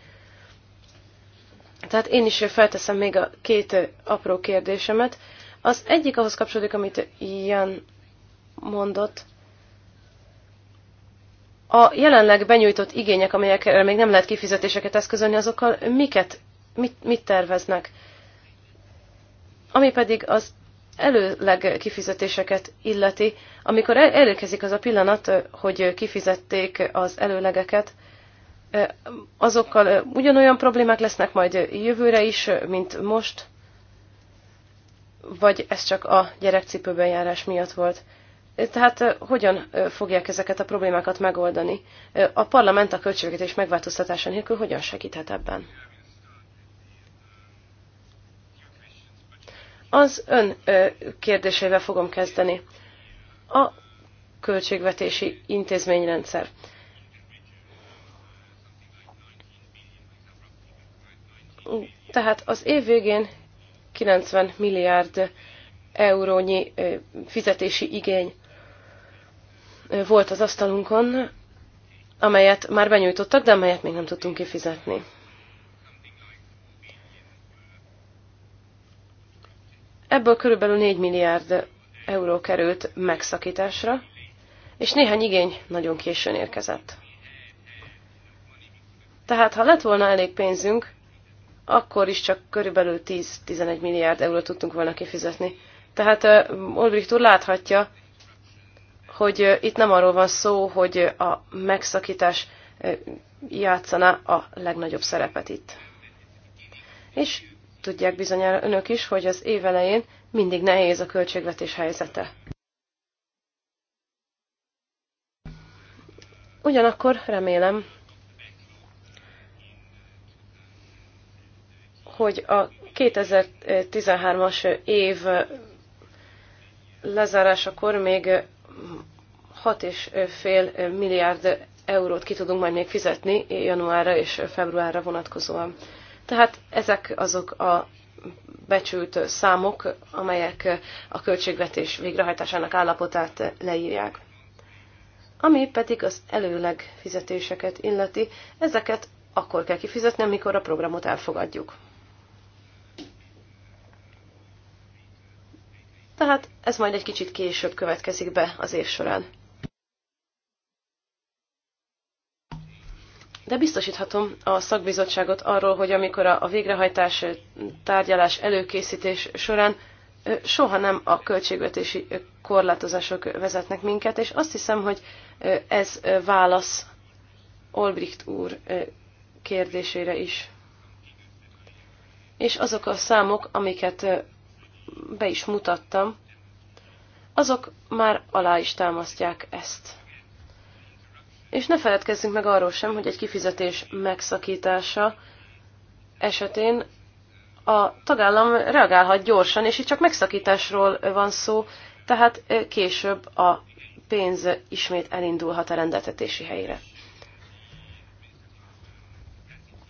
Tehát én is felteszem még a két apró kérdésemet. Az egyik ahhoz kapcsolódik, amit ilyen mondott. A jelenleg benyújtott igények, amelyekre még nem lehet kifizetéseket eszközölni, azokkal miket mit, mit terveznek. Ami pedig az előleg kifizetéseket illeti, amikor elérkezik az a pillanat, hogy kifizették az előlegeket, azokkal ugyanolyan problémák lesznek majd jövőre is, mint most, vagy ez csak a gyerekcipőben járás miatt volt. Tehát eh, hogyan eh, fogják ezeket a problémákat megoldani? Eh, a parlament a költségvetés megváltoztatása nélkül hogyan segíthet ebben? Az ön kérdésével fogom kezdeni. A költségvetési intézményrendszer. Tehát az év végén 90 milliárd eurónyi fizetési igény volt az asztalunkon, amelyet már benyújtottak, de amelyet még nem tudtunk kifizetni. Ebből körülbelül 4 milliárd euró került megszakításra, és néhány igény nagyon későn érkezett. Tehát, ha lett volna elég pénzünk, akkor is csak körülbelül 10-11 milliárd eurót tudtunk volna kifizetni. Tehát Olbricht úr láthatja, hogy itt nem arról van szó, hogy a megszakítás játszana a legnagyobb szerepet itt. És tudják bizonyára önök is, hogy az elején mindig nehéz a költségvetés helyzete. Ugyanakkor remélem, hogy a 2013-as év lezárásakor még 6,5 milliárd eurót ki tudunk majd még fizetni januárra és februárra vonatkozóan. Tehát ezek azok a becsült számok, amelyek a költségvetés végrehajtásának állapotát leírják. Ami pedig az előleg fizetéseket illeti, ezeket akkor kell kifizetni, amikor a programot elfogadjuk. Tehát ez majd egy kicsit később következik be az év során. De biztosíthatom a szakbizottságot arról, hogy amikor a végrehajtás tárgyalás előkészítés során soha nem a költségvetési korlátozások vezetnek minket, és azt hiszem, hogy ez válasz Olbricht úr kérdésére is. És azok a számok, amiket be is mutattam, azok már alá is támasztják ezt. És ne feledkezzünk meg arról sem, hogy egy kifizetés megszakítása esetén a tagállam reagálhat gyorsan, és itt csak megszakításról van szó, tehát később a pénz ismét elindulhat a rendeltetési helyére.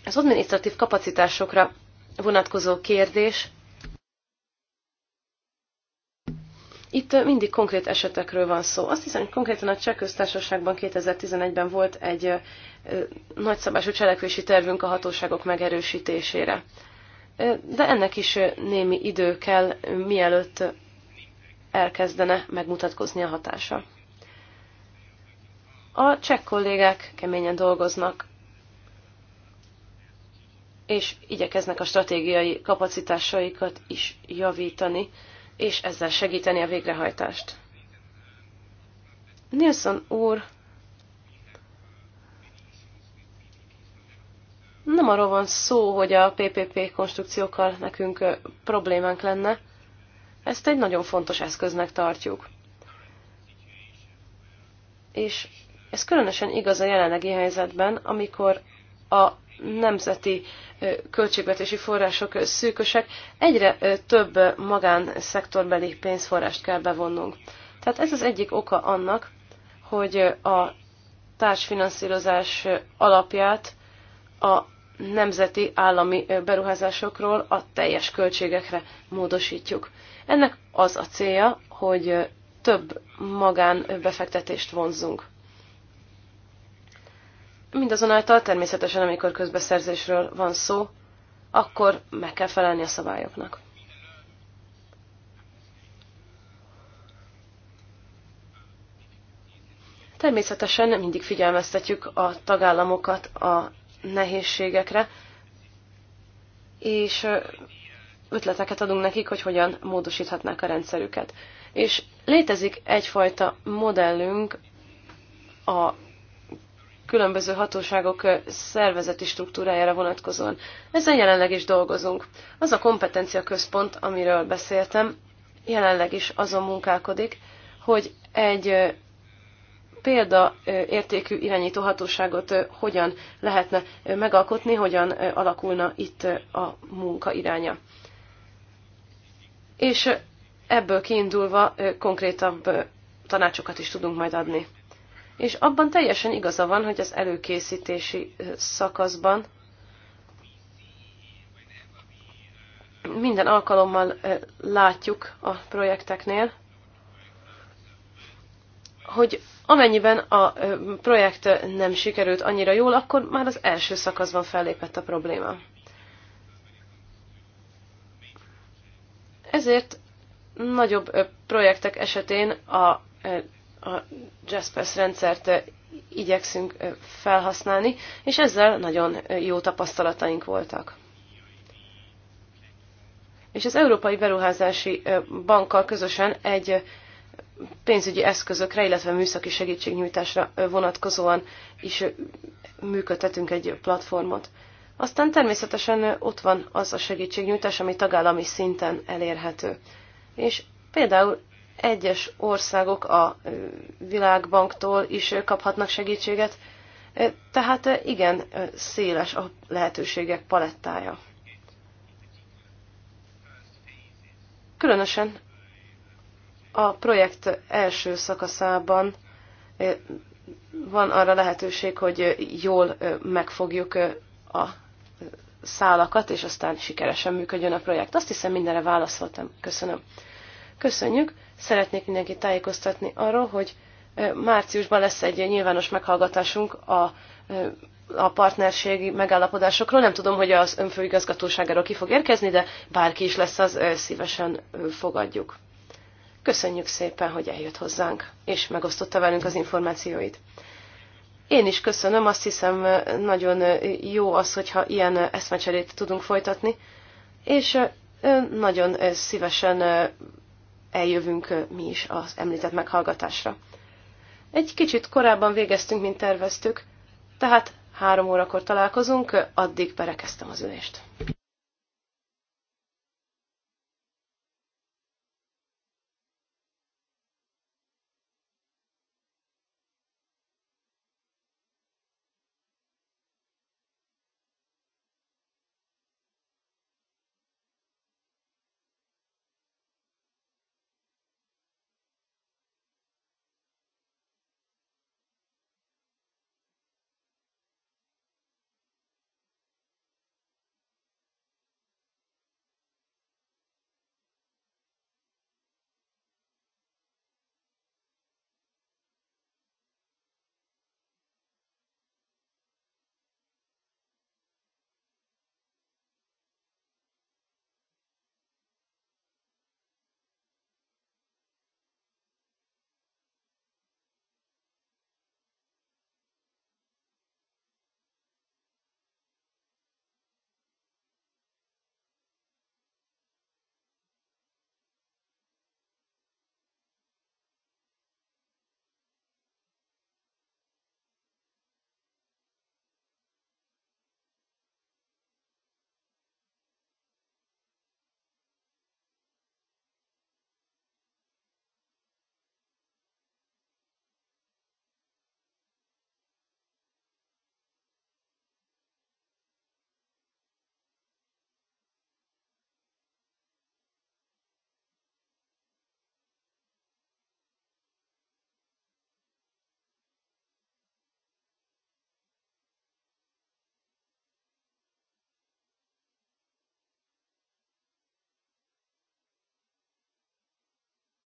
Az adminisztratív kapacitásokra vonatkozó kérdés Itt mindig konkrét esetekről van szó. Azt hiszem, hogy konkrétan a Cseh köztársaságban 2011-ben volt egy nagyszabású cselekvési tervünk a hatóságok megerősítésére. De ennek is némi idő kell, mielőtt elkezdene megmutatkozni a hatása. A cseh kollégák keményen dolgoznak, és igyekeznek a stratégiai kapacitásaikat is javítani és ezzel segíteni a végrehajtást. Nilsson úr nem arról van szó, hogy a PPP konstrukciókkal nekünk problémánk lenne. Ezt egy nagyon fontos eszköznek tartjuk. És ez különösen igaz a jelenlegi helyzetben, amikor a nemzeti uh, költségvetési források szűkösek, egyre több magánszektorbeli pénzforrást kell bevonnunk. Tehát ez az egyik oka annak, hogy a társfinanszírozás alapját a nemzeti állami beruházásokról a teljes költségekre módosítjuk. Ennek az a célja, hogy több magánbefektetést vonzunk. Mindazonáltal természetesen, amikor közbeszerzésről van szó, akkor meg kell felelni a szabályoknak. Természetesen nem mindig figyelmeztetjük a tagállamokat a nehézségekre, és ötleteket adunk nekik, hogy hogyan módosíthatnák a rendszerüket. És létezik egyfajta modellünk a különböző hatóságok szervezeti struktúrájára vonatkozóan. Ezen jelenleg is dolgozunk. Az a kompetencia központ, amiről beszéltem, jelenleg is azon munkálkodik, hogy egy példaértékű irányító hatóságot hogyan lehetne megalkotni, hogyan alakulna itt a munka iránya. És ebből kiindulva konkrétabb tanácsokat is tudunk majd adni és abban teljesen igaza van, hogy az előkészítési szakaszban minden alkalommal látjuk a projekteknél, hogy amennyiben a projekt nem sikerült annyira jól, akkor már az első szakaszban fellépett a probléma. Ezért nagyobb projektek esetén a a Jaspers rendszert eh, igyekszünk eh, felhasználni, és ezzel nagyon eh, jó tapasztalataink voltak. És az Európai Beruházási Bankkal közösen egy pénzügyi eszközökre, illetve műszaki segítségnyújtásra vonatkozóan is működtetünk egy platformot. Aztán természetesen ott van az a segítségnyújtás, ami tagállami szinten elérhető. És például egyes országok a világbanktól is kaphatnak segítséget, tehát igen, széles a lehetőségek palettája. Különösen a projekt első szakaszában van arra lehetőség, hogy jól megfogjuk a szálakat, és aztán sikeresen működjön a projekt. Azt hiszem, mindenre válaszoltam. Köszönöm. Köszönjük. Szeretnék mindenkit tájékoztatni arról, hogy márciusban lesz egy nyilvános meghallgatásunk a, a partnerségi megállapodásokról. Nem tudom, hogy az önfőigazgatóságáról ki fog érkezni, de bárki is lesz, az szívesen fogadjuk. Köszönjük szépen, hogy eljött hozzánk, és megosztotta velünk az információit. Én is köszönöm, azt hiszem nagyon jó az, hogyha ilyen eszmecserét tudunk folytatni, és nagyon szívesen eljövünk mi is az említett meghallgatásra. Egy kicsit korábban végeztünk, mint terveztük, tehát három órakor találkozunk, addig berekeztem az ülést.